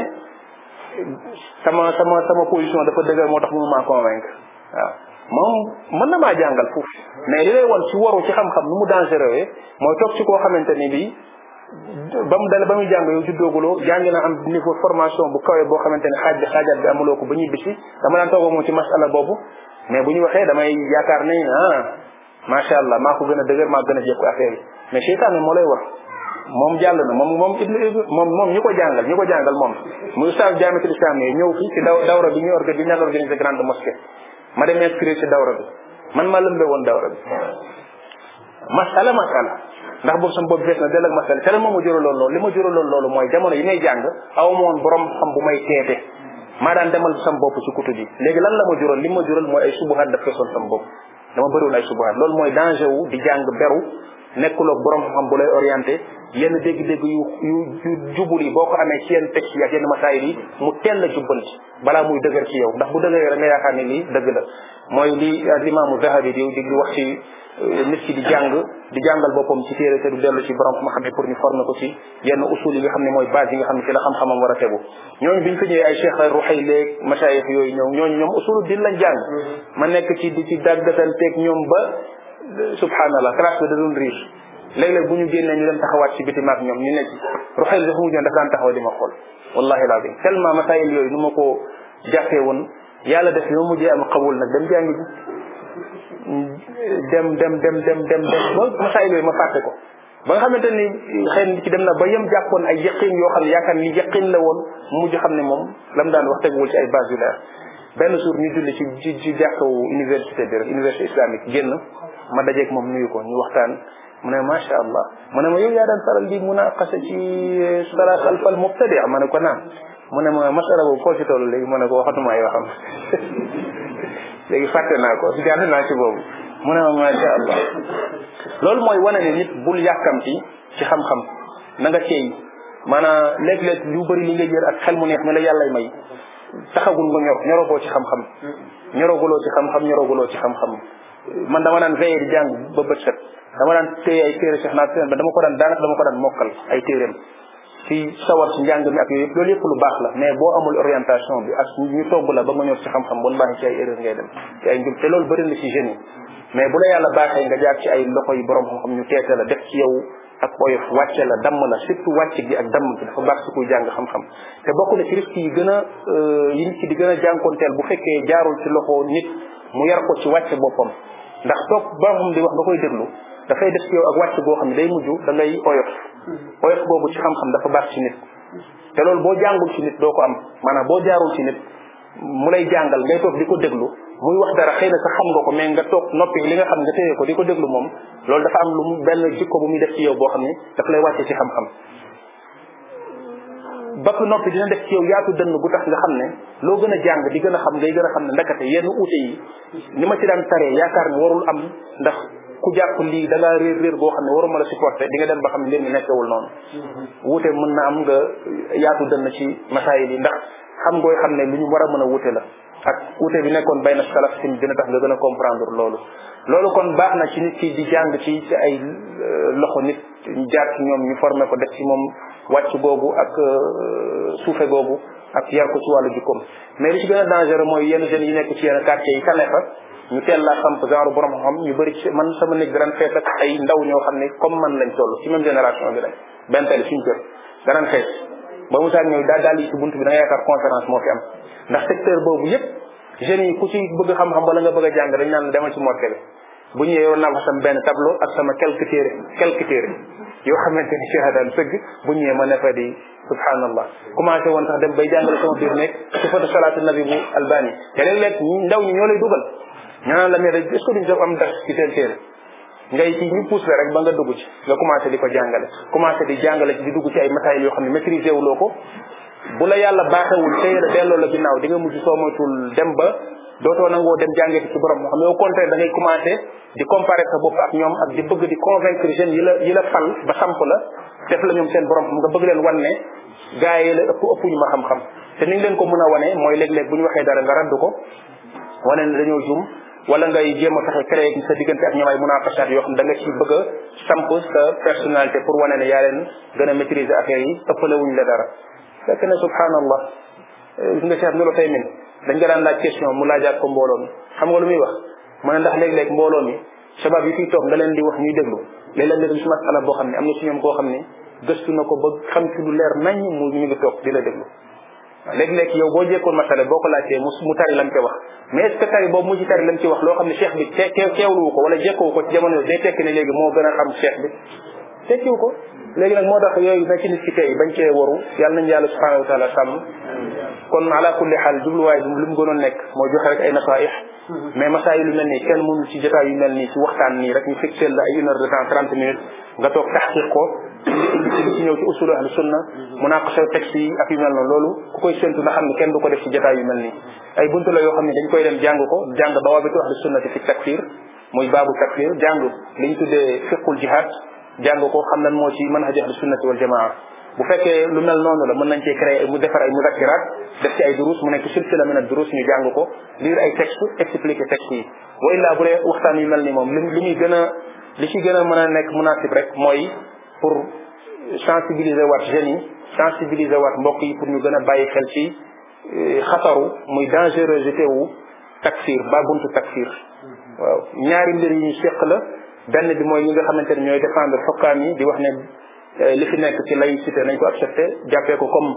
sama sama sama position dafa dëgër moo tax mënu maa convaincre waaw moom mën na maa jàngal foofu mais li lay wan ci waru ci xam-xam nu mu dangereux mooy toog ci koo xamante ni bii ba mu dale ba muy jàng yow juddooguloo jàngi na am niveau formation bu kawee boo xamante ne xaaj bi xaajaat bi amuloo ko ba ñuy bisi dama daan toogoo moom ci masala boobu mais bu ñu waxee damay yaakaar ni ah macha allah maa ko gën a dëgër maa gën a jekku affaire yi mais seytaane moo lay war moom jàll na moom moom ibnu moom moom ko jàngal ñu ko jàngal moom muy ustaas jaamiatul islam yi ñëw fii ñu daw dawra bi ñuy organiser ñaan organiser grande mosquée ma dem inscrire ci dawra bi man maa lëmbe woon dawra bi masala masala ndax boobu sama bopp fees na dell ak masala te la moo ma juraloon loolu li ma juraloon loolu mooy jamono yi may jàng aw ma woon borom bu may teete maa daan demal sama bopp ci kutu bi léegi lan la ma jural li ma jural mooy ay subuhaat daf feesoon sama bopp dama bëriwoon ay subuhaat loolu mooy danger wu di jàng beru nekkuloo borom xam-xam bu lay orienté yenn dégg-dégg yu yu jubul yi boo ko amee ci yenn teg yi ak yenn masaayil yi mu teel a jubbanti balaa muy dëgër ci yow ndax bu dëgëree rek lii dëgg la mooy li euh, limaamu Zahabi di di wax ci euh, nit ki di jàng di jàngal boppam ci téere te du dellu borom ma xam ne pour ñu former ko ci yenn yi xam ne mooy base yi nga xam ne la xam-xamam war a tegu ñëwee ay cheikh ruxay léeg yooyu ñëw ñooñu ñoom usulu din lañ jàng mm-hmm. ma nekk ci di ci dàggasanteeg ñoom ba subhanallah trace bi da doon riche léeg-léeg bu ñu génnee ñu dem taxawaat ci bitimaat maag ñoom ñu nekk ruxeel dafa mujjoon daf daan taxaw di ma xool wallahi bi tellement masaayil yooyu nu ma ko jàppee woon yàlla def bi ma mujjee am xabul nag dem jàngi dem dem dem dem dem ba masaayil yooyu ma fàtte ko ba nga xamante ni xëy na ci dem na ba yem jàppoon ay yaqin yoo xam ne yaakaar ni yaqin la woon mujj xam ne moom lam daan wax teguwul ci ay base yu leer benn jour ñu julli ci ci ci jàkkawu université bi rek université islamique génn ma dajeek moom nuyu ko ñu waxtaan mu ne macha allah mu ne ma yow yaa daan faral di munaqasa ci eh, dara xalfal mubtadi ma ne ko naam mu ne ma masala boobu foo ci toll léegi mu ne ko waxatuma ay waxam <laughs> léegi fàtte naa ko jàll naa ci boobu mu ne ma macha loolu mooy wane ne nit bul yàkkamti ci xam-xam na nga teey maanaam léeg-léeg lu bëri li nga jër ak xel mu neex mi la yàllay may taxagul nga ñor ñorogoo ci xam-xam ñoroguloo ci xam-xam ci xam-xam man dama naan veillé di jàng ba bët set dama daan téye ba dama ko daan ko daan mokkal ay téeréem ci sawar ci njàng mi ak yooyu yëpp loolu yëpp lu baax la mais boo amul orientation bi ak ñu togg la ba nga ñor ci xam-xam wallahi ci ay erreur ngay dem ci ay njub te loolu bëri na ci jeunes mais bu la yàlla baaxee nga jaar ci ay loxo yi borom xam-xam ñu teete la def ci yow ak oyof wàcce la damm la surtout wàcce gi ak damm gi dafa baax su kuy jàng xam-xam te bokk na ci risque yi gën a euh, yi di gën a jànkoonteel bu fekkee jaarul ci loxo nit mu yar ko ci wàcce boppam ndax toog baaxam di wax nga koy déglu dafay def ci yow ak wàcce boo xam ne day mujj dangay ngay oyof oyof boobu ci xam-xam dafa baax ci nit te lool boo jàngul ci nit doo ko am maanaam boo jaarul ci nit mu lay jàngal ngay toog di ko déglu muy wax dara xëy na sa xam nga ko mais nga toog noppi li nga xam nga téye ko di ko déglu moom loolu dafa am lu benn jikko bu muy def ci yow boo xam ne daf lay wàcce ci xam-xam ba ko noppi dina def ci yow yaatu dënn bu tax nga xam ne loo gën a jàng di gën a xam ngay gën a xam ne ndakate yenn uute yi ni ma ci daan taree yaakaar ne warul am ndax ku jàpp lii da ngaa réer réer boo xam ne waru ma la supporté di nga dem ba xam ne mbir mi nekkewul noonu wuute mën na am nga yaatu dënn ci masaayil yi ndax xam ngooy xam ne lu ñu war a mën a wuute la ak wuute bi nekkoon bay na salaf sin dina tax nga gën a comprendre loolu loolu kon baax na ci nit ki di jàng ci ci ay euh, loxo nit jaar ci ñoom ñu formé ko def ci moom wàcc googu ak euh, suufe googu ak yar ko ci wàllu jikkoom mais li ci gën a dangereux mooy yenn jeunes yi nekk ci yenn quartier yi tane fa ñu teel laa samp genre borom xam ñu bëri ci man sama nekk daan fees ak ay ndaw ñoo xam ne comme man lañ toll ci même génération bi lañ benn tali suñu kër daan fees ba mu saan ñëw daa daal yi ci bunt bi da nga yaakaar conférence moo fi am ndax secteur boobu yépp jeunes yi ku ci bëgg xam-xam wala nga bëgg a jàng dañ dema ci morke bi bu ñëwee yoon naa fa sama benn tableau ak sama quelques téere quelques téere yoo xamante ni cheikh daan sëgg bu ñëwee ma ne fa subhanallah commencé woon sax dem bay jàngale sama biir nekk su fatu salaatu nabi bu albani te léeg-léeg ndaw ñi ñoo lay dugal ñu naan la mais est-ce que duñ am dars ci seen téere ngay ci ñu pousse la rek ba nga dugg ci nga commencé di ko jàngale commencé di jàngale dugg ci ay matériels yoo xam ne maîtrisé wuloo ko bu la yàlla baaxewul téye la delloo la ginnaaw di nga mujj soo moytul dem ba dootoo nangoo dem jàngee ci borom moo xam ne da ngay commencé di comparer sa bopp ak ñoom ak di bëgg di convaincre jeunes yi la yi la fal ba samp la def la ñoom seen borom nga bëgg leen wan ne gars yi la ëpp ëpp ñu ma xam-xam te ni ñu leen ko mën a wane mooy léeg-léeg bu ñu waxee dara nga raddu ko wala ngay jéem a fexe créer sa diggante ak ñoom ay munafasat yoo xam da nga ci bëgg a samp sa personnalité pour wane ne yaa leen gën a maîtriser affaire yi ëppalewuñ la dara fekk ne subhanallah eh, gis nga Cheikh Ibnul Uthaymin dañ nga laaj question mu laajaat ko mbooloo mi xam nga lu muy wax mu ndax léeg-léeg mbooloo mi sabab yi fii toog nga leen di wax ñuy déglu léeg la nga dem si masala boo xam ne am na si ñoom koo xam ne gëstu na ko ba xam ci lu leer nañ mu ñu ngi toog di la déglu léeg-léeg yow boo jekkoon masala boo ko laajtee mu mu tari lam ci wax mais est boobu mu ci tari lam ci wax loo xam ne cheikh bi teew teewluwu ko wala jekkowu ko ci jamono day tekki ne léegi moo gën a xam cheikh bi tekkiwu ko léegi nag moo tax yooyu na ci nit ki tey bañ cee waru yàlla nañu yàlla subhanahu wa taala sàmm kon ala kulli xaal jubluwaay bi li mu gënoon nekk moo joxe rek ay nasaih mais masaa lu mel nii kenn mënul ci jotaay yu mel nii ci waxtaan nii rek ñu fixeel la ay une heure de temps minutes nga toog taxqiq ko li ci ñëw ci usulu ahlu sunna munaqasha texte ak yu mel noonu loolu ku koy séntu na xam ne kenn du ko def ci jotaay yu mel nii ay la yoo xam ne dañ koy dem jàng ko jàng dawaabitu ahlu sunnati fi takfir muy baabu takfir jàng li ñu tuddee fiqul jihad jàng ko xam lan moo ci manhaj ahlu sunnati wal jamaa bu fekkee lu mel noonu la mën nañ cee créer mu defar ay mudakkirat def ci ay durus mu nekk silsila min ad durus ñu jàng ko lire ay texte expliquer texte yi wa illaa bu dee waxtaan yu mel ni moom li li muy gën a li ci gën a mën a nekk munasib rek mooy pour sensibiliser waat jeunes yi sensibiliser waat mbokk yi pour ñu gën a bàyyi xel ci eh, xataru muy dangerosité wu takfir ba buntu takfir waaw ñaari mbir yi ñu séq la benn bi mooy ñu nga xamante ne ñooy défendre xokkaam yi di wax ne eh, li fi nekk ci laïcité nañ ko accepté jàppee ko comme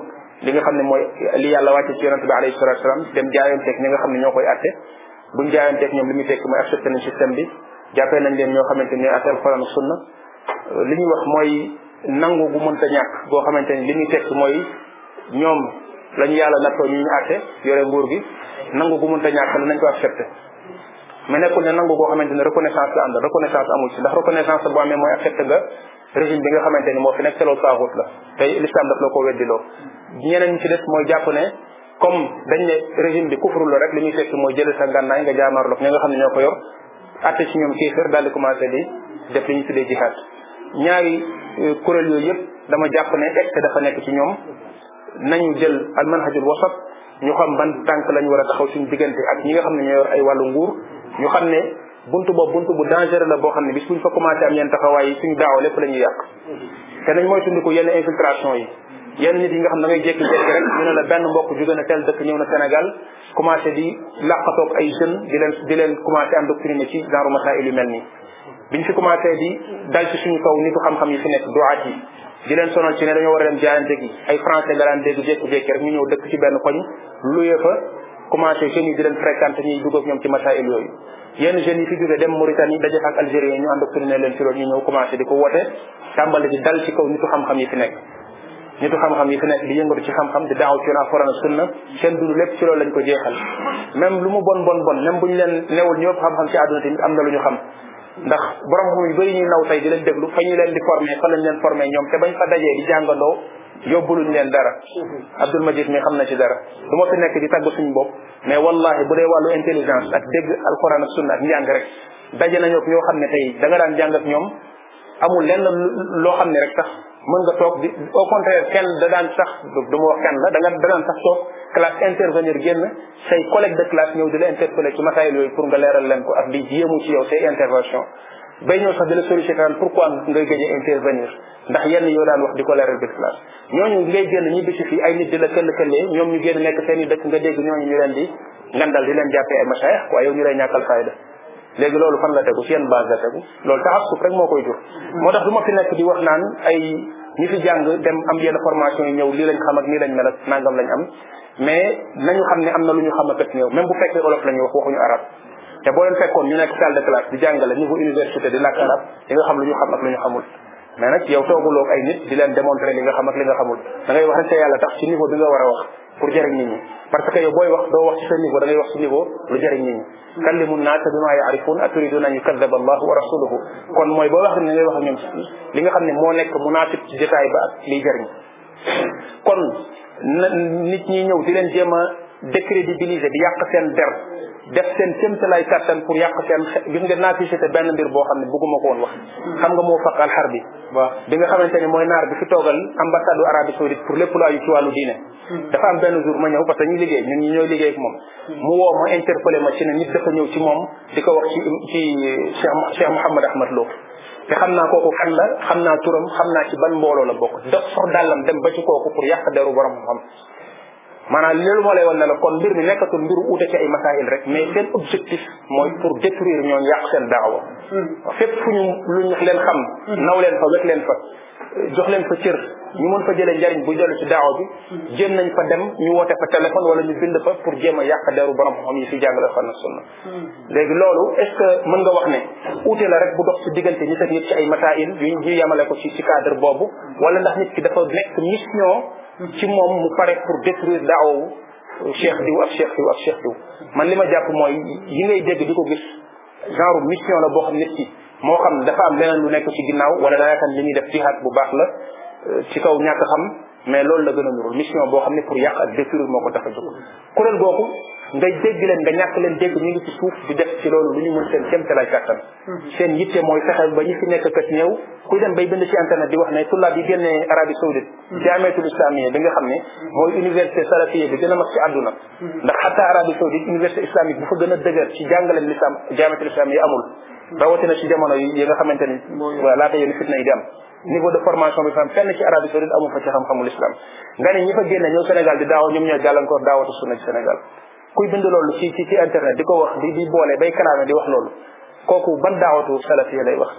li nga xam ne mooy li yàlla wàcce ci yonente bi alayhi salatu salaam dem jaayanteeg ñi nga xam ne ñoo koy atte buñ jaayanteeg ñoom li muy tekk mooy accepté nañ système bi jàppee nañ leen xamante ne ñooy atte alxuraan ak li ñuy wax mooy nangoo gu mënta ñàkk goo xamante ni li muy tekk mooy ñoom la ñu yàlla nattoo ñu ñu àtte yore nguur gi nangu gu mënta ñàkk la nañ ko accepté mais nekkul ne nangu goo xamante ne reconnaissance la àndal reconnaissance amul ci ndax boo amee mooy accepté nga régime bi moo fi nekk te loolu taaxut la tey l'islam daf la ko weddiloo ñeneen ñi ci des mooy jàpp ne comme dañ ne régime bi kufru la rek li ñuy tekki mooy jël sa ngànnaay nga jaamaarloog ñi nga xam ne ñoo ko yor atte ci ñoom kéefër daal di commencé di def li ñu tuddee jihaad ñaari euh, kuréel yooyu yëpp dama jàpp ne excès dafa nekk ci ñoom nañu jël al manhajul wasat ñu xam ban tànk lañu war a taxaw suñu diggante ak ñi nga xam ne ñoo yor ay wàllu nguur ñu xam ne buntu boobu buntu bu dangereux la boo xam ne bi buñ fa commencé am yenn taxawaay yi suñu daaw lépp la ñuy yàq te nañ mooy tundiku yenn infiltration yi yenn nit yi nga xam na ngay jékki-jékki rek ñu ne la benn mbokk jóge na tel dëkk ñëw na Sénégal commencé di làqatoog ay jeunes di leen di leen commencé endoctriner ci genre masail yu mel nii biñ fi commencé di dal ci suñu kaw nitu xam-xam yi fi nekk doaat yi di leen sonal ci ne dañoo war a dem jaayante gi ay français nga daan dégg jékki rek ñu ñëw dëkk ci benn koñ luyee fa commencé jeunes yi di leen fréquenté ñuy dugg ak ñoom ci masail yooyu yenn jeunes yi fi jóge dem Mauritanie daje ak algériens ñu endoctriner leen ñëw commencé di ko wote tàmbali di dal ci kaw nitu xam-xam yi fi nekk nitu xam-xam yi fi nekk di yëngatu ci xam-xam di daaw ci alxuraan ak sunna seen dund lépp ci loolu lañ ko jeexal même lu mu bon bon bon même bu ñu leen newul ñëpp xam-xam ci àdduna tamit am na lu ñu xam ndax borom xam yu bëri ñuy naw tey di leen déglu fa ñu leen di formé fa lañ leen formé ñoom te bañ fa dajee di jàngandoo yóbbuluñ leen dara Abdul Majid mi xam na ci dara du ma fi nekk di tàgg suñu bopp mais wallahi bu dee wàllu intelligence ak dégg alxuraan ak sunna ak njàng rek daje nañoo ñoo xam ne tey da nga daan jàng ak ñoom amul lenn loo xam ne rek sax mën nga toog di au contraire kenn da daan sax du ma wax kenn la da nga da daan sax toog classe intervenir génn say collègue de classe ñëw di la interpeller ci matériel yooyu pour nga leeral leen ko ak di yéemu ci yow say intervention bay ñëw sax di la solliciter pourquoi ngay gëj a ndax yenn yoo daan wax di ko leeral biir classe ñooñu ngay génn ñibbi si fii ay nit di la këll-këllee ñoom ñu génn nekk seen dëkk nga dégg ñooñu ñu leen di ngandal di leen jàppee ay masayax quoi yow ñu lay ñàkkal léegi loolu fan la tegu ci yan base la tegu loolu taxassuf rek moo koy jur moo tax du ma fi nekk di wax naan ay ñi fi jàng dem am yenn formation yi ñëw lii lañ xam ak nii lañ mel ak nangam lañ am mais nañu xam am na lu ñu xam ak ak néew même bu fekkee boo leen fekkoon ñu nekk salle de di jàngale niveau xam lu ñu xam ak ñu xamul mais nag yow ay nit di leen démontrer li nga xam ak li nga xamul da wax rek te yàlla tax ci niveau bi nga war a wax pour jëriñ nit ñi parce que yow booy wax doo wax ci sa niveau da ngay wax ci niveau lu jëriñ nit ñi kallimu naasa bimaa yaarifuun aturiduuna an yukadaba allahu wa rasuluhu kon mooy boo wax ne ngay wax ñoom li nga xam ne moo nekk munaasib ci jotaay ba ak kon nit ñi di leen jéem a décrédibiliser bi yàq seen der def seen kéemtalaay kàttan pour yàq seen gis nga naa fi benn mbir boo xam ne bëgguma ko woon wax xam nga moo faq alxar bi waaw bi nga xamante ne mooy naar bi fi toogal ambassade u Arabie Saoudite pour lépp lu aju ci wàllu diine hmm. dafa am benn jour ma ñëw parce que ñu liggéey ñun ñi ñooy liggéey ak moom hmm. mu woo ma interpellé ma ci ne nit dafa ñëw ci moom di ko wax ci ci Cheikh Cheikh Mouhamad Ahmad Lo te xam naa kooku kan la xam naa turam xam naa ci ban mbooloo la bokk dox sox dàllam dem ba ci pour yàq deru borom xam maanaam loolu moo lay wan ne la kon mbir mi nekkatul mbiru uute ci ay masaayil rek mais seen objectif mooy pour détruire ñoom yàq seen daawa hmm. fépp fu ñu lu ñu leen xam hmm. naw leen fa leen fa jox leen fa cër ñu mën fa jëlee njariñ bu dellu ci daawa bi hmm. jéem nañ fa dem ñu woote fa téléphone wala ñu bind fa pour jéem a yàq deru borom xam yi fi jàngale fan ak sunna léegi loolu est que mën nga wax ne uute la rek bu dox ci diggante nit ak nit ci ay masaayil yu ñu yemale ko ci ci cadre boobu wala ndax nit ki dafa nekk mission ci moom mu pare pour détruire daawawu cheikh diw ak cheikh diw ak cheikh diw man li ma jàpp mooy yi ngay dégg di ko gis genre mission la boo xam nit ki moo xam dafa am leneen lu nekk ci ginnaaw wala daa yaakaar li ñuy def jihaad bu baax la euh, ci kaw ñàkk xam mais loolu la gën a nurul mission boo xam ne pour yàq ak moo ko tax a jóg kuréel googu nga dégg leen nga ñàkk leen dégg ñu ngi ci suuf di def ci loolu lu ñu mën seen kéemtalaay kàttan mhm. seen yitte mooy fexe ba ñu fi nekk kat ñëw kuy dem bay bind ci internet di wax ne tullaab yi génnee Arabie Saoudite jaamiatul mhm. islamiyya bi nga xam ne mhm. mooy université salafiyya bi gën a mag ci àdduna ndax xatta Arabie Saoudite université islamique bu fa gën a dëgër ci jàngaleem l'islam jaamiatul islamiyya amul rawatina ci jamono yi nga xamante ni waaw laata yoon fitna yi di am niveau de formation bi fam fenn ci Arabie Saoudite amul fa ci xam-xamul islam nga ne di daaw ñoom ñoo jàllankoor daawatu sunna ci kuy bind loolu ci ci ci internet di ko wax di boolee boole bay kalaame di wax loolu kooku ban daawatu salafiya lay wax.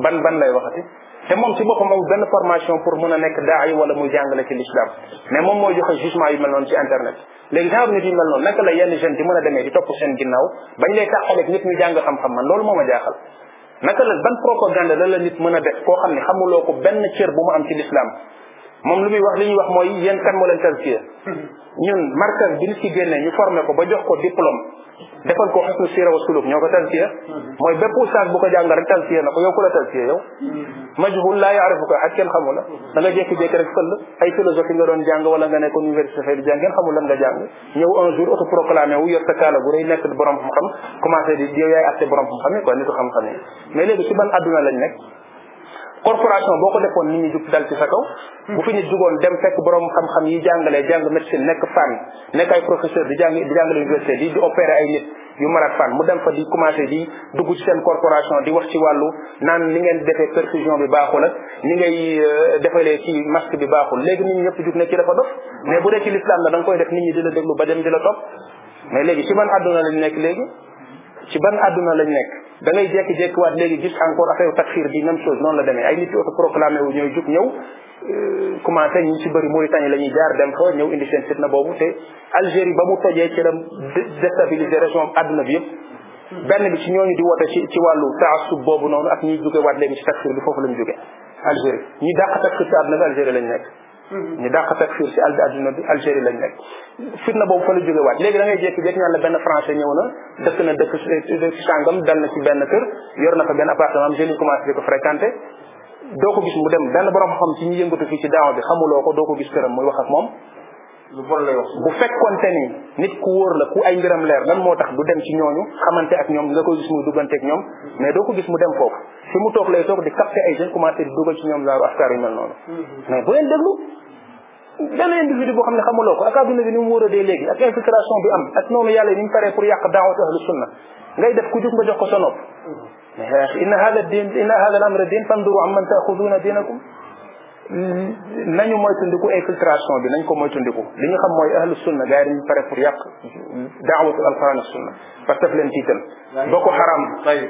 ban ban lay waxati. te moom ci boppam amul benn formation pour mën a nekk daay wala muy jàngale ci l'islam mais moom mooy joxe jugement yu mel noonu ci internet léegi genre nit yu mel noonu naka la yenn jeune di mën a demee di topp seen ginnaaw bañ lay tàqaleeg nit ñu jàng xam-xam man loolu moo ma jaaxal naka la ban propagande la la nit mën a def koo xam ne xamuloo ko benn cër bu mu am ci l'islam moom lu muy wax li ñuy wax mooy yéen kan moo leen tarbiya <laughs> ñun markaz bi ñu ci génnee ñu formé ko ba jox ko diplôme defal ko xasnu siira wa suluk ñoo ko tarbiya mm-hmm. mooy bépp ustaas bu ko jàngal rek tarbiya na ko yow ku la tarbiya yow mm-hmm. majhul laa yaarifuka ak kenn xamul la mm-hmm. da nga jékki-jékki rek fëll ay philosophie nga doon jàng wala nga nekkoon université fay di jàng ngeen xamul lan nga jàng ñëw un jour autoproclamé wu yor sa kaala gu rëy nekk borom xam-xam commencé di yow yaay atte borom xam-xam yi quoi nitu xam-xam yi mais léegi ci nekk corporation boo ko defoon nit ñi jug dal ci sa kaw bu fi nit jugoon dem fekk borom xam-xam yi jàngalee jàng médecine nekk fan nekk ay professeur di jàng di jàngale université di di opérer ay nit yu marat fan mu dem fa di commencé di dugg ci seen corporation di wax ci wàllu naan li ngeen defee perfusion bi baaxul ak ni ngay euh, defalee ci masque bi baaxul léegi nit ñi ñëpp jug ne ci dafa dof mais bu dee ci l'islam la da koy def nit ñi di la déglu ba dem di la topp mais léegi ci ban àdduna lañ nekk léegi ci ban àdduna lañ nekk da ngay jékki-jékkiwaat léegi gis encore affaire takfir bi même chose noonu la demee ay nit auto proclamé wu ñooy jug ñëw euh, commencé ñu ci bëri Mauritanie la ñuy jaar dem fa ñëw indi seen na boobu te Algérie ba mu tojee ci la déstabiliser région àdduna bi yëpp benn bi ci ñooñu di woote ci ci wàllu taasub boobu noonu ak ñiy jóge waat léegi ci takfir bi foofu lañ jóge Algérie ñu dàq takfir ci àdduna bi Algérie lañ nekk Mhm. ñu dàq takfir si adduna bi Algérie lañ nekk fitna boobu fa la jóge léegi da ngay jékki-jékki benn français ñëw na dëkk na dëkk eh, dëkk na benn yor na benn appartement am jeunes yi commencé di ko ko gis mu dem benn borom xam ci ñi yëngatu fii ci daaw bi xamuloo ko doo ko gis këram muy wax moom lu bon lay wax bu fekkonte ni nit ku wóor la ku ay mbiram moo tax du dem ci ñooñu xamante ñoom nga koy gis muy ñoom mais doo ko mu dem foofu fi lay toog di capté ay jeunes commencé di yu mel noonu mhm. mais bu leen déglu benn individu boo xam ne xamuloo ko ak adduna bi ni mu wóoradee léegi ak infiltration bi am ak noonu yàlla ni mu paree pour yàq daawatu ahlu sunna ngay def ku jóg nga jox ko sa nopp mm-hmm. inna hada din inna hada al amra din fanduru am man taaxuduuna dinakum nañu moytandiku infiltration bi nañ ko moytandiku li ñu xam mooy ahlu sunna gars yi dañu pare pour yàq daawatu alquran ak sunna parce que leen tiital boko haram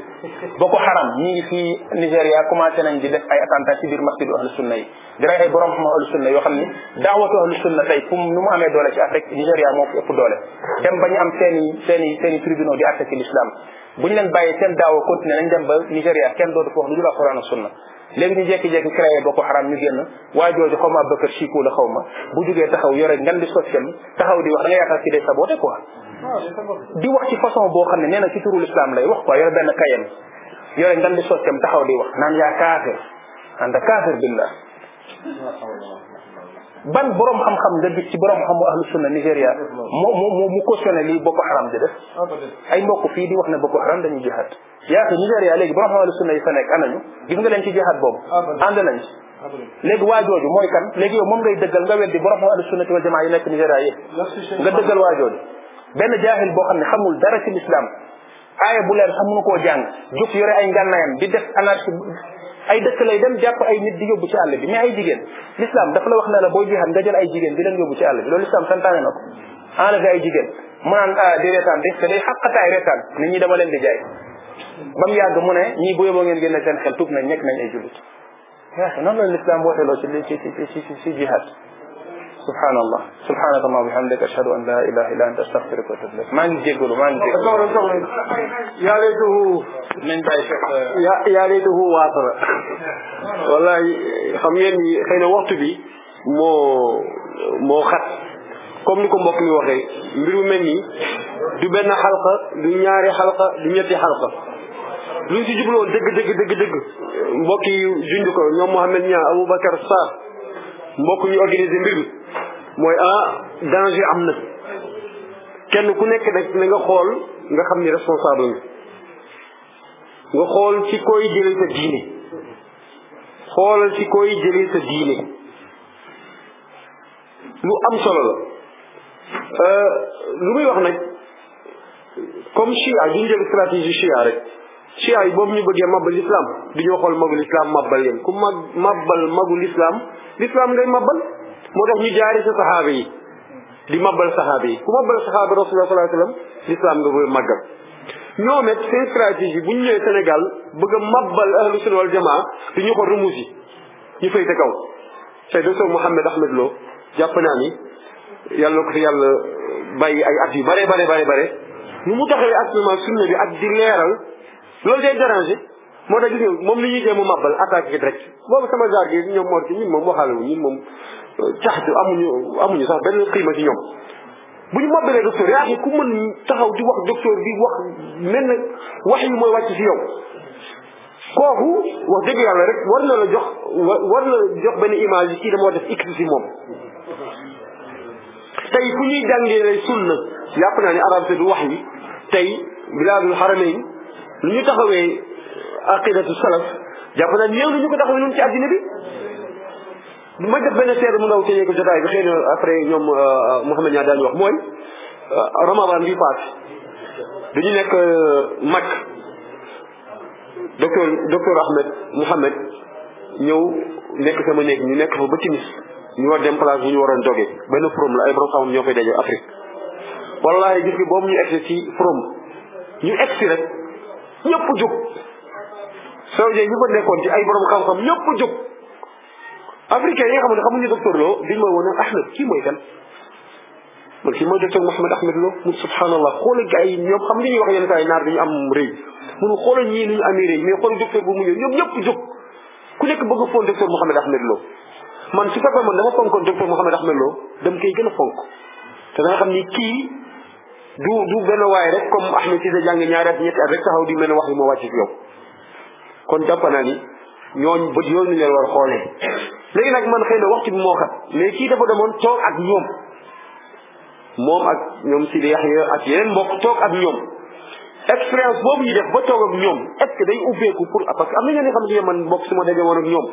<laughs> boko haram ñi ngi fii Nigéria commencé nañ di def ay attentat ci biir masjidu ahlu sunna yi di rey xam ahlu sunna yoo xam ni daawatu ahlu sunna tey fu nu mu amee doole ci Afrique Nigéria moo fi ëpp doole dem ba ñu am seen i seen i seen i tribunaux di atte ci l'islam bu ñu leen bàyyee seen daawa continuer nañ dem ba léegi ñu jekki-jekki créé Boko Haram ñu génn waa jooju xaw ma Abubakar Chico la xaw ma bu jugee taxaw yore ngan di social taxaw di wax da nga yaakaar ci day saboté quoi ah, di wax ci façon boo xam ne nee na ci turu l'islam lay wax quoi yore benn kayam yore ngan di social taxaw di wax naan yaa kaafir anta kaafir billah ban borom xam-xam nga gis ci borom xam o ahlu sunna Nigéria moo moo moo mu Boko Haram di ah, def ay mbokk fii di wax na Boko Haram dañu jihaad yaaqi Nigéria léegi borom xam ahlu sunna yi fa nekk nga leen ci jihaad boobu ah, ànd nañ ci ah, léegi mooy kan léegi yow moom ngay dëggal nga weddi borom xam ahlu sunna wal jamaa yi nekk Nigéria nga dëggal waa jooju benn jaahil boo xam ne xamul dara ci lislaam aaya bu leer sax mënu koo jàng jóg yore ay ngànnaayam di def anarchie ay dëkk lay dem jàpp ay nit di yóbbu ci àll bi mais ay jigéen l'islam dafa la wax na la booy jihaad nga jël ay jigéen di leen yóbbu ci àll bi loolu l'islam santaane na ko enlever ay jigéen mu naan ah, di reetaan parce que day xaqataay reetaan nit ñi dama leen di jaay ba mu yàgg mu ne ñii bu yóbboo ngeen génne seen xel tuub nañ nekk nañ ay jullit noonu la l'islam wooteloo ci ci ci ci jihaad subhanallah subhanakallah wa bihamdika ashhadu an la ilaha illa anta astaghfiruka wa atubu ilayk maa ngi jégalu maa ngi jégalu yaa laytahu nañ bàyyi yaa yaa laytahu waasara wallahi xam ngeen ni xëy na waxtu bi moo moo xat comme ni ko mbokk mi waxee mbir mu mel nii du benn xalqa du ñaari xalqa du ñetti xalqa luñ si jubloon dëgg dëgg dëgg dëgg mbokk yi junj ko ñoom Mouhamed Niang Aboubacar Sarr mbokk yi organisé mbir mi mooy ah danger am na kenn ku nekk nag na nga xool nga xam ni responsable nga nga xool ci koy jëlee sa diine xoolal ci koy jëlee sa diine lu am solo la euh, lu muy wax nag comme chia duñ jël stratégie chia rek chia yi boobu ñu bëggee mabal l'islam du ñoo xool magul islam mabal leen ku mag mabal magul islam lislaam ngay mabal moo tax ñu jaari sa saxaaba yi di mabal saxaaba yi ku mabal saxaaba rasulullah sallallahu alayhi wasallam lislaam nga koy màggal ñoom it seen stratégie bu ñu ñëwee Sénégal bëgg a mabal ahlu sunna wal jamaa di ñu ko remusi ñu fay te kaw tey docteur Mouhamed Ahmed Lo jàpp naa ni yàlla ko fi yàlla bàyyi ay at yu bare bare bare bare nu mu taxawee actuellement sunna bi ak di leeral loolu day déranger moo tax gis nga moom li ñuy jéem a màbbal attaque yi direct boobu sama genre gi ñoom Mor ci ñun moom waxaale wu ñun moom caxtu amuñu amuñu sax benn xiima ci ñoom bu ñu mabbalee docteur yaa ngi ku mën taxaw di wax docteur bi wax mel na wax yi mooy wàcc ci yow kooku wax dëgg yàlla rek war na la jox war na la jox benn image yi kii dama war def x ci moom tey fu ñuy jàngee lay sunna yàpp naa ni arab du wax yi tey bilaadul xaramayn lu ñu taxawee aqidatu salaf jàpp naa néew lu ñu ko taxawee noonu ci addina bi ma def benn seer mu ndaw téye ko jotaay bi xëy na après ñoom euh, euh, Mouhamed Niang daañu wax mooy euh, Ramadan bi paas dañu nekk mag docteur docteur Ahmed Mouhamed ñëw nekk sama néeg ñu nekk fa ba timis ñu war dem place bu ñu waroon dogee benn forom la ay borom xam-xam ñoo fay daje Afrique wallahi gis nga boobu ñu egsi ci forom ñu egsi rek ñëpp jóg soo jee ñu fa nekkoon ci ay borom xam-xam ñëpp jóg africain yi nga xam ne xamuñu docteur Lo diñ ma woon Ahmed kii mooy kan man kii mooy docteur Mouhamed Ahmed Lo mu subhanallah xoola gars yi ñoom xam li ñuy wax yenn saa yi naar dañu am rëy munu xoola ñii nuñu amee rëy mais xoola docteur bu mu ñëw ñoom ñëpp jóg ku nekk bëgg foon docteur Mouhamed Ahmed Lo man su fekkee man dama fonkoon docteur Mouhamed Ahmed loo dama koy gën a fonk te da nga xam ni kii du du benn waay rek comme Ahmed Cissé jàng ñaari at ñetti at rek taxaw di mel ne wax yi moo wàcc ci yow kon jàpp naa ni ñooñ bët yooyu ñu leen war a xoolee léegi nag man xëy na waxtu bi moo xat mais kii dafa demoon toog ak ñoom moom ak ñoom si di Yaxya ak yeneen mbokk toog ak ñoom expérience boobu ñu def ba toog ak ñoom est ce que day ubbeeku pour parce que am na ñoo xam ne man mbokk su ma daje woon ak ñoom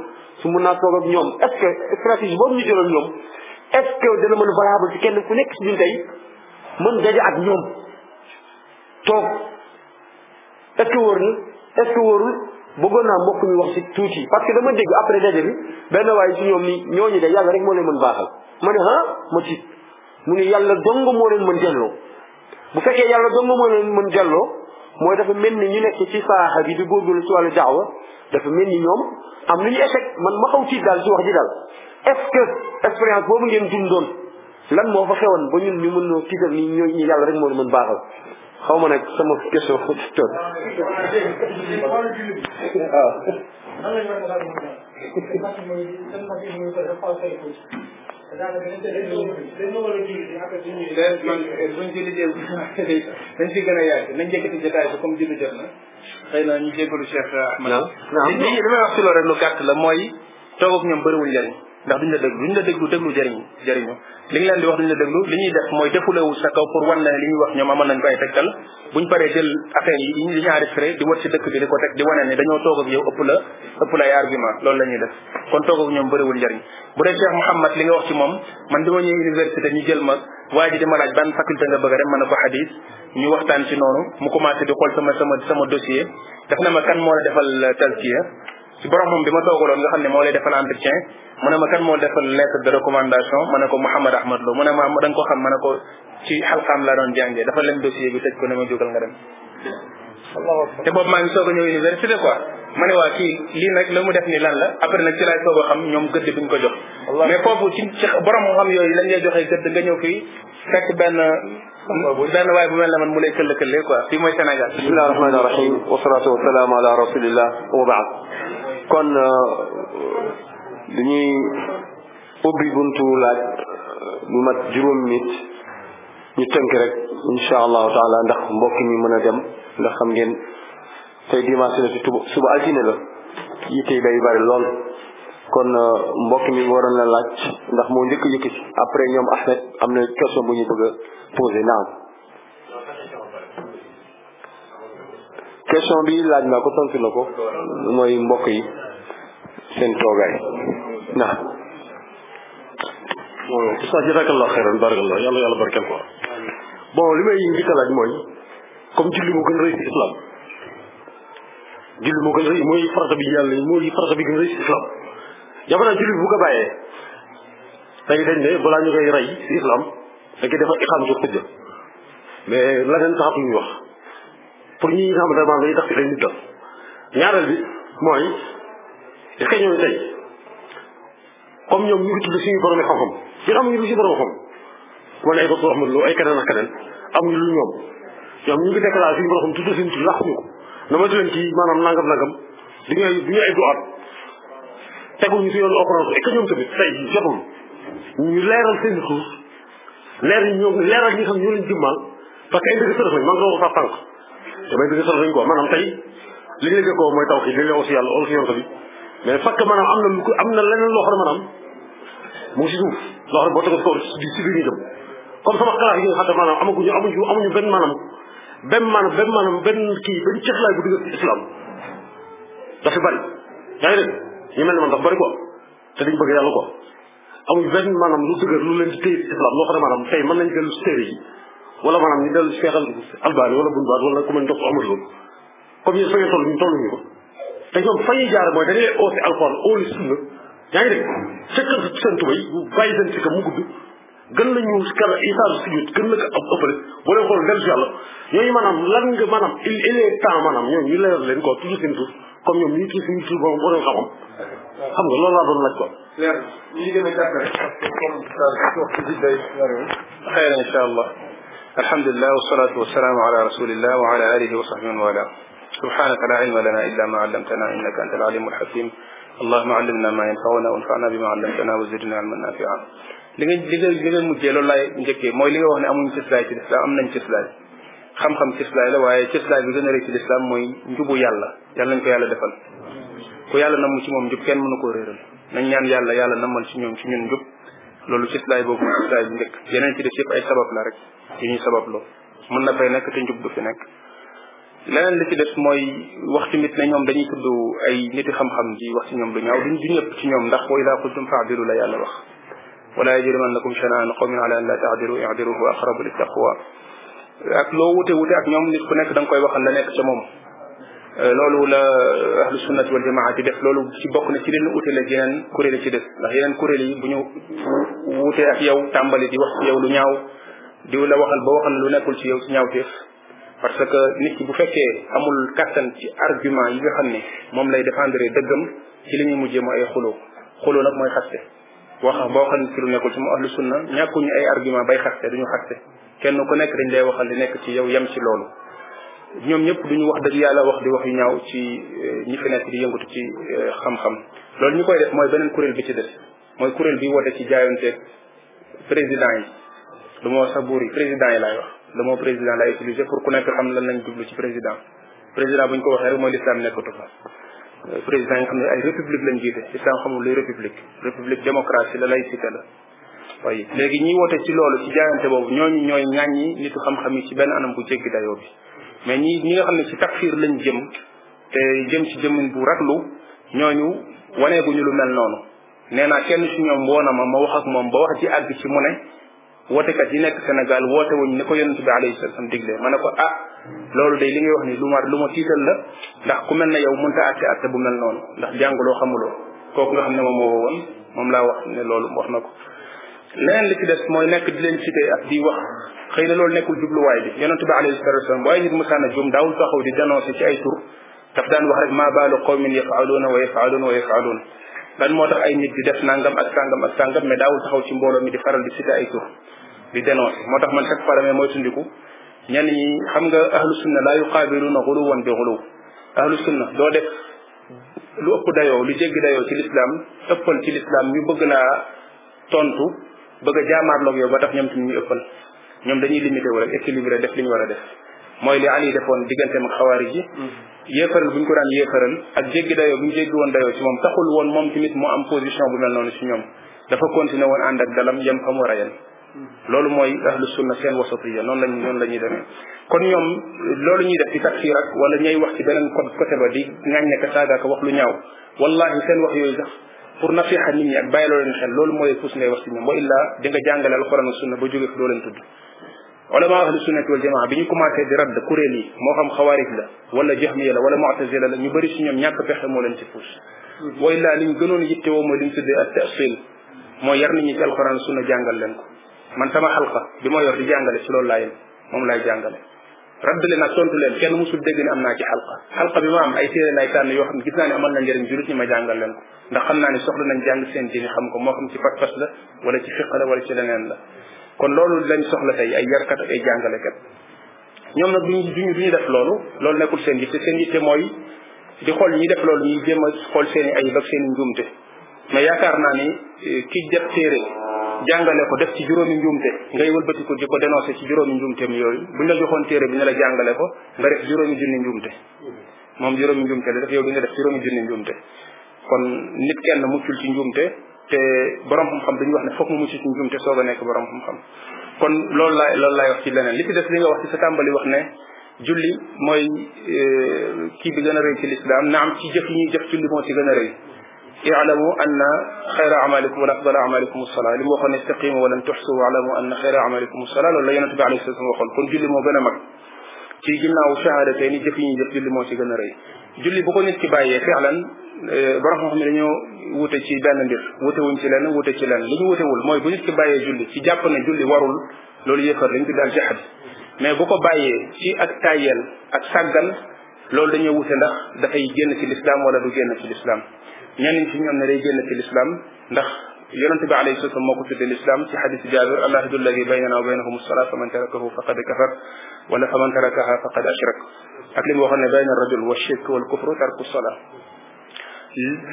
su toog ak ñoom est ce que boobu ñu jëloon ñoom est ce dana mën valable ci kenn ku nekk si ñun tey mën daje ak ñoom toog est bëggoon naa mbokk ñu wax ci tuuti parce que dama dégg après daje bi benn waaye ci ñoom ni ñooñu de yàlla rek moo leen mën baaxal ma ne ah ma tiit mu ne yàlla dong moo leen mën delloo bu fekkee yàlla dong moo leen mën delloo mooy dafa mel ni ñu nekk ci saaxa bi di góorgóorlu ci wàllu daawa dafa mel ni ñoom am lu ñu échec man ma xaw tiit daal ci wax ji daal est-ce que expérience boobu ngeen dundoon lan moo fa xewoon ba ñun ñu mën noo tiital ñu ñooñu yàlla moo leen mën xaw ma nag sama question fu ci toog waaw léegi man buñ ci liggéey nañ jëkkati xëy na ñu jéggalu Cheikh Ahmad li li may wax ci rek lu gàtt la mooy toog ñoom bariwul njëriñ ndax duñ la déglu duñ la déglu déglu jariñ jëriñu li nga leen di wax duñu la déglu li ñuy def mooy defulawul sa kaw pour wan na li ñuy wax ñoom amoon nañ ko ay tegtal ñu paree jël affaire yi yi ñu enregistré di wër ci dëkk bi di ko teg di wane ne dañoo toog ak yow ëpp la ëpp la ay argument loolu la ñuy def kon toog ak ñoom bëriwul njariñ bu dee Cheikh Mouhamad li nga wax ci moom man di ma ñëw université ñu jël mag waa ji di ma laaj ban faculté nga bëgg rek man a ko hadis ñu waxtaan ci noonu mu commencé di xool sama sama sama dossier daf na ma kan moo la defal euh, tazkiya ci borom boromam bi ma toogaloon nga xam ne moo lay defal entretien mu ne ma kan moo defal lettre de recommandation ma ne ko Mouhamad Ahmad Lo mu ne ma da ko xam ma ne ko ci xalqaam laa doon jàngee dafa leen dossier bi tëj ko ne ma jógal nga dem te boobu maa ngi soog a ñëw université quoi ma ne waa kii lii nag la mu def ni lan la après nag ci laay soog a xam ñoom gëdd bi ñu ko jox mais foofu ci ci borom xam yooyu lañ lay joxee gëdd nga ñëw fii fekk benn benn waaye bu mel ne man mu lay këllëkëllee quoi fii mooy Sénégal bismillahi rahmaani rahim wasalaatu wasalaamu ala rasulillah wa baad kon dañuy euh, ubbi buntu laaj bu euh, mat juróom nit ñu tënk rek incha allah taala ndax mbokk mi mën a dem ndax xam ngeen tey dimanche la si tuba suba altine la yitte day bari lool kon euh, mbokk mi waroon na laaj ndax moo njëkk yëkki si après ñoom Ahmed am na question bu ñu bëgg a posé naam question bi laaj ma ko tontu na ko mooy mbokk yi seen toogaay na oustaz jazakallah xeyran barakallah yàlla yàlla barkeel ko bon li may njëkk a laaj mooy comme julli moo gën rëy ci islam julli moo gën rëy mooy farata bi yàlla mooy farata bi gën rëy ci islam yaakaar julli bu ko bàyyee tey dañ ne balaa ñu koy rey ci islam da koy defar iqaam ci xujja mais leneen saxatuñu wax pour ñi nga de ne maanaam dañuy tax ci ay nit doon ñaareel bi mooy est-ce que ñoom tey comme ñoom ñu ngi tudd suñu borom xam-xam ñun amuñu xam wala ay bopp Ahmad Lo ay keneen ak keneen amuñu lu ñoom ñoom ñu ngi déclaré suñu borom tudd suñu tudd làquñu ko ci maanaam nangam nangam di ñu ay di ñu ay duwaat teguñu si yoonu occurrence est-ce que ñoom tamit ñu leeral seen tur leer ñoom leeral ñi xam ñoo leen jëmmal parce que ay dëgg sërëf lañ maa ngi doon tànk damay bëgg solo nañu quoi maanaam tey li ñu la mooy taw xii li ñu la aussi yàlla ol yonte bi mais fakk maanaam am na lu ko am na leneen loo xam ne maanaam mu ngi si suuf loo xam ne boo teg ko di si biir ñu jëm comme sama xalaat yi nga xam ne maanaam amaguñu amuñu amuñu benn maanaam benn maanaam benn maanaam benn kii benn cëslaay bu dëgg dafa bari yaa ngi dégg ñu mel ne man dafa bari ko te dañu bëgg yàlla ko amuñu benn maanaam lu dëgër lu leen di téye islam loo tey mën nañ dellu si téere yi wala maanaam ñu dellu Cheikh Albani wala Bun Baaz wala ku mel ne docteur Omar Lo comme yéen fa ngeen toll ñu tolluñu ko te ñoom fa ñuy mooy dañuy oote alxuraan óolu sunna yaa ngi dégg fekk seen tubay bàyyi seen sikka mu gudd gën la ñu kar isaaru sujud gën la ko ab ëppale boo leen xool dellu leer leen ko tudd seen tur comme ñoom ñu tudd seen tur borom borom xam-xam loolu laa doon laaj quoi. leer ñu ngi gën a jàppale. comme ça wax dëgg day xëy na incha allah. alhamdulilah wasalaatu wasalaamu ala rasulillah wa ala alihi wa sahbihi man wala subhanaka la ilma lana illa ma allamtana innaka anta alalimu alhakim allahuma allimna ma yanfauna wanfana bima allamtana wa zidna ilman nafia li nga li nga li nga mujjee loolu laay njëkkee mooy li nga wax ne amuñ cëslaay ci lislaam am nañ cëslaay xam-xam cëslaay la waaye cëslaay bi gën a rëy ci lislaam mooy njubu yàlla yàlla nañ ko yàlla defal ku yàlla namm ci moom njub kenn mënu koo réeral nañ ñaan yàlla yàlla nammal ci ñoom ci ñun njub loolu cislaay boobu mooy cislaay bu ndekk yeneen ci def yëpp ay sabab la rek yu ñuy sabab loo mën na fay nekk te njub du fi nekk leneen li ci des mooy wax tamit ne ñoom dañuy tudd ay niti xam-xam di wax ci ñoom lu ñaaw duñ du ñëpp ci ñoom ndax wa ida qultum faadilu la yàlla wax wala yajrimannakum shanaan qawmin ala an la taadilu idilu huwa aqrabu littaqwa ak loo wute wute ak ñoom nit ku nekk da nga koy wax la nekk ca moom Euh, loolu la euh, ahlu sunnati wal jamaati def loolu ci bokk na ci leen utale ak yeneen kuréel ci def ndax yeneen kuréel yi bu ñu wutee ak yow tàmbali di wax ci yow lu ñaaw di la waxal ba waxal lu nekkul ci yow ci ñaawteef parce que nit bu fekkee amul kàttan ci argument yi nga xam ne moom lay défendre dëggam ci li ñuy mujjee mooy ay xuloo xuloo nag mooy xaste wax boo xam ne ci lu nekkul ci mu ahlu sunna ñàkkuñu ay argument bay xaste duñu xaste kenn ku nekk dañ lay waxal li nekk ci yow yam ci loolu ñoom ñëpp duñu wax dëgg yàlla wax di wax yu ñaaw ci eh, ñi fi nekk di yëngatu ci eh, xam-xam loolu ñu koy def mooy beneen kuréel bi ci des mooy kuréel bi woote ci jaayanteeg président yi du ma wax sax buur yi président yi laay wax le mot président laay utiliser pour ku nekk xam lan lañ jublu ci président président bu ñu ko waxee rek mooy l'islam nekkatu fa euh, président yi nga xam ne ay république lañ jiite islam xamul luy république république démocratie la laïcité la waaye léegi ñiy woote ci loolu ci jaayante boobu ñooñu ñooy ñaaññi nitu xam-xam yi ci benn anam bu jéggi dayoo bi mais ñi ñi nga xam ne ci takfir lañ jëm te jëm ci jëmin bu raglu ñooñu waneeguñu lu mel noonu nee naa kenn ci ñoom woona ma ma wax ak moom ba wax ji àgg ci mu ne wootekat yi nekk Sénégal woote wuñ ni ko yonent bi alayhi salaam diglee ma ne ko ah loolu day li ngay wax ni lu ma lu ma tiital la ndax ku mel ne yow mënta àtte àtte bu mel noonu ndax jànguloo xamuloo kooku nga xam ne moom moo woon moom laa wax ne loolu wax na ko leneen li ci des mooy nekk di leen cité ak di wax xëy na loolu nekkul jubluwaay bi yonente bi alayhi salatu wasalam waaye nit musaana jum daawul taxaw di dénoncé ci ay tur daf daan wax rek ma baalu qawmin yafaaluuna wa yafaaluuna wa yafaaluuna lan moo tax ay nit di def nangam ak sàngam ak sàngam mais daawul taxaw ci mbooloo mi di faral di cité ay tur di dénoncé moo tax man chaque fois mooy tundiku ñenn ñi xam nga ahlu sunna laa yuqaabiluuna xuluwan bi xuluw ahlu sunna doo def lu ëpp dayoo lu jéggi dayoo ci lislaam ëppal ci lislaam ñu bëgg laa tontu bëgg a jaamaarloog yow ba tax ñoom tamit ñu ëppal ñoom dañuy limité wu rek équilibré def li ñu war a def mooy li Ali defoon digganteem ak xawaari ji mm-hmm. yéefaral bu ko daan yéefaral ak jéggi dayoo bu ñu jéggi woon dayoo ci moom taxul woon moom tamit mu am position bu mel noonu ci ñoom dafa continué woon ànd ak dalam yem fa mu war a yem mm-hmm. loolu mooy ahlu sunna seen wasatiya noonu lañ noonu la ñuy demee kon ñoom loolu ñuy def ci takfiir ak wala ñay wax ci beneen côté ba di ŋàññe ka saaga ka wax lu ñaaw wallahi seen wax yooyu sax pour na feexa nit ñi ak bàyyi loolu mooy puus ngay wax ci ñoom wa illa di nga jàngale alxuraan ak sunna ba jóge fi doo leen tudd ulama bi ñu commencé di kuréel yi moo xam xawaarij la wala jahmiya la wala mu'tazila la ñu bëri si ñoom ñàkk pexe moo leen ci puus wa li ñu gënoon yittewoo mooy li ñu tuddee ak yar nit ñi ci alxuraan sunna jàngal leen ko man sama xalqa bi ma yor di jàngale si loolu laay moom laay jàngale rabbi leen ak tontu leen kenn musul dégg ne am naa ci xalqa xalqa bi ma am ay téere lay tànn yoo xam ne gis naa ne amal na njëriñ julit ñi ma jàngal leen ko ndax xam naa ne soxla nañ jàng seen diine xam ko moo xam ci pas-pas la wala ci fiq la wala ci la tey ay yarkat ak ay jàngalekat ñoom nag duñ duñu duñu def loolu loolu nekkul seen yitte seen yitte mooy di xool ñi def loolu ñuy jéem a xool seen i ayib ak seen i njuumte mais yaakaar naa ni eh, ki jot téere jàngale ko def ci juróomi njuumte ngay wëlbatiku di ko dénoncé ci juróomi njuumteem yooyu buñ la joxoon téere bi ne la jàngale ko nga def juróomi junni njuumte moom juróomi njuumte la def yow di nga def juróomi junni njuumte kon nit kenn muccul ci njuumte te borom xam-xam dañuy wax ne foog mu mucc ci njuumte soog a nekk borom xam-xam kon loolu laay loolu laay wax ci leneen li ci des li nga wax ci sa tàmbali wax ne julli mooy euh, kii bi gën a rëy ci lislaam jëf yi ñuy jëf julli ci gën a i'lamu anna xayra amalikum wala afdala amalikum salaa li mu waxoon ne istaqimu walan tuxsu wa'lamu anna xayra amalikum salaa loolu la yonent bi alayhi salaam waxoon kon julli moo gën a mag ci ginnaaw shahaadatee ni jëf yi ñuy jëf julli moo ci gën a rëy julli bu ko nit ki bàyyee fi'lan borom xam ne dañoo wute ci benn mbir wute wuñ ci lenn wute ci lenn li ñu wutewul mooy bu nit ki bàyyee julli ci jàpp ne julli warul loolu yëkkër lañ tuddee al jahd mais bu ko bàyyee ci ak tayel ak sàggan loolu dañoo wute ndax dafay génn ci lislaam wala du génn ci lislaam ñenn ci ñoom ne day génn ci lislaam ndax yonente bi alayhi salaam moo ko tudde lislaam ci xadis jaabir allahdu alladi baynana wa baynahum salaa faman tarakahu faqad kafar wala faman tarakaha faqad ashrak ak li mu waxoon ne bayna rajul wa shirk wal kufru tarku salaa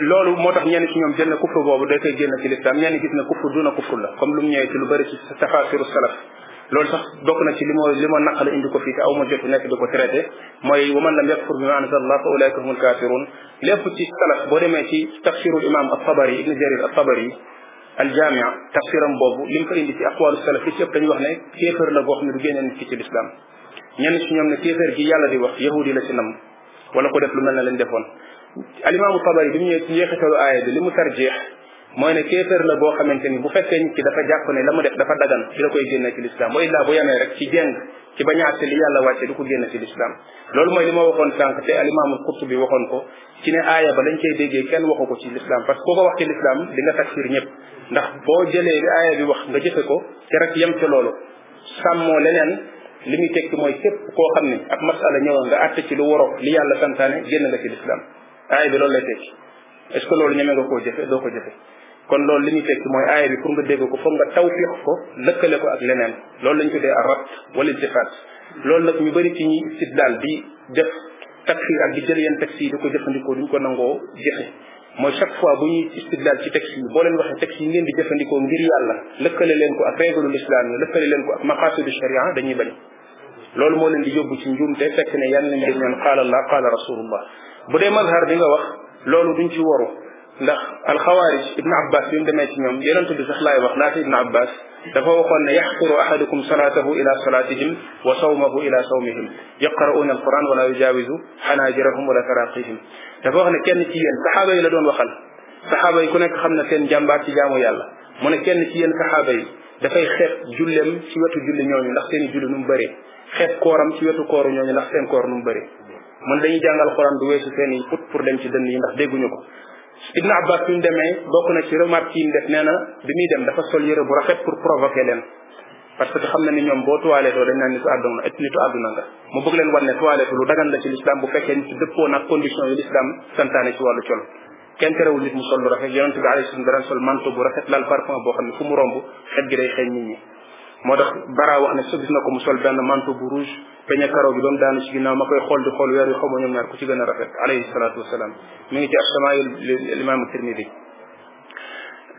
loolu moo tax ñenn ci ñoom jël na kufru boobu day koy génn ci lislaam ñenn gis na kufru duna kufru la comme lu mu ñëwee ci lu bëri ci tafaasiru salaf loolu sax bokk na ci li ma li ma naqala indi ko fii te aw ma jot nekk di ko traité mooy wa man lam yakfur bima anzalallah fa ulaika humul kafirun lépp ci salaf boo demee ci tafsirul imam at-tabari ibn jarir at-tabari al-jamia tafsiram boobu li mu fa indi ci aqwalu salaf li ci ëpp dañuy wax ne kéefër boo xam ne du génnee nit ki ci l'islam ñenn ci yàlla di wax yahudi la ci nam wala ko def lu mel ne leen defoon al imam at-tabari bi mu ñëwee ci njeexitalu li mu mooy ne kéeféer la boo xamante ni bu fekkee nit ki dafa jàpp ne la mu def dafa dagan ci la koy génne ci lislaam wa illaa bu yemee rek ci jéng ci bañ a àtte li yàlla wàcce du ko génne ci lislaam waxoon ko ci ne aaya ba lañ déggee kenn waxu ko ci lislaam parce que koo ko wax ci lislaam di nga takfir ñëpp ndax boo jëlee li aaya bi wax nga jëfe ko te rek yem ca loolu sàmmoo leneen li muy tekki mooy képp koo xam ne ak masala ñëwoon nga àtte ci lu waroo li yàlla santaane génn nga ci lislaam aaya bi loolu lay tekki est ce loolu ñeme nga koo jëfe doo ko jëfe kon loolu li ñu tekki mooy aaya bi pour nga dégg ko foog nga tawfiq ko lëkkale ko ak leneen loolu lañ tuddee a rat wala iltifaat loolu nag ñu bëri ci ñi sit daal di def takfir ak di jël yenn texte yi ko jëfandikoo duñ ko nangoo mooy chaque fois bu ñuy ci texte yi boo leen waxee texte yi leen di jëfandikoo ngir yàlla lëkkale leen ko ak règlul islam yi lëkkale leen ko ak maqasidu sharia dañuy bañ loolu moo leen di yóbbu ci njuumte fekk ne yàlla nañ dañ naan qaala allah qaala rasulullah bu dee mazhar bi nga wax loolu duñ ci waru ndax alxawaarij ibnu abbas bi mu demee ci ñoom yonent bi sax laay wax laata ibnu abbas dafa waxoon ne yaxqiru ahadukum salaatahu ila salaatihim wa sawmahu ila sawmihim yaqra'uuna alquran wala yujawisu xanaajirahum wala taraqihim dafa wax ne kenn ci yéen saxaaba yi la doon waxal saxaaba yi ku nekk xam na seen jàmbaar ci jaamu yàlla mu ne kenn ci yéen saxaaba yi dafay xeeb julleem ci wetu julli ñooñu ndax seen i julli nu mu bëree xeeb kooram ci wetu kooru ñooñu ndax seen koor nu mu bëree mun dañuy jàngal xuraan du weesu seen i put pour dem ci dënn yi ndax dégguñu ko Ibn Abbas bi mu demee bokk na ci remarque yi mu def nee bi muy dem dafa sol yëre bu rafet pour provoquer leen parce que xam na ni ñoom boo toilette dañ naa nitu àdduna et nitu àdduna nga mu bëgg leen wan ne toilette lu dagan la ci l'islam bu fekkee nit dëppoo nag condition yi l'islam santaane ci wàllu col kenn terewul nit mu sol lu rafet yonente bi alayhi salaam daan sol manteau bu rafet par parfum boo xam ne fu mu romb xet gi day xeeñ nit ñi moo tax bara wax ne sa gis na ko mu sol benn manteau bu rouge peña gi ba mu daanu ci ginnaaw ma koy xool di xool weer wi ñoom ñaar ku ci gën a rafet alayhi salaatu wasalaam mi ngi ci ab samaayil limaam tirmidi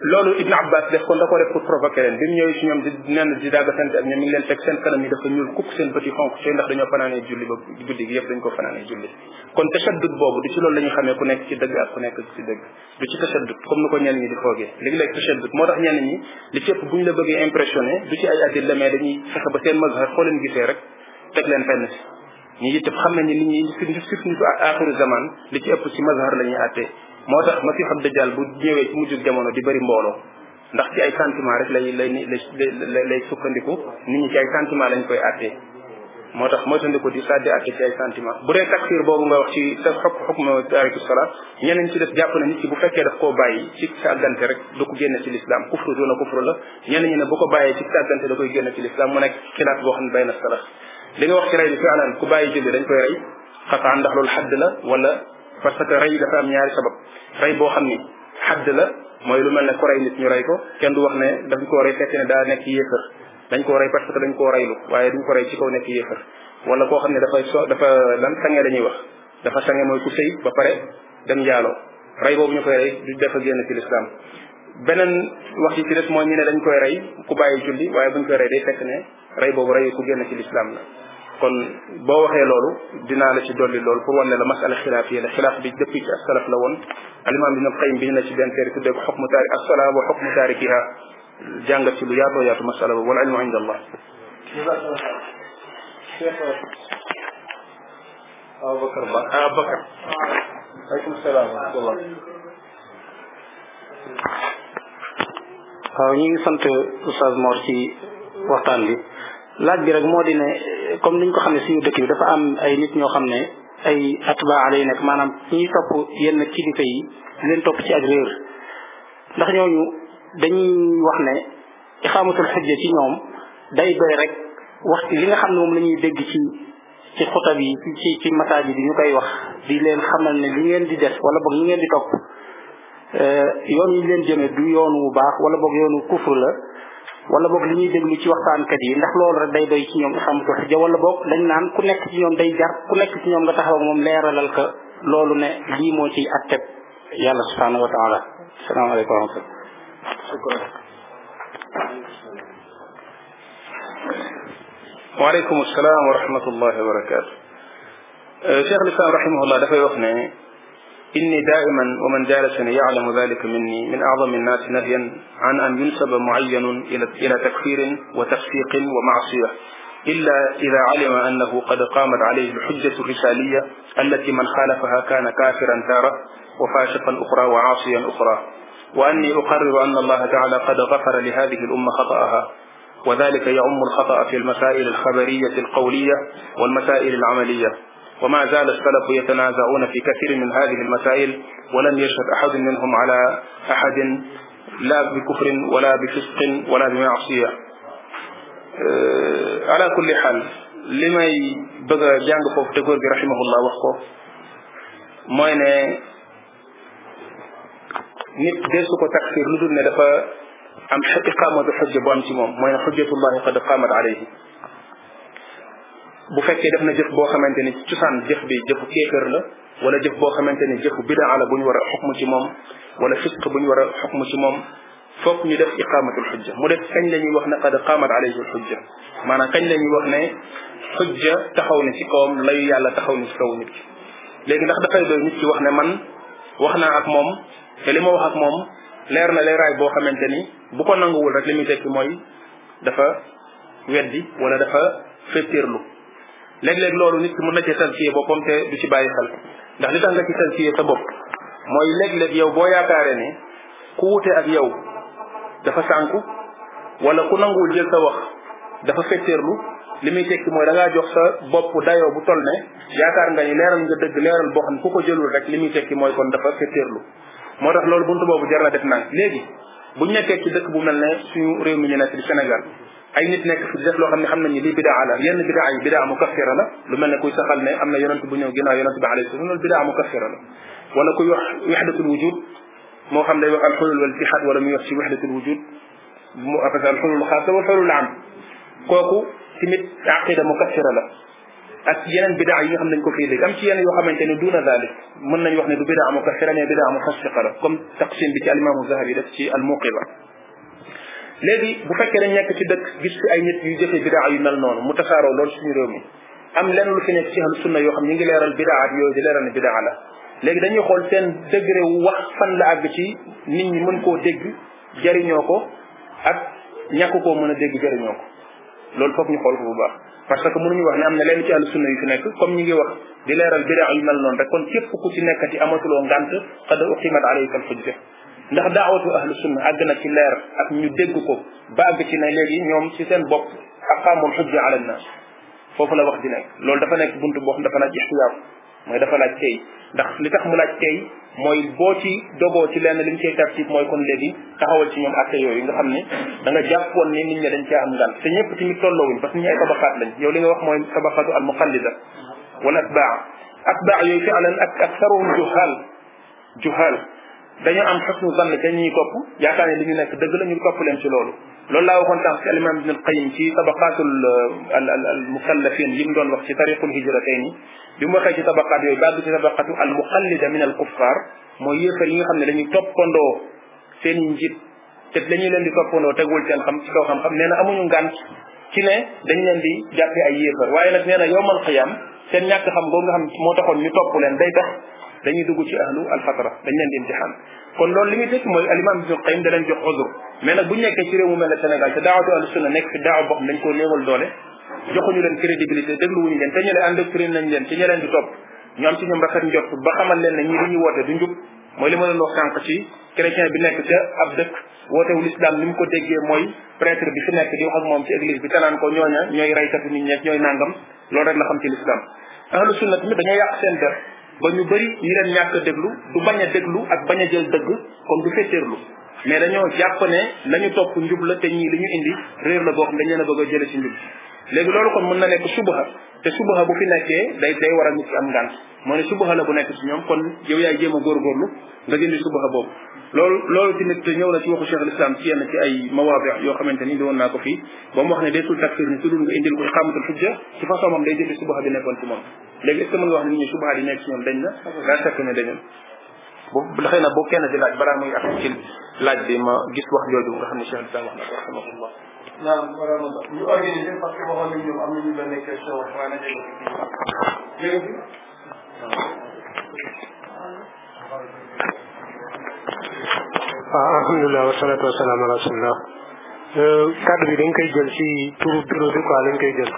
loolu Ibn Abbas def kon da ko def pour provoquer leen bi mu ñëwee si ñoom di nenn di daaga sant ak ñoom mi leen teg seen kanam yi dafa ñuul kukk seen bët yi xonk ndax dañoo fanaanee julli ba guddi gi yëpp dañ ko fanaanee julli kon tachaddud boobu du ci loolu la xamee ku nekk ci dëgg ak ku nekk ci dëgg du ci tachaddud comme ni ko ñenn ñi di foogee léegi-léeg tachaddud moo tax ñenn ñi li ci ëpp bu ñu la bëggee impressionné du ci ay adilla la ñuy àttee moo tax masiixu dajjal bu ñëwee ci mujjug jamono di bari mbooloo ndax ci ay sentiment rek lay lay lay lay sukkandiku nit ñi ci ay sentiment lañ koy àttee moo tax moytandiku di saa di àtte ci ay sentiment bu dee takfir boobu nga wax ci sa xukk xukma taariku salaat ñeneen ci def jàpp na nit ki bu fekkee daf koo bàyyi ci sàggante rek du ko génne ci lislaam kufru duna kufru la ñeneen ñi ne bu ko bàyyee ci sàggante da koy génne ci lislaam mu nekk xilaat boo xam ne bay na salaf wax ci rey bi faalaan ku bàyyi julli dañ koy rey xataan ndax loolu la parce que rey dafa am ñaari sabab rey boo xam ni xadd la mooy lu mel ne ko rey nit ñu rey ko kenn du wax ne dañ koo rey fekk ne daa nekk dañ koo rey parce que dañ koo reylu waaye duñ ko rey ci kaw nekk yéefar wala koo xam ne dafay so dafa lan sange dañuy wax dafa sange mooy ku sëy ba pare dem njaaloo ray boobu ñu koy rey du dafa génn ci lislaam beneen wax yi ci des mooy ñu ne dañ koy rey ku bàyyi julli waaye buñ koy rey day fekk ne ray boobu rey ku génn ci lislaam la kon boo waxee loolu dinaa la ci dolli loolu pour wan ne la masala xilaaf la xilaaf bi dëpp ci asalaf la woon alimaam ibn Qayyim bi na ci benn teere tuddee ko xukmu taari asala wa xukmu taarikiha jàngat ci lu yaatoo yaatu masala boobu wal ilmu inda allah Aboubacar Ba Aboubacar aleykum salaam wa waaw ñu ngi sant Oustaz Mor ci waxtaan bi laaj bi rek moo di ne comme ni ñu ko xam ne suñu dëkk bi dafa am ay nit ñoo xam ne ay atbaa lay nekk maanaam ñuy topp yenn kilifa yi leen topp ci ak réer ndax ñooñu dañuy wax ne ixaamatul xujja ci ñoom day doy rek wax li nga xam ne moom la ñuy dégg ci ci xutab yi ci ci masaaji bi ñu koy wax di leen xamal ne li ngeen di def wala boog li ngeen di topp euh, yoon yi leen jëme du yoon wu baax wala boog yoonu kufr la wala boog li ñuy déglu ci waxtaankat yi ndax loolu rek day doy ci ñoom xam ko ja wala boog dañ naan ku nekk ci ñoom day jar ku nekk ci ñoom nga taxaw ak moom leeralal ko loolu ne lii moo ciy atteb yàlla subhanahu wa taala salaamaaleykum wa rahmatullah waaleykum salaam wa rahmatullahi wa barakaatu cheikh lislam inni daiman wa man jalasani yalamu dalika minni min acdami annaasi nahyan an an yunsaba mucayanun ila takfirin wa tafsiqin wa macsiya illa ida calima annahu qad qaamat calayhi alxujjatu risaliya allati man xaalafaha kaana kaafiran taara wa faasiqan uxra wa caasiyan uxra wa anni uqarriru anna allaha taala qad gafara li hadihi alumma xataaha wa dalika yacumu alxataa fi almasail alxabariyati alqawliya walmasail alcamaliya وما زال السلف يتنازعون في كثير من هذه المسائل ولم يشهد أحد منهم على أحد لا بكفر ولا بفسق ولا بمعصية ala kulli xaal li may bëgg a jàng foofu te góor gi rahimahullah wax ko mooy ne nit deesu ko takfir lu dul ne dafa am iqaamatu xujja bu am ci moom mooy ne xujjatullahi qad qaamat alayhi bu fekkee def na jëf boo xamante ni cosaan jëf bi jëfu kéefër la wala jëf boo xamante ni jëfu bidaa la bu ñu war a xukmu ci moom wala fisq bu ñu war a xukmu ci moom foog ñu def iqaamatul xujja mu def kañ la ñuy wax ne qad qaamat alayhi al xujja maanaam kañ la ñuy wax ne xujja taxaw na ci kawam layu yàlla taxaw na ci kaw nit léegi ndax dafay doy nit ki wax ne man wax naa ak moom te li ma wax ak moom leer na leeraay boo xamante ni bu ko nanguwul rek li muy tekki mooy dafa weddi wala dafa féttéerlu léeg-léeg loolu nit ki mën na ci salfiyee boppam te du ci bàyyi xel ndax li tax nga ci salfiyee sa bopp mooy léeg-léeg yow boo yaakaaree ne ku wute ak yow dafa sànku wala ku nanguwul jël sa wax dafa fetteerlu li muy tekki mooy da ngaa jox sa bopp dayoo bu toll ne yaakaar nga ni leeral nga dëgg leeral boo xam ku ko jëlul rek li muy tekki mooy kon dafa fetteerlu moo tax loolu buntu boobu jar na def naan léegi bu ñu nekkee ci dëkk bu mel ne suñu réew mi ñu na di Sénégal ay nit nekk fi di def loo xam ne xam nañu lii bidaa la yenn bidaa yi bidaa mu kaffira la lu mel ne kuy saxal ne am na yonent bu ñëw ginnaaw yonent bi alayhi salaam loolu bidaa mu kaffira la wala kuy wax wahdatul wujud moo xam day wax alxulul wal itihad wala muy wax ci wahdatul wujud mu après alxulul xaas la wala xulul am kooku tamit aqida mu kaffira la ak yeneen bidaa yi nga xam ne dañ ko fii léegi am ci yenn yoo xamante ne duna dalik mën nañ wax ne du bidaa mu kaffira mais bidaa mu fasiqa la comme taqsim bi ci alimamu zahabi def ci almuqiba léegi bu fekkee dañ nekk ci dëkk gis fi ay nit yu jëfe bidaa yu mel noonu mu tasaaroo lool suñu réew mi am lenn lu fi nekk ci ahlu yoo xam ñu ngi leeral bidaa ak yooyu di leeral ne bidaa la léegi dañuy xool degré wu wax fan la àgg ci nit ñi mën koo dégg jariñoo ko ak ñàkk koo mën a dégg jariñoo ko loolu foog ñu xool ko bu baax parce que mënuñu wax ne am na lenn ci ahlu sunna yu fi nekk comme ñu ngi wax di leeral bidaa yu mel noonu rek kon képp ku ci nekkati amatuloo ngànt qad uqimat alayka al hujja ndax daawatu ahlu sunna àgg na ci leer ak ñu dégg ko ba àgg ci na léegi ñoom ci seen bopp aqaamul xujja ala nnaas foofu la wax di nekk loolu dafa nekk buntu boo xam dafa laaj ixtiyaar mooy dafa laaj tey ndax li tax mu laaj tey mooy boo ci dogoo ci lenn li ñu cay ti mooy kon léegi taxawal ci ñoom atte yooyu nga xam ne da nga jàppoon ni nit ñi dañ cee am ngan te ñëpp tamit tolloowuñ parce que ñu ay tabaqaat lañ yow li nga wax mooy tabaqaatu al muqallida wala atbaa atbaa yooyu fi alan ak aktaruhum juhaal juhaal dañu am xusnu zann ca ñuy topp yaakaar ne li ñu nekk dëgg la ñu topp leen ci loolu loolu laa waxoon tànk ci alimam ibn alqayim ci tabaqaatul euh, al al mukallafin yi mu doon wax ci tariqul hijratayni bi mu waxee ci tabaqaat yooyu bàgg ci tabaqatu al muqallida min al kuffar mooy yéefar yi nga xam ne dañuy toppandoo seen njiit te dañuy leen di toppandoo tegul seen xam ci kaw xam-xam nee na amuñu ngànt ci ne dañu leen di jàppee ay yéefar waaye nag nee na yowmal qiyam seen ñàkk xam boobu nga xam moo taxoon ñu topp leen day tax dañuy dugg ci ahlu alfatra dañ leen di imtixaan kon loolu li muy tekki mooy alimam ibnu qayyim da leen jox uzur mais nag bu ñu nekkee ci réew mu mel ne Sénégal te daawatu ahlu sunna nekk fi daaw leen crédibilité dégluwuñu leen leen endoctrine nañ leen ci ñe leen di topp ñu ba xamal leen ne ñii li li ma doon wax sànq ci chrétien bi nekk ca ni mu ko déggee mooy prêtre bi fi nekk di wax ak moom ci église bi tanaan ko ñooy raykatu nit ñeeg ñooy rek la xam ci l'islam ahlu sunna tamit dañoo yàq seen der ba ñu bëri ñi leen ñàkk déglu du bañ a déglu ak bañ a jël dëgg kon du féetéerlu mais dañoo jàpp ne la ñu topp njub la te ñii li ñu indi réer la boo xam dañ leen a bëgg a jële ci njub léegi loolu kon mën na nekk subaha te subaha bu fi nekkee day day war a nit ki am ngànt moo ne subaha la bu nekk ci ñoom kon yow yaay jéem a góorgóorlu nga jëndi subaha boobu loolu loolu tamit ñëw na ci waxu cheikh l'islam ci yenn ci ay mawaabi yoo xamante ni indi woon naa ko fii ba mu wax ne deesul takfir ni su dul nga indil ko xamatul xujja ci façon moom day jëfe subaha bi nekkoon ci moom léegi est ce nga wax ne nit ñi subaha nekk ci dañ na daa fekk ne dañoon boobu xëy na boo kenn di laaj balaa muy affaire ci laaj bi ma gis wax jooju nga xam ne cheikh l'islam wax na ko rahmatullah naam vraiment ñu organiser parce que waxoon nañ ñoom am nañu benn question wax waaye nañ leen ko waaw ah, alhamdulilah wasalaatu wasalaam ala rasulillah euh, kàddu bi dañ koy jël ci turu du bi quoi lañ koy jël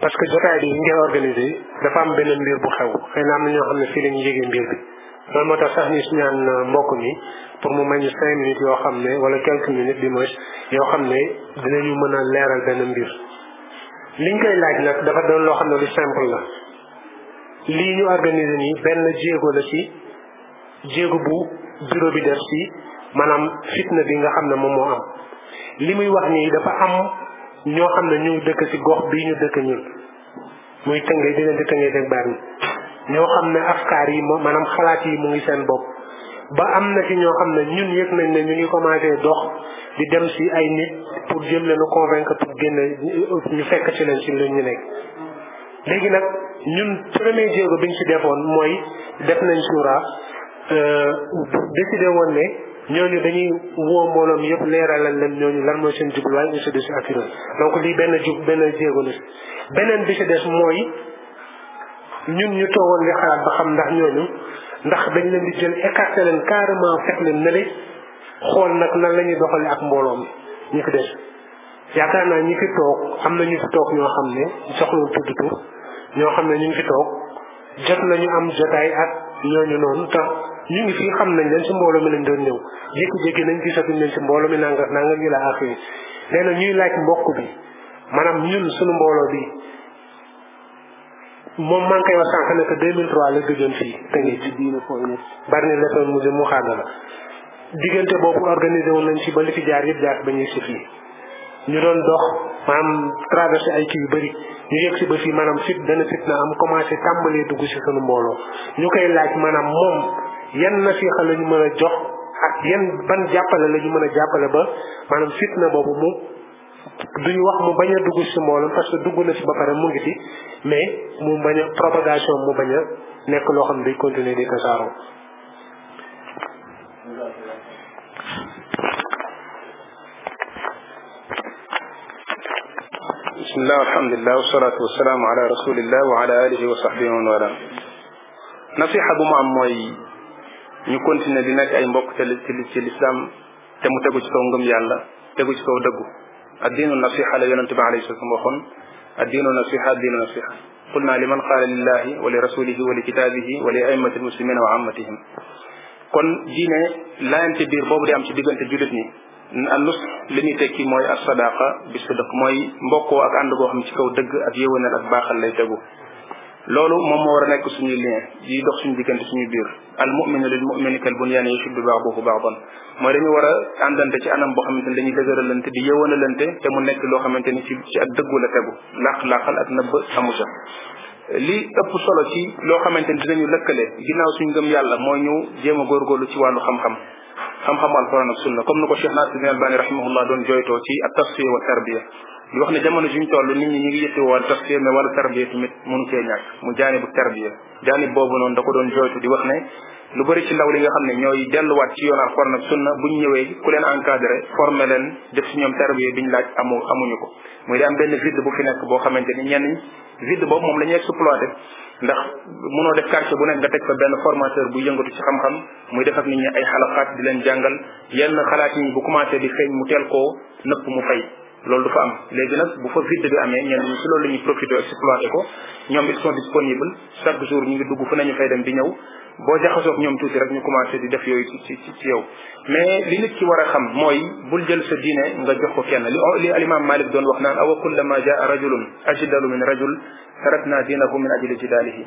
parce que jotaay bi ñu koy organisé dafa am benn mbir bu xew xëy na ñoo xam ne fii la ñu yégee mbir bi loolu moo tax sax ni si ñaan euh, mbokk mi pour mu may ñu minutes yoo xam ne wala quelques minutes du moins yoo xam ne dinañu mën a leeral benn mbir liñ koy laaj nag dafa doon loo xam ne lu simple la lii ñu organisé nii benn jéego la ci jéego bi def ci maanaam fitna bi nga xam ne moom moo am li muy wax nii dafa am ñoo xam ne ñu ngi dëkk ci gox bi ñu dëkk ñu muy tëngee diggante tëngee deg baar yi ñoo xam ne afkaar yi moom maanaam xalaat yi mu ngi seen bopp ba am na ci ñoo xam ne ñun yëg nañ ne ñu ngi commencé dox di dem ci ay nit pour jëm leen convaincre pour génn ñu fekk ci leen ci lu ñu nekk léegi nag ñun premier jéego bi ñu ci defoon mooy def nañ suura Euh, décidé woon ne ñooñu dañuy woo mbooloom yëpp leeralal leen ñooñu lan mooy seen jubluwaay ainsi de suite ak donc lii benn jub benn jéego la beneen bi ci des mooy ñun ñu toogoon nga xalaat ba xam ndax ñooñu ndax dañ leen di jël écarté leen carrément fekk leen nële xool nag nan la ñuy doxalee ak mbooloom ñu fi des yaakaar naa ñi fi toog am na ñu fi toog ñoo xam ne soxlawul tudd tur ñoo xam ne ñu ngi fi toog jot nañu am jotaay ak. ñooñu noonu tax ñu ngi fii xam nañ leen si mbooloo mi lañ doon ñëw jékki-jékki nañ gisatuñ leen ci mbooloo mi nanga nanga ñu la affaire na ñuy laaj mbokk bi maanaam ñun suñu mbooloo bi moom maa ngi koy wax sànq ne que 2003 la gëjoon fii te ngi ci diine bari na lesoon musée mu xaadala diggante boobu organisé woon nañ ci ba li fi jaar yëpp jaar ba ñuy si ñu doon dox maanaam traversé ay kii yu bëri ñu yëg si ba si maanaam fit dana fit na am commencé tàmbalee dugg si sunu mbooloo ñu koy laaj maanaam moom yan nasiixa la ñu mën a jox ak yan ban jàppale la ñu mën a jàppale ba maanaam fit boobu mu duñu wax mu bañ a dugg si mbooloo parce que dugg na si ba pare mu ngi si mais mu bañ a propagation mu bañ a nekk loo xam ne day continuer di tasaaroo bismillah alhamdulilah wasalaatu wasalaamu ala rasulillah wa ala alihi wa sahbihi wa man wala nasiha bu mu am mooy ñu continuer di nekk ay mbokk ci ci lislaam te mu tegu ci kaw ngëm yàlla tegu ci kaw dëggu addiinu nasiha la yonente bi alayhi salaam waxoon addiinu nasiha addiinu nasiha qul naa li man qaala lillahi wa li rasulihi wa li kitaabihi wa li aimati almuslimina wa ammatihim kon diine laayante biir boobu di am ci diggante jullit ñi annus li muy tekki mooy as sadaqa bi sidq mooy mbokkoo ak ànd goo xam ci kaw dëgg ak yëwanal ak baaxal lay tegu loolu moom moo war a nekk suñu lien di dox suñu diggante suñu biir al muminu lil mumini kal bunyaani yushibbu baaduhu baadan mooy dañu war a àndante ci anam boo xamante ni dañuy dëgëralante di yëwanalante te mu nekk loo xamante ni ci ci ak dëggu la tegu làq-làqal ak nëbb amu ca li ëpp solo ci loo xamante ni dinañu lëkkale ginnaaw suñu ngëm yàlla mooy ñu jéem a góorgóorlu ci wàllu xam xam-xamu alquran ak sunna comme ni ko Cheikh Nasir bin Albani rahimahullah doon jooytoo ci at tafsir wa tarbiya di wax ne jamono juñ toll ni ñi ñu ngi yëtti woon tafsir mais wala tarbiya tamit mënu cee ñàkk mu jaanibu tarbiya jaanib boobu noonu da ko doon jooytu di wax ne lu bari ci ndaw li nga xam ne ñooy delluwaat ci yoon alquran ak sunna buñ ñëwee ku leen encadré formé leen def ci ñoom tarbiya biñ laaj amu amuñu ko muy di am benn vide bu fi nekk boo xamante ni ñenn vide moom la ñuy exploité ndax munoo def quartier bu nekk nga teg fa benn formateur bu yëngatu ci xam-xam muy def ak nit ñi ay xalaxaat di leen jàngal yenn xalaat yi bu commencé di feeñ mu teel ko nëpp mu fay loolu du fa am léegi nag bu fa vide bi amee ñenn ñi ci loolu la ñuy profité exploité ko ñoom ils sont disponibles chaque jour ñu ngi dugg fu nañu fay dem di ñëw boo jaxasoog ñoom tuuti rek ñu commencé di def yooyu ci yow mais li nit ki a xam mooy bul jël sa diine nga jox ko kenn li alimam malik doon wax naan awa kullama jaa rajulun ajdalu min rajul tarakna diinahu min ajli jidaalihi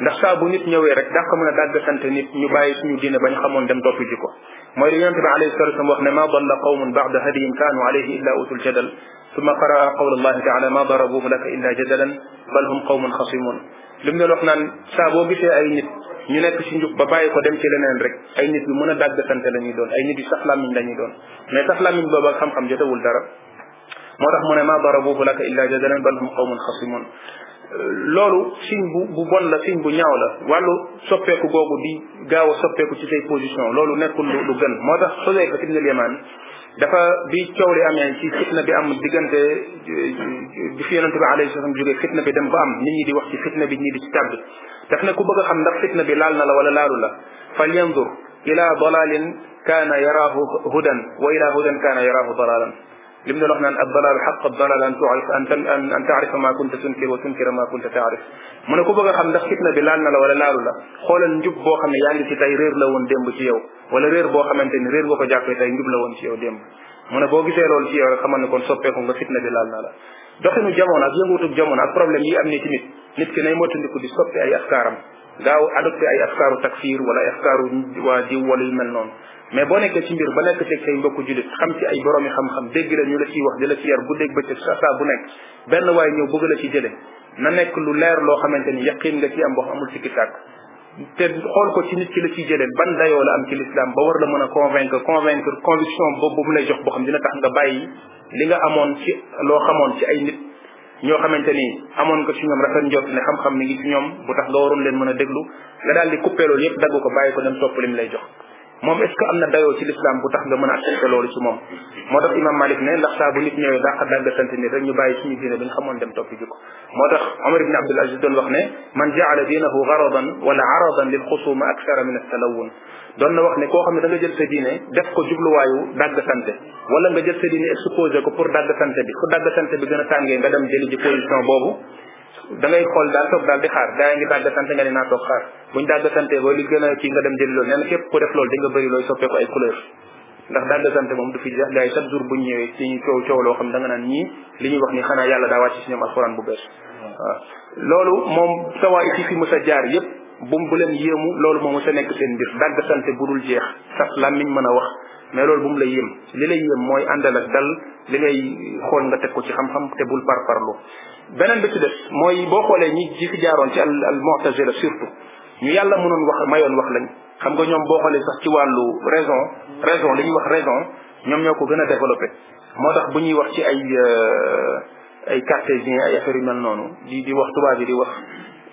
ndax saa nit ñëwee rek dàq mën a dàgg xamoon dem topp ji mooy li yonente bi alayhi salatu wasalam wax ne ma dalla qawmun ba'da hadihim kaanu alayhi illa utul jadal summa qaraa qawla allahi taala ma darabuhu laka ba jadalan bal hum qawmun xasimun li mu doon wax naan saa boo gisee ay ñu nekk ci njub ba bàyyi ko dem ci leneen rek ay nit yu mën a dàggatante la ñuy doon ay nit yu sax làmmiñ la ñuy doon mais sax làmmiñ boobu ak xam-xam jotawul dara moo tax mu ne maa darabuhu laka illa jadalan bal hum qawmun xasimun loolu signe bu bu bon la signe bu ñaaw la wàllu soppeeku googu di gaaw a soppeeku ci say position loolu nekkul lu gën moo tax Xusayfa ibn al-Yaman dafa bi coow li amee ci fitna bi am diggante bi fi yonente bi alayhi salaam jógee fitna bi dem ba am nit ñi di wax ci fitna bi ñii di ci tàbbi daf ne ku bëgg a xam ndax fitna bi laal na la wala laalu la fal yandur ila dalalin kaana yaraahu hudan wa ila hudan kaana yaraahu dalalan li mu doon wax naan ab dalaal xaq ab dalaal an tuarif an an an taarifa maa kunta tunkir wa tunkira maa kunta taarif mu ne ku bëgg a xam ndax fitna bi laal na la wala laalu la xoolal njub boo xam ne yaa ngi ci tey réer la woon démb ci yow wala réer boo xamante ni réer nga ko jàppee tey njub la woon ci yow démb mu ne boo gisee loolu ci yow rek xamal ne kon soppeeku nga fitna bi laal na la doxinu jamono ak yënguutug jamono ak problème yi am ni tamit nit ki nay motandiku di soppi ay askaaram gaaw adopté ay askaaru takfir wala askaaru waa jiw wala yu mel noonu mais boo nekkee ci mbir ba nekk teg say mbokku jullit xam ci ay boroomi xam-xam dégg la ñu la ciy wax di la ci yar guddeeg bëccëg sa saa bu nekk benn waaye ñëw bëgg la ci jële na nekk lu leer loo xamante ni yaqin nga ci am boo amul sikki sàkk te xool ko ci nit ki la ciy jëlee ban dayoo la am ci l'islam ba war la mën a convaincre convaincre conviction boobu mu lay jox boo xam dina tax nga bàyyi li nga amoon ci loo xamoon ci ay nit ñoo xamante ni amoon ko ci ñoom rafet njort ne xam-xam mi ñoom bu tax nga waroon leen mën a déglu nga daal di coupé loolu yëpp dagg ko bàyyi ko dem topp lay jox moom est ce que am na dayoo ci lislaam bu tax nga mën a accepté loolu ci moom moo tax imam malik ne ndax saa bu nit ñëwee dàq dàggasante nit rek ñu bàyyi suñu diine bi ñu xamoon dem toppi jikko moo tax omar ibn abdul aziz doon wax ne man jaala diinahu garadan wala aradan lil xusuma akthara min altalawun doon na wax ne koo xam ne da jël sa diine def ko jubluwaayu dàggasante wala nga jël sa diine exposé ko pour dàggasante bi fu dàggasante bi gën a tàngee nga dem jëli ji position boobu da ngay xool daal toog daal di xaar gaa ngi dàggatante nga ne naa toog xaar buñ dàggatante ba gën a kii nga dem jëli loolu nee na képp ku def loolu di nga bëri looy soppeeku ay couleur ndax dàggatante moom du fi jeex gaa yi chaque jour buñ ñëwee ci coow coow loo xam da nga naan ñii li ñuy wax ni xanaa yàlla daa wàcc ci ñoom alxuraan bu bees waaw loolu moom sawaay ci fi mu jaar yépp bu bu leen yéemu loolu moom mu sa nekk seen mbir dàggatante bu dul jeex sax làmmiñ mën a wax mais loolu bu mu la yëm li la yëm mooy àndal ak dal li ngay xool nga teg ko ci xam-xam te bul par parlo beneen bi ci des mooy boo xoolee ñi ji fi ci al al mu'tazila surtout ñu yàlla mënoon wax mayoon wax lañ xam nga ñoom boo xoolee sax ci wàllu raison raison li ñuy wax raison ñoom ñoo ko gën a développé moo tax bu ñuy wax ci ay euh, ay cartésien ay affaire yu mel noonu di di wax tubaab yi di wax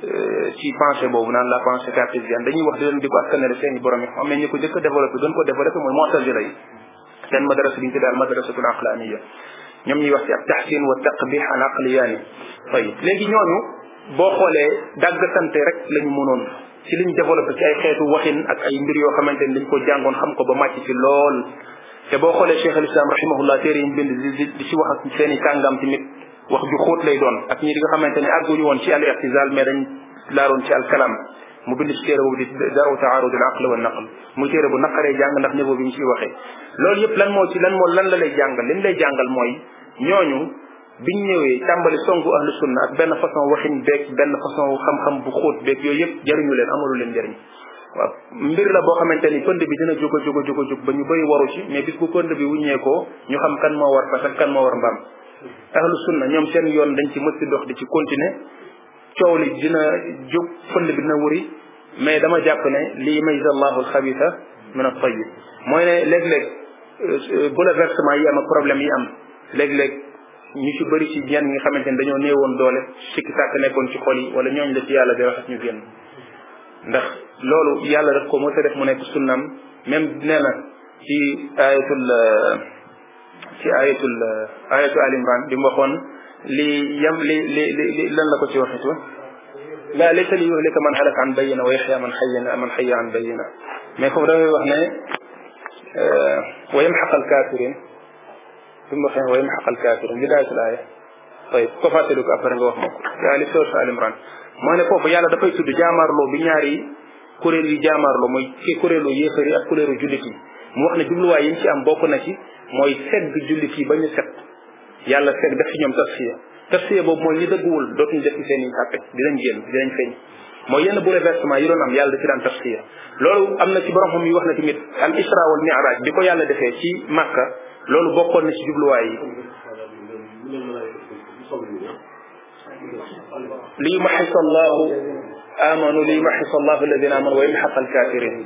Euh, ci pensée boobu naan la pensée cartésienne dañuy wax di leen di ko askanale seen borom yi xam ne ñu ko njëkk a développé doon ko développé mooy mu'tazila yi seen madarasa bi ñu tuddee al madarasatul aqlaniya ñoom ñuy wax ci ab tahsin wa taqbih al aqliyaani boo xoolee dàggasante rek lañu mënoon ci liñ développé ci ay xeetu waxin ak ay mbir yoo xamante ni dañ ko jàngoon xam ko ba màcc ci lool te boo xoolee cheikh al islam rahimahullah téere yi bind di ci wax ak seen i kàngam wax ju xóot lay doon ak ñi di nga xamante ne àgguñu woon ci al irtisal mais dañ laaroon ci al kalam mu bind ci téere boobu di daru la aql wa naql muy téere bu naqaree jàng ndax niveau bi ñu ciy waxee loolu yëpp lan moo ci lan moo lan la lay jàngal li mu lay jàngal mooy ñooñu biñ ñëwee tàmbali songu ahlu sunna ak benn façon waxin beeg benn façon xam-xam bu xóot beeg yooyu yëpp jariñu leen amalu leen jariñ waaw mbir la boo xamante ni pënd bi dina jóg a jóg a ba ñu bëri waru ci mais bis bu pënd bi wuññeekoo ñu xam kan moo war fas ak kan moo war mbaam ahlu sunna ñoom seen yoon dañ ci mës di dox di ci continuer coow li dina jóg fënd bi dina wuri mais dama jàpp ne li yumeyyiz allahu alxabisa min at-tayyib mooy ne léeg-léeg euh, bouleversement yi am ak problème yi am léeg-léeg ñu ci bari ci ñenn ñi nga xamante ne dañoo néewoon doole sikki sàkk nekkoon ci xol yi wala ñooñu la ci yàlla di raxas ñu génn ndax loolu yàlla daf ko mos a def mu nekk sunnam même nee na ci ayatul euh, ci ayatul ayatu al imran bi mu waxoon li yam li li li lan la ko ci waxitu la laysa li yuhlika man halaka an bayyina wa yaxya man xayya man xayya an bayyina mais foofu dafay wax ne euh, wa yamxaq al kafirin bi mu waxee wa yamxaq al kafirin bidaayatul aaya tayib ko fàttali ko après nga wax ma ko ci alif sourate al imran mooy ne foofu yàlla dafay tudd jaamaarloo bi ñaari kuréel yi jaamaarloo mooy ci kuréelu yéefar yi ak kuréelu jullit yi mu wax ne jubluwaay yi mu ci am bokk na ci mooy segg jullit yi ba ñu set yàlla segg def ci ñoom tasfiya tasfiya boobu mooy ñi dëgguwul dootuñu def ci seen i sàppe dinañ génn dinañ feeñ mooy yenn bouleversement yi doon am yàlla da ci loolu am na ci borom xam yi wax na tamit al isra wal mi'raj bi ko yàlla defee ci màkka loolu bokkoon na ci jubluwaay yi li yumaxis allahu amanu li yumaxis allahu alladina amanu wa yumxaq alkafirin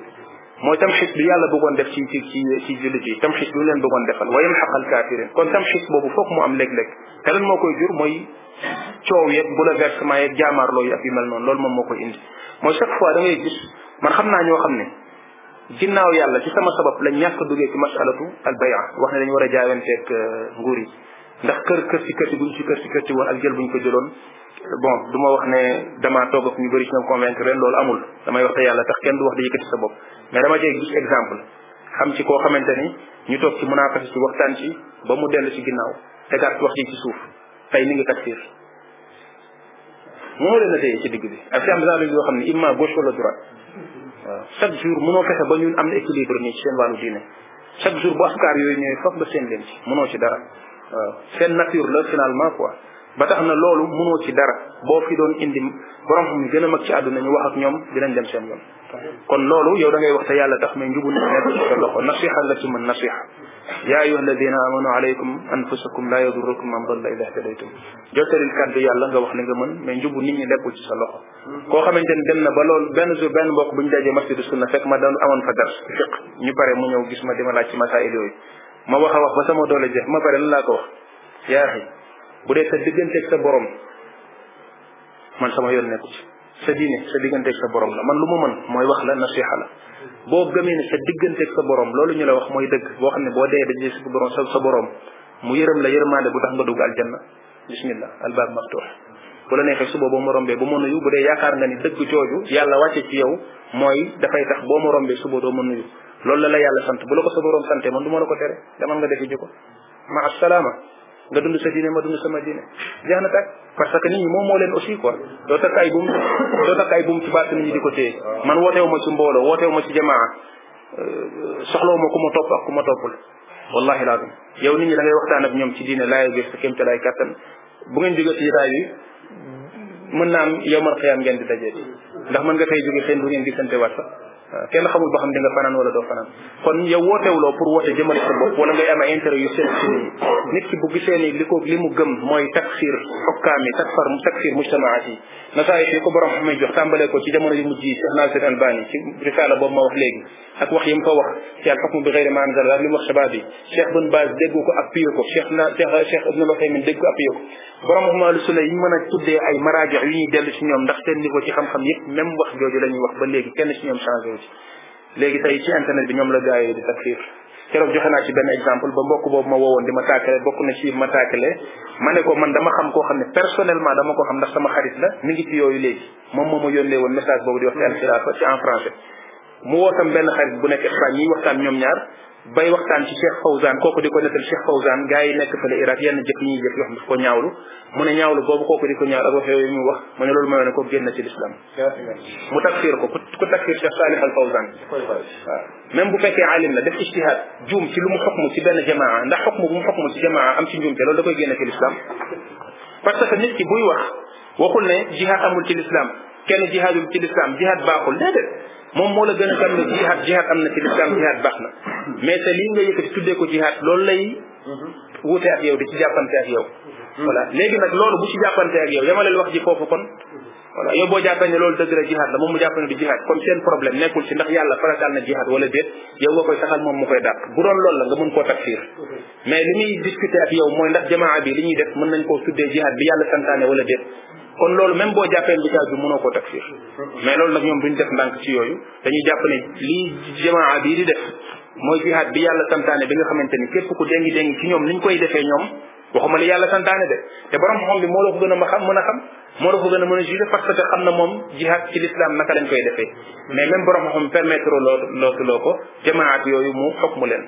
mooy tam tamxis bi yàlla bëggoon def ci ci ci ci jullit yi tamxis bi mu leen bëggoon defal wa yamxaq al kaafirin kon tamxis boobu foog mu am léeg-léeg te lan moo koy jur mooy coow yeeg bouleversement yeeg jaamaarloo yi ak yu mel noonu loolu moom moo koy indi mooy chaque fois da gis man xam naa ñoo xam ne ginnaaw yàlla ci sama sabab lañ ñàkk duggee ci masalatu al baya wax ne dañu war a jaayanteeg euh, nguur yi ndax kër kër ci kër ci kër ci kër ci woon jël buñ ko jëloon bon du ma wax ne damaa ñu bëri ci ñoom convaincre loolu amul damay wax yàlla tax kenn du wax di yëkkati sa bopp mais dama cee gis exemple xam ci koo xamante ni ñu toog ci munaafax ci waxtaan ci ba mu dellu ci ginnaaw tegaat wax ji ci suuf tey ni ngi takfir mënoo leen a téye ci digg bi ak si am genre yoo xam ne imma gauche wala droite waaw chaque jour mënoo fexe ba ñun am na équilibre nii ci seen wàllu diine chaque jour bu afkaar yooyu ñëwee foog nga seen leen ci mënoo ci dara waaw seen nature la finalement quoi ba tax na loolu mënoo ci dara boo fi doon indi borom xam gën a mag ci àdduna ñu wax ak ñoom dinañ dem seen yoon kon loolu yow da ngay wax te yàlla tax mais njubu nekk ci sa loxo nasiha la ci mën nasiha yaa ayuha alladina amanu alaykum anfusakum laa yadurrukum man dalla ida htadaytum jottalil kàddu yàlla nga wax li nga mën mais njubu nit ñi nekkul ci koo xamante ni dem na ba loolu benn jour benn mbokk bu ñu dajee masjidu sunna fekk ma daan amoon fa dars fiq ñu pare mu ñëw gis ma dima laaj ci masail yooyu ma wax a wax ba sama doole jeex ma pare lan laa ko wax yaa xëy bu dee sa digganteeg sa boroom man sama yoon nekku ci sa diine sa digganteeg sa borom la man lu ma mën mooy wax la nasiha la boo gëmee ne sa digganteeg sa borom loolu ñu la wax mooy dëgg boo xam ne boo dee dajee sa borom sa sa borom mu yërëm la yërmaande bu tax nga dugg aljanna bismillah albaab maftuux bu la neexee suba boo moroom bee ba ma nuyu bu dee yaakaar nga ni dëgg jooju yàlla wàcce ci yow mooy dafay tax boo ma bee suba doo ma yu loolu la la yàlla sant bu la ko sa borom santee man du ma la ko tere demal nga defi ji ko ma assalaama nga dund sa diine ma dund sama diine jeex na tàkk parce que nit ñi moom moo leen aussi quoi doo takk ay buum doo takk ay buum ci baat nit ñi di ko téye man wootewu ma ci mbooloo wootewu ma ci jamaa euh, soxlawu ma ku ma topp ak ku ma toppul wallahi laazim yow nit ñi da ngay waxtaan ak ñoom ci diine laay biir sa kémte laay kàttan bu ngeen jógee ci jotaay bi mën naa am yow man xiyaam ngeen di dajee ndax mën nga tey jóge xëy bu ngeen gisante waat sax kenn xamul ba xam di nga fanaan wala do fanaan kon yow wootewuloo pour woote jëmale sa bopp wala ngay am ay intérêt yu seen ci nit ki gisee ni li ko li mu gëm mooy takfir okkaam yi takfar takfir mujtamaat yi masaayix yi ko borom xam jox tàmbalee ko ci jamono yu mujj yi Cheikh Nasir Albani risaala boobu ma wax léegi ak wax yi mu fa wax ci alxukmu bi xeyri ma anzala mu wax shabaab yi Cheikh Bun Baaz déggu ko appuyé ko Cheikh na Cheikh Cheikh Ibnul Uthaymin dégg ko appuyé ko borom xam-xam su yi ñu mën a tuddee ay maraajax yu ñuy dellu ci ñoom ndax ni niveau ci xam-xam yépp même wax jooju la ñuy wax ba léegi kenn ci ñoom changé wu ci léegi tey ci internet bi ñoom la gars yi di keroog joxe naa ci benn exemple ba mbokk boobu ma woowoon di ma taakale bokk na ci ma taakale ma ne ko man dama xam koo xam ne personnellement dama ko xam ndax sama xarit la mi ngi ci yooyu léegi moom moo ma yónnee woon message boobu di wax ci alxilaafa ci en français mu woo tam benn xarit bu nekk Espagne ñuy waxtaan ñoom ñaar bay waxtaan ci Cheikh Fawzan kooku di ko nettal Cheikh Fawzan gars yi nekk fële Irak yenn jëf ñuy jëf yoo xam daf ko ñaawlu mu ne ñaawlu boobu kooku di ko ñaawlu ak wax yooyu mu wax mu ne loolu mooy ne ko génn ci l'islam mu takfir ko ku takfir Cheikh Salih Al Fawzan waaw même bu fekkee alim la def ijtihaad juum ci lu mu xukmu ci benn jamaa ndax xukmu bu mu xukmu ci jamaa am ci njuumte loolu da koy génn ci l'islam parce que nit ki buy wax waxul ne jihaad amul ci l'islam kenn jihaadul ci l'islam jihaad baaxul déedéet moom moo la gën a xam ne jihaad na ci baax na mais te lii nga yëkkati tuddee ko jihaad loolu lay wuute ak yow di ci jàppante ak yow voilà léegi nag loolu bu ci jàppante ak yow yamaleel wax ji foofu kon voilà yow boo jàppee ne loolu dëgg la jihaad la moom mu jàpp ne du jihaad kon seen problème nekkul ci ndax yàlla farataal na jihaad wala déet nga koy taxal moom mu koy dàq bu doon lool la nga mën koo takfiir mais li muy discuter ak yow mooy ndax jamaa bi li def mën nañ koo tuddee jihaad bi yàlla santaane wala déet kon loolu même boo jàppee mbitaas bi mënoo koo takfir mais loolu nag ñoom duñ def ndànk ci yooyu dañuy jàpp ne lii jamaa bii di def mooy jihaad bi yàlla santaane bi nga xamante ni képp ko déngi déngi ci ñoom niñ koy defee ñoom waxuma li yàlla santaane de te borom xam bi moo la ko gën a ma xam mën a xam moo la ko gën a mën a jugé parce que xam na moom jihaad ci l'islam naka lañ koy defee mais même borom xam permettre loo loo loo ko jamaat yooyu mu xokmu leen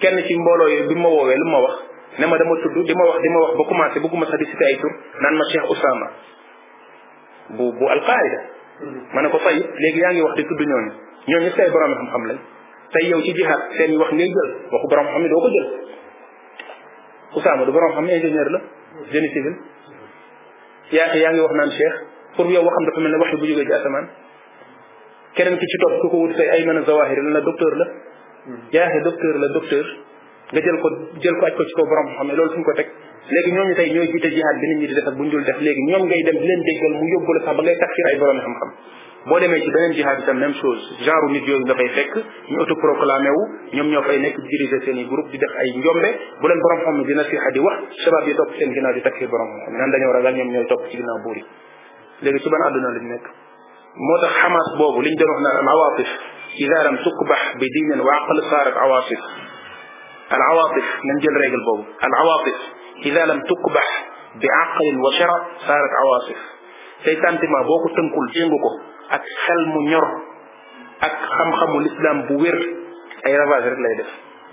kenn ci mbooloo yooyu bi ma woowee lu ma wax ne ma dama tudd di ma wax di ma wax ba commencé bëgguma sax di cité ma Cheikh Ousama bu bu alqaayida ma ne ko fay léegi yaa ngi wax di tudd ñooñu ñooñu say borom xam-xam lañ tey yow ci jihaad seen wax ngay jël waxu borom xam ne doo ko jël Usaama du borom xam ingénieur la génie civil yaa yaa ngi wax naan cheikh pour yow waxam dafa mel ne wax bu jógee ci asamaan keneen ki ci topp ku ko wut tey ay mën a zawahir la docteur la yaaxe docteur la docteur nga jël ko jël ko aj ko ci kaw borom xam loolu fu ko teg léegi ñooñu tey ñooy jiite jihaad bi nit ñi di def ak bu ñu dul def dem di leen déggal mu yóbbu la sax ba ngay takfir ay borom xam-xam boo demee ci beneen jihaad itam même chose genre nit yooyu nga fay fekk ñu autoproclamé wu ñoom ñoo fay nekk diriger seen i groupe di def ay njombe bu leen borom xam dina nasiha di wax shabab yi topp seen ginnaaw di takfir borom xam naan dañoo ragal ñoom ñooy topp ci ginnaaw buur yi léegi ci ban àdduna lañ nekk moo tax xamaas boobu liñ doon wax naan al awatif ida lam tukbax bi diinin wa aql saarat awatif al awatif nañ jël règle boobu al awatif ida lam tukbax bi aqlin wa shara saarat awaasif say sentiment boo ko tënkul jéngu ko ak xel mu ñor ak xam-xamu lislaam bu wér ay ravage rek lay def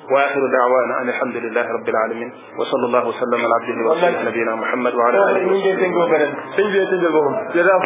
wa axiru daawaana an alhamdulilahi rabbil alamin wa sallallahu wa sallam ala abdihi wa nabiina muhammad wa ala alihi